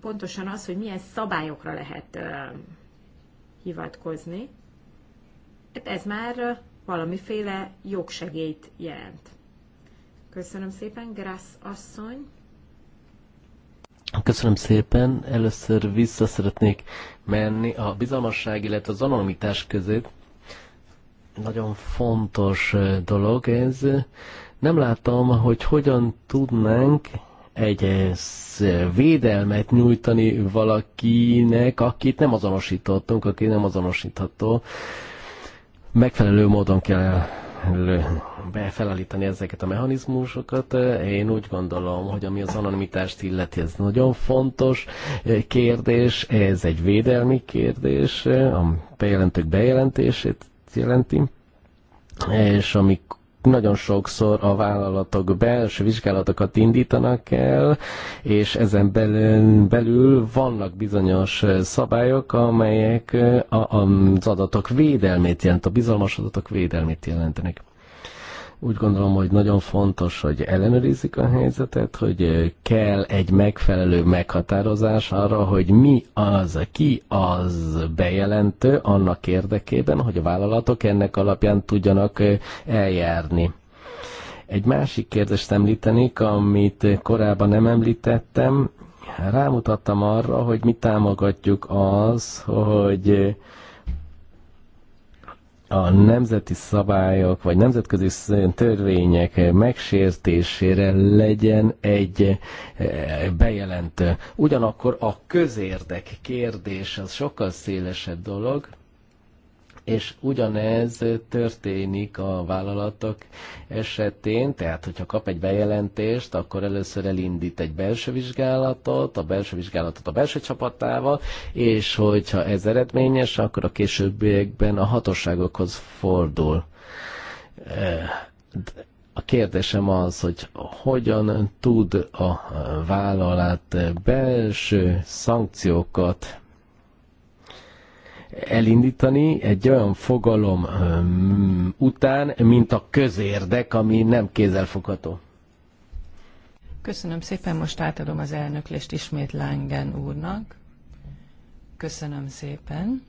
pontosan az, hogy milyen szabályokra lehet hivatkozni. Hát ez már valamiféle jogsegélyt jelent. Köszönöm szépen, Grász asszony. Köszönöm szépen. Először vissza szeretnék menni a bizalmasság, illetve az anonimitás között. Nagyon fontos dolog ez. Nem látom, hogy hogyan tudnánk egy védelmet nyújtani valakinek, akit nem azonosítottunk, aki nem azonosítható. Megfelelő módon kell befelelíteni ezeket a mechanizmusokat. Én úgy gondolom, hogy ami az anonimitást illeti, ez nagyon fontos kérdés, ez egy védelmi kérdés, a bejelentők bejelentését jelenti, és amik nagyon sokszor a vállalatok belső vizsgálatokat indítanak el, és ezen belül, belül vannak bizonyos szabályok, amelyek a, az adatok védelmét jelent, a bizalmas adatok védelmét jelentenek. Úgy gondolom, hogy nagyon fontos, hogy ellenőrizzük a helyzetet, hogy eh, kell egy megfelelő meghatározás arra, hogy mi az, ki az bejelentő annak érdekében, hogy a vállalatok ennek alapján tudjanak eh, eljárni. Egy másik kérdést említenék, amit korábban nem említettem. Rámutattam arra, hogy mi támogatjuk az, hogy eh, a nemzeti szabályok vagy nemzetközi törvények megsértésére legyen egy eh, bejelentő. Ugyanakkor a közérdek kérdés az sokkal szélesebb dolog, és ugyanez történik a vállalatok esetén, tehát hogyha kap egy bejelentést, akkor először elindít egy belső vizsgálatot, a belső vizsgálatot a belső csapatával, és hogyha ez eredményes, akkor a későbbiekben a hatóságokhoz fordul. A kérdésem az, hogy hogyan tud a vállalat belső szankciókat elindítani egy olyan fogalom után, mint a közérdek, ami nem kézzelfogható. Köszönöm szépen, most átadom az elnöklést ismét Lángen úrnak. Köszönöm szépen.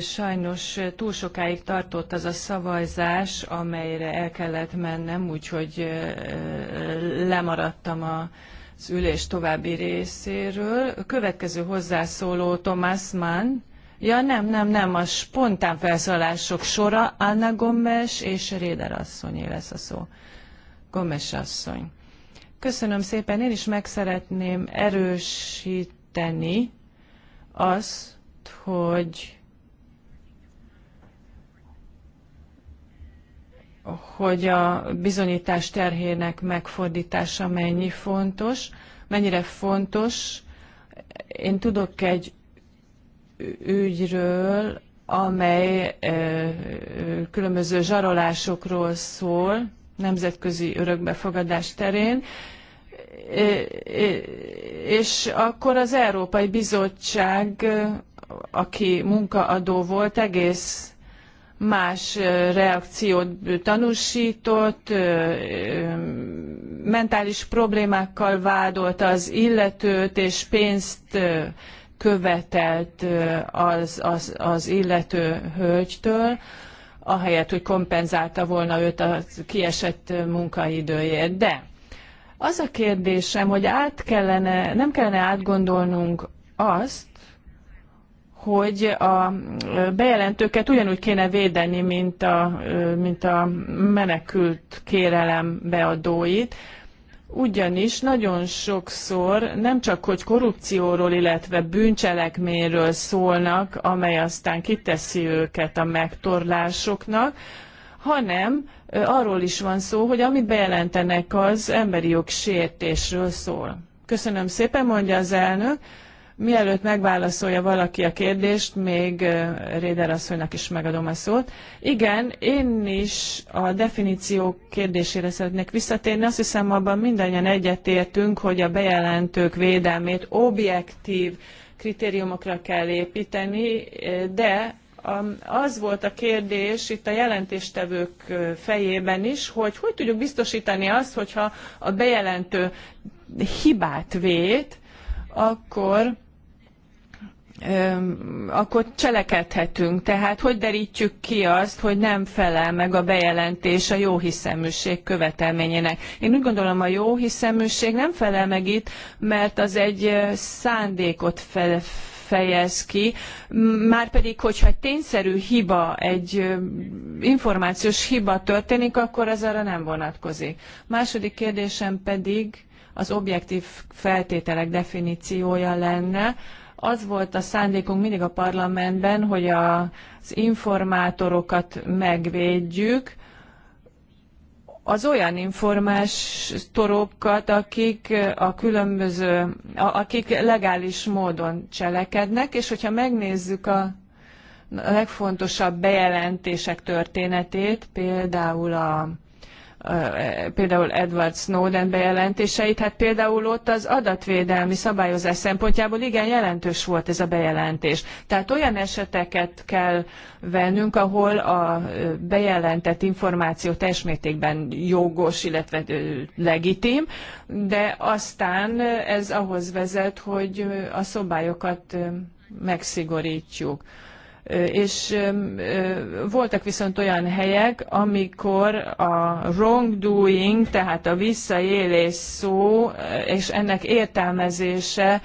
Sajnos túl sokáig tartott az a szavazás, amelyre el kellett mennem, úgyhogy lemaradtam a az ülés további részéről. A következő hozzászóló Thomas Mann. Ja nem, nem, nem, a spontán felszólások sora Anna Gomes és Réder asszonyé lesz a szó. Gomes asszony. Köszönöm szépen, én is meg szeretném erősíteni azt, hogy hogy a bizonyítás terhének megfordítása mennyi fontos, mennyire fontos. Én tudok egy ügyről, amely különböző zsarolásokról szól, nemzetközi örökbefogadás terén, és akkor az Európai Bizottság, aki munkaadó volt, egész más reakciót tanúsított, mentális problémákkal vádolt az illetőt, és pénzt követelt az, az, az illető hölgytől, ahelyett, hogy kompenzálta volna őt a kiesett munkaidőjét. De az a kérdésem, hogy át kellene, nem kellene átgondolnunk azt, hogy a bejelentőket ugyanúgy kéne védeni, mint a, mint a menekült kérelem beadóit, ugyanis nagyon sokszor nem csak, hogy korrupcióról, illetve bűncselekményről szólnak, amely aztán kiteszi őket a megtorlásoknak, hanem arról is van szó, hogy amit bejelentenek, az emberi jog sértésről szól. Köszönöm szépen, mondja az elnök. Mielőtt megválaszolja valaki a kérdést, még Réder asszonynak is megadom a szót. Igen, én is a definíció kérdésére szeretnék visszatérni. Azt hiszem, abban mindannyian egyetértünk, hogy a bejelentők védelmét objektív kritériumokra kell építeni, de az volt a kérdés itt a jelentéstevők fejében is, hogy hogy tudjuk biztosítani azt, hogyha a bejelentő hibát vét, akkor akkor cselekedhetünk. Tehát hogy derítjük ki azt, hogy nem felel meg a bejelentés a jóhiszeműség követelményének. Én úgy gondolom, a jóhiszeműség nem felel meg itt, mert az egy szándékot fel, fejez ki, márpedig, hogyha egy tényszerű hiba, egy információs hiba történik, akkor ez arra nem vonatkozik. Második kérdésem pedig az objektív feltételek definíciója lenne, az volt a szándékunk mindig a parlamentben, hogy a, az informátorokat megvédjük, az olyan informátorokat, akik a különböző, akik legális módon cselekednek, és hogyha megnézzük a legfontosabb bejelentések történetét, például a például Edward Snowden bejelentéseit, hát például ott az adatvédelmi szabályozás szempontjából igen jelentős volt ez a bejelentés. Tehát olyan eseteket kell vennünk, ahol a bejelentett információ teljes mértékben jogos, illetve legitim, de aztán ez ahhoz vezet, hogy a szabályokat megszigorítjuk és voltak viszont olyan helyek, amikor a wrongdoing, tehát a visszaélés szó és ennek értelmezése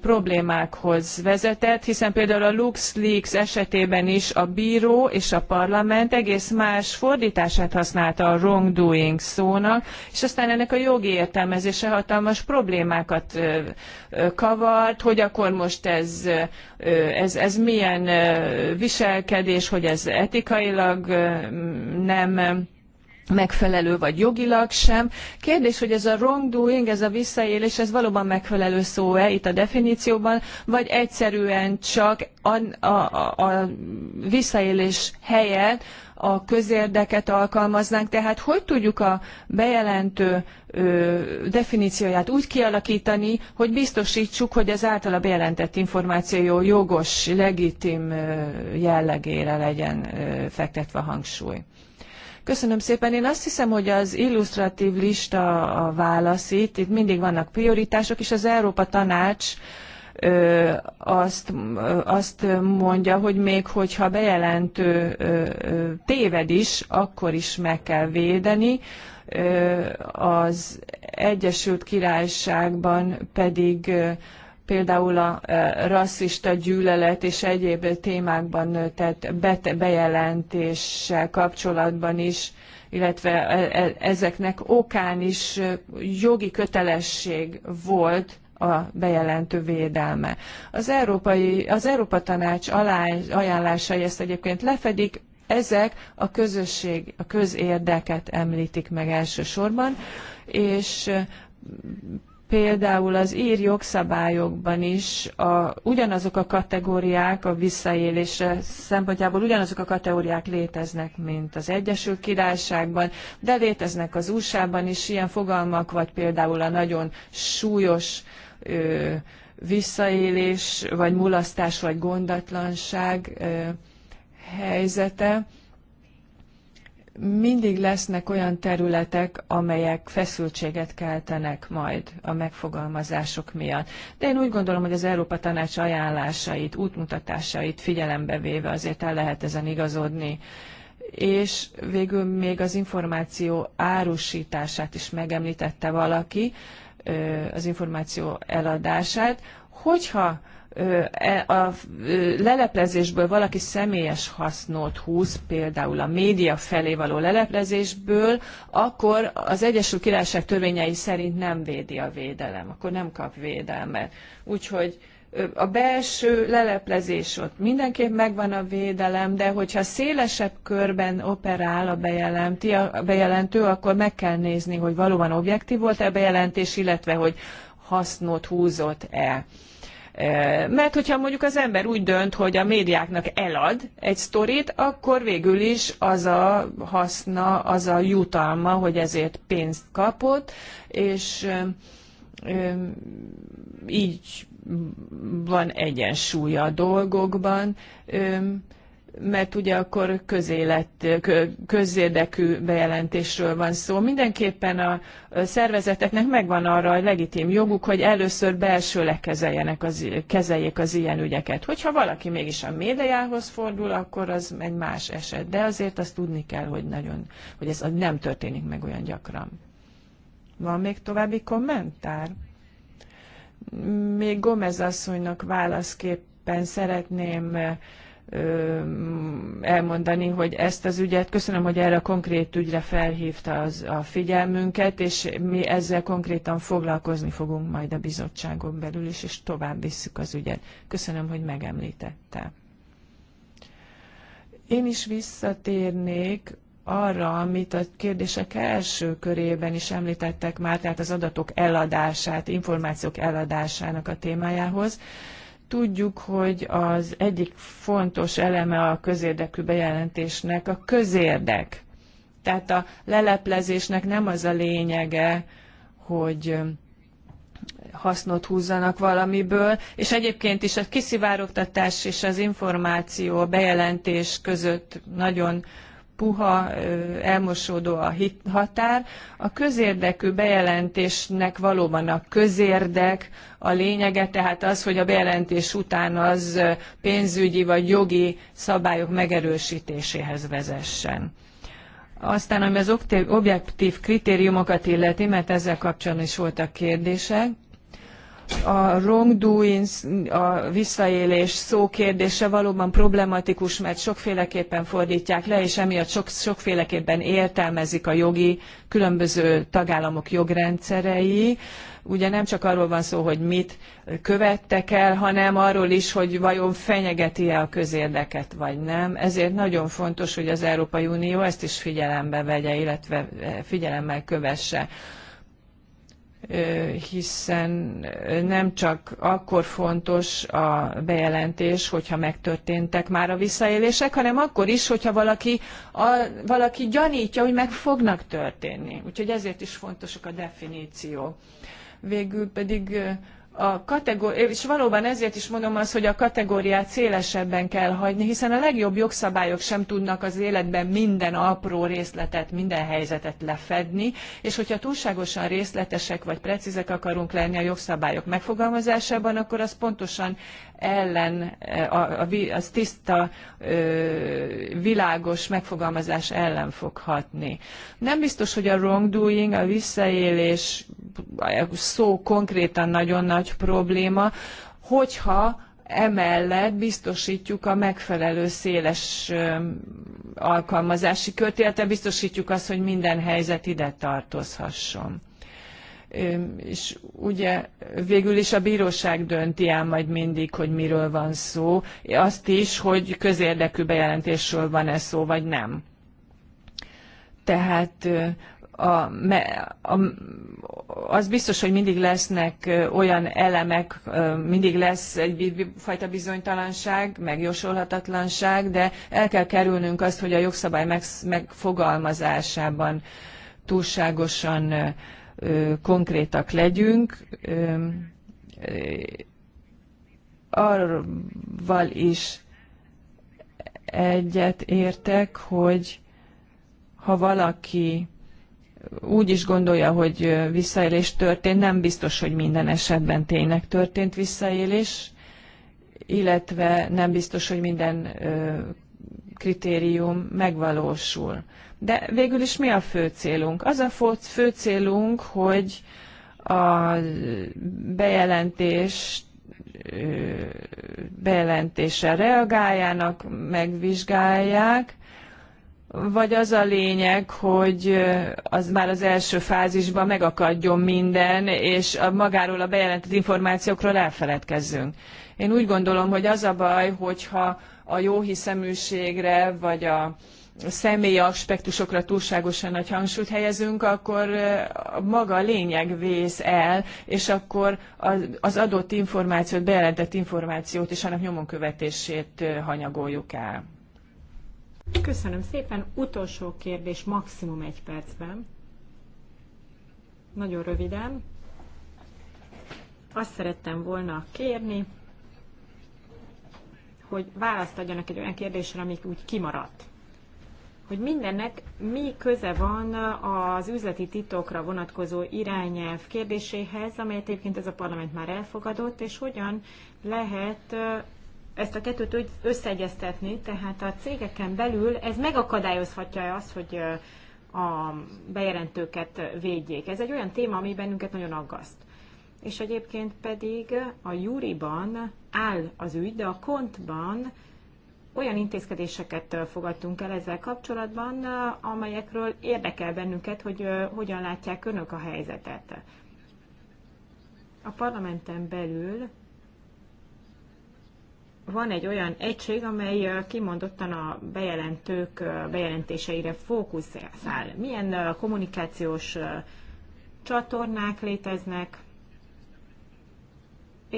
problémákhoz vezetett, hiszen például a LuxLeaks esetében is a bíró és a parlament egész más fordítását használta a wrongdoing szónak, és aztán ennek a jogi értelmezése hatalmas problémákat kavart, hogy akkor most ez, ez, ez milyen viselkedés, hogy ez etikailag nem megfelelő, vagy jogilag sem. Kérdés, hogy ez a wrongdoing, ez a visszaélés, ez valóban megfelelő szó-e itt a definícióban, vagy egyszerűen csak a, a, a visszaélés helyett a közérdeket alkalmaznánk, tehát hogy tudjuk a bejelentő ö, definícióját úgy kialakítani, hogy biztosítsuk, hogy az általa bejelentett információ jogos, legitim ö, jellegére legyen ö, fektetve hangsúly. Köszönöm szépen. Én azt hiszem, hogy az illusztratív lista a válasz itt. Itt mindig vannak prioritások, és az Európa Tanács ö, azt, ö, azt mondja, hogy még hogyha bejelentő ö, téved is, akkor is meg kell védeni. az Egyesült Királyságban pedig például a e, rasszista gyűlölet és egyéb témákban tett bejelentéssel kapcsolatban is, illetve e, e, ezeknek okán is jogi kötelesség volt a bejelentő védelme. Az, Európai, az Európa Tanács alá, ajánlásai ezt egyébként lefedik, ezek a közösség, a közérdeket említik meg elsősorban, és például az ír jogszabályokban is a, ugyanazok a kategóriák a visszaélésre szempontjából ugyanazok a kategóriák léteznek, mint az Egyesült Királyságban, de léteznek az USA-ban is ilyen fogalmak, vagy például a nagyon súlyos ö, visszaélés, vagy mulasztás, vagy gondatlanság ö, helyzete mindig lesznek olyan területek, amelyek feszültséget keltenek majd a megfogalmazások miatt. De én úgy gondolom, hogy az Európa Tanács ajánlásait, útmutatásait figyelembe véve azért el lehet ezen igazodni és végül még az információ árusítását is megemlítette valaki, az információ eladását, hogyha E, a leleplezésből valaki személyes hasznot húz, például a média felé való leleplezésből, akkor az Egyesült Királyság törvényei szerint nem védi a védelem, akkor nem kap védelmet. Úgyhogy a belső leleplezés ott mindenképp megvan a védelem, de hogyha szélesebb körben operál a, bejelenti, a bejelentő, akkor meg kell nézni, hogy valóban objektív volt-e a bejelentés, illetve hogy hasznot húzott-e. Mert hogyha mondjuk az ember úgy dönt, hogy a médiáknak elad egy sztorit, akkor végül is az a haszna, az a jutalma, hogy ezért pénzt kapott, és így van egyensúly a dolgokban mert ugye akkor közélet, közérdekű bejelentésről van szó. Mindenképpen a szervezeteknek megvan arra a legitim joguk, hogy először belsőleg kezeljenek az, kezeljék az ilyen ügyeket. Hogyha valaki mégis a médiához fordul, akkor az egy más eset. De azért azt tudni kell, hogy, nagyon, hogy ez nem történik meg olyan gyakran. Van még további kommentár? Még Gomez asszonynak válaszképpen szeretném elmondani, hogy ezt az ügyet, köszönöm, hogy erre a konkrét ügyre felhívta az, a figyelmünket, és mi ezzel konkrétan foglalkozni fogunk majd a bizottságon belül is, és tovább visszük az ügyet. Köszönöm, hogy megemlítette. Én is visszatérnék arra, amit a kérdések első körében is említettek már, tehát az adatok eladását, információk eladásának a témájához. Tudjuk, hogy az egyik fontos eleme a közérdekű bejelentésnek a közérdek. Tehát a leleplezésnek nem az a lényege, hogy hasznot húzzanak valamiből, és egyébként is a kiszivárogtatás és az információ, a bejelentés között nagyon puha, elmosódó a határ. A közérdekű bejelentésnek valóban a közérdek a lényege, tehát az, hogy a bejelentés után az pénzügyi vagy jogi szabályok megerősítéséhez vezessen. Aztán, ami az objektív kritériumokat illeti, mert ezzel kapcsolatban is voltak kérdések, a wrongdoing, a visszaélés szó kérdése valóban problematikus, mert sokféleképpen fordítják le, és emiatt sok, sokféleképpen értelmezik a jogi, különböző tagállamok jogrendszerei. Ugye nem csak arról van szó, hogy mit követtek el, hanem arról is, hogy vajon fenyegeti-e a közérdeket, vagy nem. Ezért nagyon fontos, hogy az Európai Unió ezt is figyelembe vegye, illetve eh, figyelemmel kövesse hiszen nem csak akkor fontos a bejelentés, hogyha megtörténtek már a visszaélések, hanem akkor is, hogyha valaki, a, valaki gyanítja, hogy meg fognak történni. Úgyhogy ezért is fontosak a definíció. Végül pedig a kategóri- és valóban ezért is mondom azt, hogy a kategóriát szélesebben kell hagyni, hiszen a legjobb jogszabályok sem tudnak az életben minden apró részletet, minden helyzetet lefedni, és hogyha túlságosan részletesek vagy precízek akarunk lenni a jogszabályok megfogalmazásában, akkor az pontosan ellen, eh, a, a, az tiszta, világos megfogalmazás ellen fog hatni. Nem biztos, hogy a wrongdoing, a visszaélés a szó konkrétan nagyon nagy probléma, hogyha emellett biztosítjuk a megfelelő széles alkalmazási kört, biztosítjuk azt, hogy minden helyzet ide tartozhasson és ugye végül is a bíróság dönti el majd mindig, hogy miről van szó, azt is, hogy közérdekű bejelentésről van-e szó, vagy nem. Tehát a, a, az biztos, hogy mindig lesznek olyan elemek, mindig lesz egy fajta bizonytalanság, megjósolhatatlanság, de el kell kerülnünk azt, hogy a jogszabály megfogalmazásában túlságosan konkrétak legyünk, arval is egyet értek, hogy ha valaki úgy is gondolja, hogy visszaélés történt, nem biztos, hogy minden esetben tényleg történt visszaélés, illetve nem biztos, hogy minden kritérium megvalósul. De végül is mi a fő célunk? Az a fő célunk, hogy a bejelentés bejelentése reagáljának, megvizsgálják, vagy az a lényeg, hogy az már az első fázisban megakadjon minden, és a magáról a bejelentett információkról elfeledkezzünk. Én úgy gondolom, hogy az a baj, hogyha a jóhiszeműségre, vagy a személyi aspektusokra túlságosan nagy hangsúlyt helyezünk, akkor maga a lényeg vész el, és akkor az adott információt, bejelentett információt és annak nyomon követését hanyagoljuk el. Köszönöm szépen. Utolsó kérdés, maximum egy percben. Nagyon röviden. Azt szerettem volna kérni, hogy választ adjanak egy olyan kérdésre, amik úgy kimaradt. Hogy mindennek mi köze van az üzleti titokra vonatkozó irányelv kérdéséhez, amelyet egyébként ez a parlament már elfogadott, és hogyan lehet ezt a kettőt összeegyeztetni, tehát a cégeken belül ez megakadályozhatja azt, hogy a bejelentőket védjék. Ez egy olyan téma, ami bennünket nagyon aggaszt és egyébként pedig a júriban áll az ügy, de a kontban olyan intézkedéseket fogadtunk el ezzel kapcsolatban, amelyekről érdekel bennünket, hogy hogyan látják önök a helyzetet. A parlamenten belül van egy olyan egység, amely kimondottan a bejelentők bejelentéseire fókuszál. Milyen kommunikációs csatornák léteznek,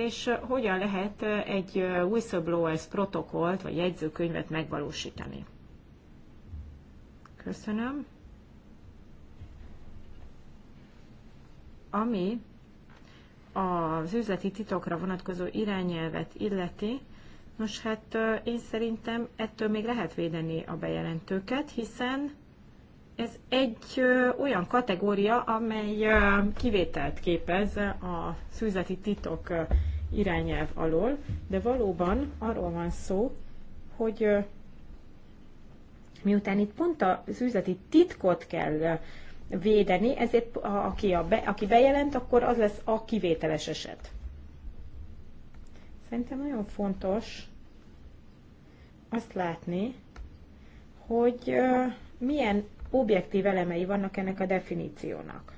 és hogyan lehet egy whistleblowers protokollt vagy jegyzőkönyvet megvalósítani. Köszönöm. Ami az üzleti titokra vonatkozó irányelvet illeti, nos hát én szerintem ettől még lehet védeni a bejelentőket, hiszen ez egy olyan kategória, amely kivételt képez a szűzeti titok irányelv alól, de valóban arról van szó, hogy miután itt pont a szűzeti titkot kell védeni, ezért aki, a be, aki bejelent, akkor az lesz a kivételes eset. Szerintem nagyon fontos azt látni, hogy milyen objektív elemei vannak ennek a definíciónak.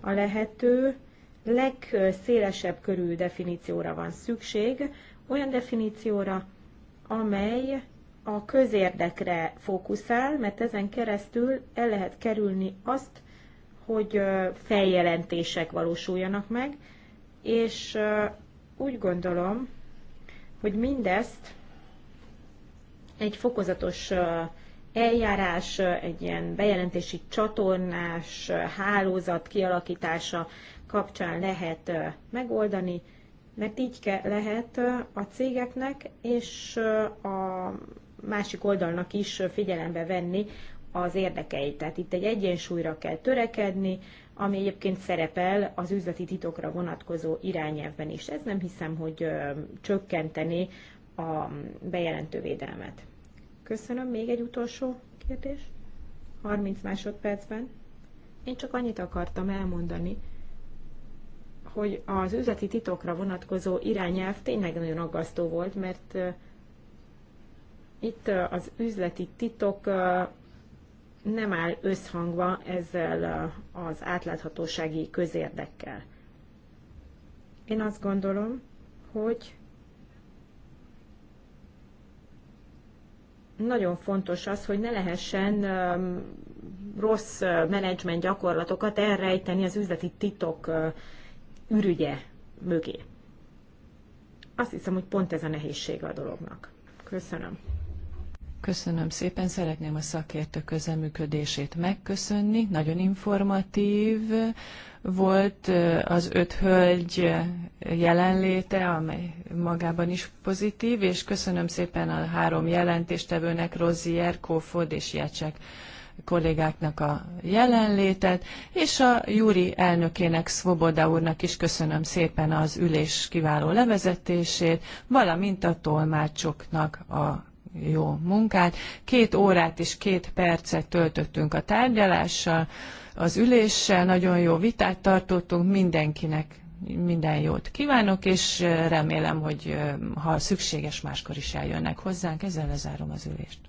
A lehető legszélesebb körű definícióra van szükség, olyan definícióra, amely a közérdekre fókuszál, mert ezen keresztül el lehet kerülni azt, hogy feljelentések valósuljanak meg, és úgy gondolom, hogy mindezt egy fokozatos eljárás, egy ilyen bejelentési csatornás hálózat kialakítása kapcsán lehet megoldani, mert így ke- lehet a cégeknek és a másik oldalnak is figyelembe venni az érdekeit. Tehát itt egy egyensúlyra kell törekedni, ami egyébként szerepel az üzleti titokra vonatkozó irányelvben is. Ez nem hiszem, hogy csökkenteni a bejelentő védelmet. Köszönöm. Még egy utolsó kérdés. 30 másodpercben. Én csak annyit akartam elmondani, hogy az üzleti titokra vonatkozó irányelv tényleg nagyon aggasztó volt, mert itt az üzleti titok nem áll összhangva ezzel az átláthatósági közérdekkel. Én azt gondolom, hogy nagyon fontos az, hogy ne lehessen rossz menedzsment gyakorlatokat elrejteni az üzleti titok ürügye mögé. Azt hiszem, hogy pont ez a nehézség a dolognak. Köszönöm. Köszönöm szépen, szeretném a szakértő közeműködését megköszönni. Nagyon informatív volt az öt hölgy jelenléte, amely magában is pozitív, és köszönöm szépen a három jelentéstevőnek, Rozier, Fod és Jecsek kollégáknak a jelenlétet, és a Júri elnökének, Svoboda úrnak is köszönöm szépen az ülés kiváló levezetését, valamint a tolmácsoknak a jó munkát. Két órát és két percet töltöttünk a tárgyalással, az üléssel, nagyon jó vitát tartottunk, mindenkinek minden jót kívánok, és remélem, hogy ha szükséges, máskor is eljönnek hozzánk. Ezzel lezárom az ülést.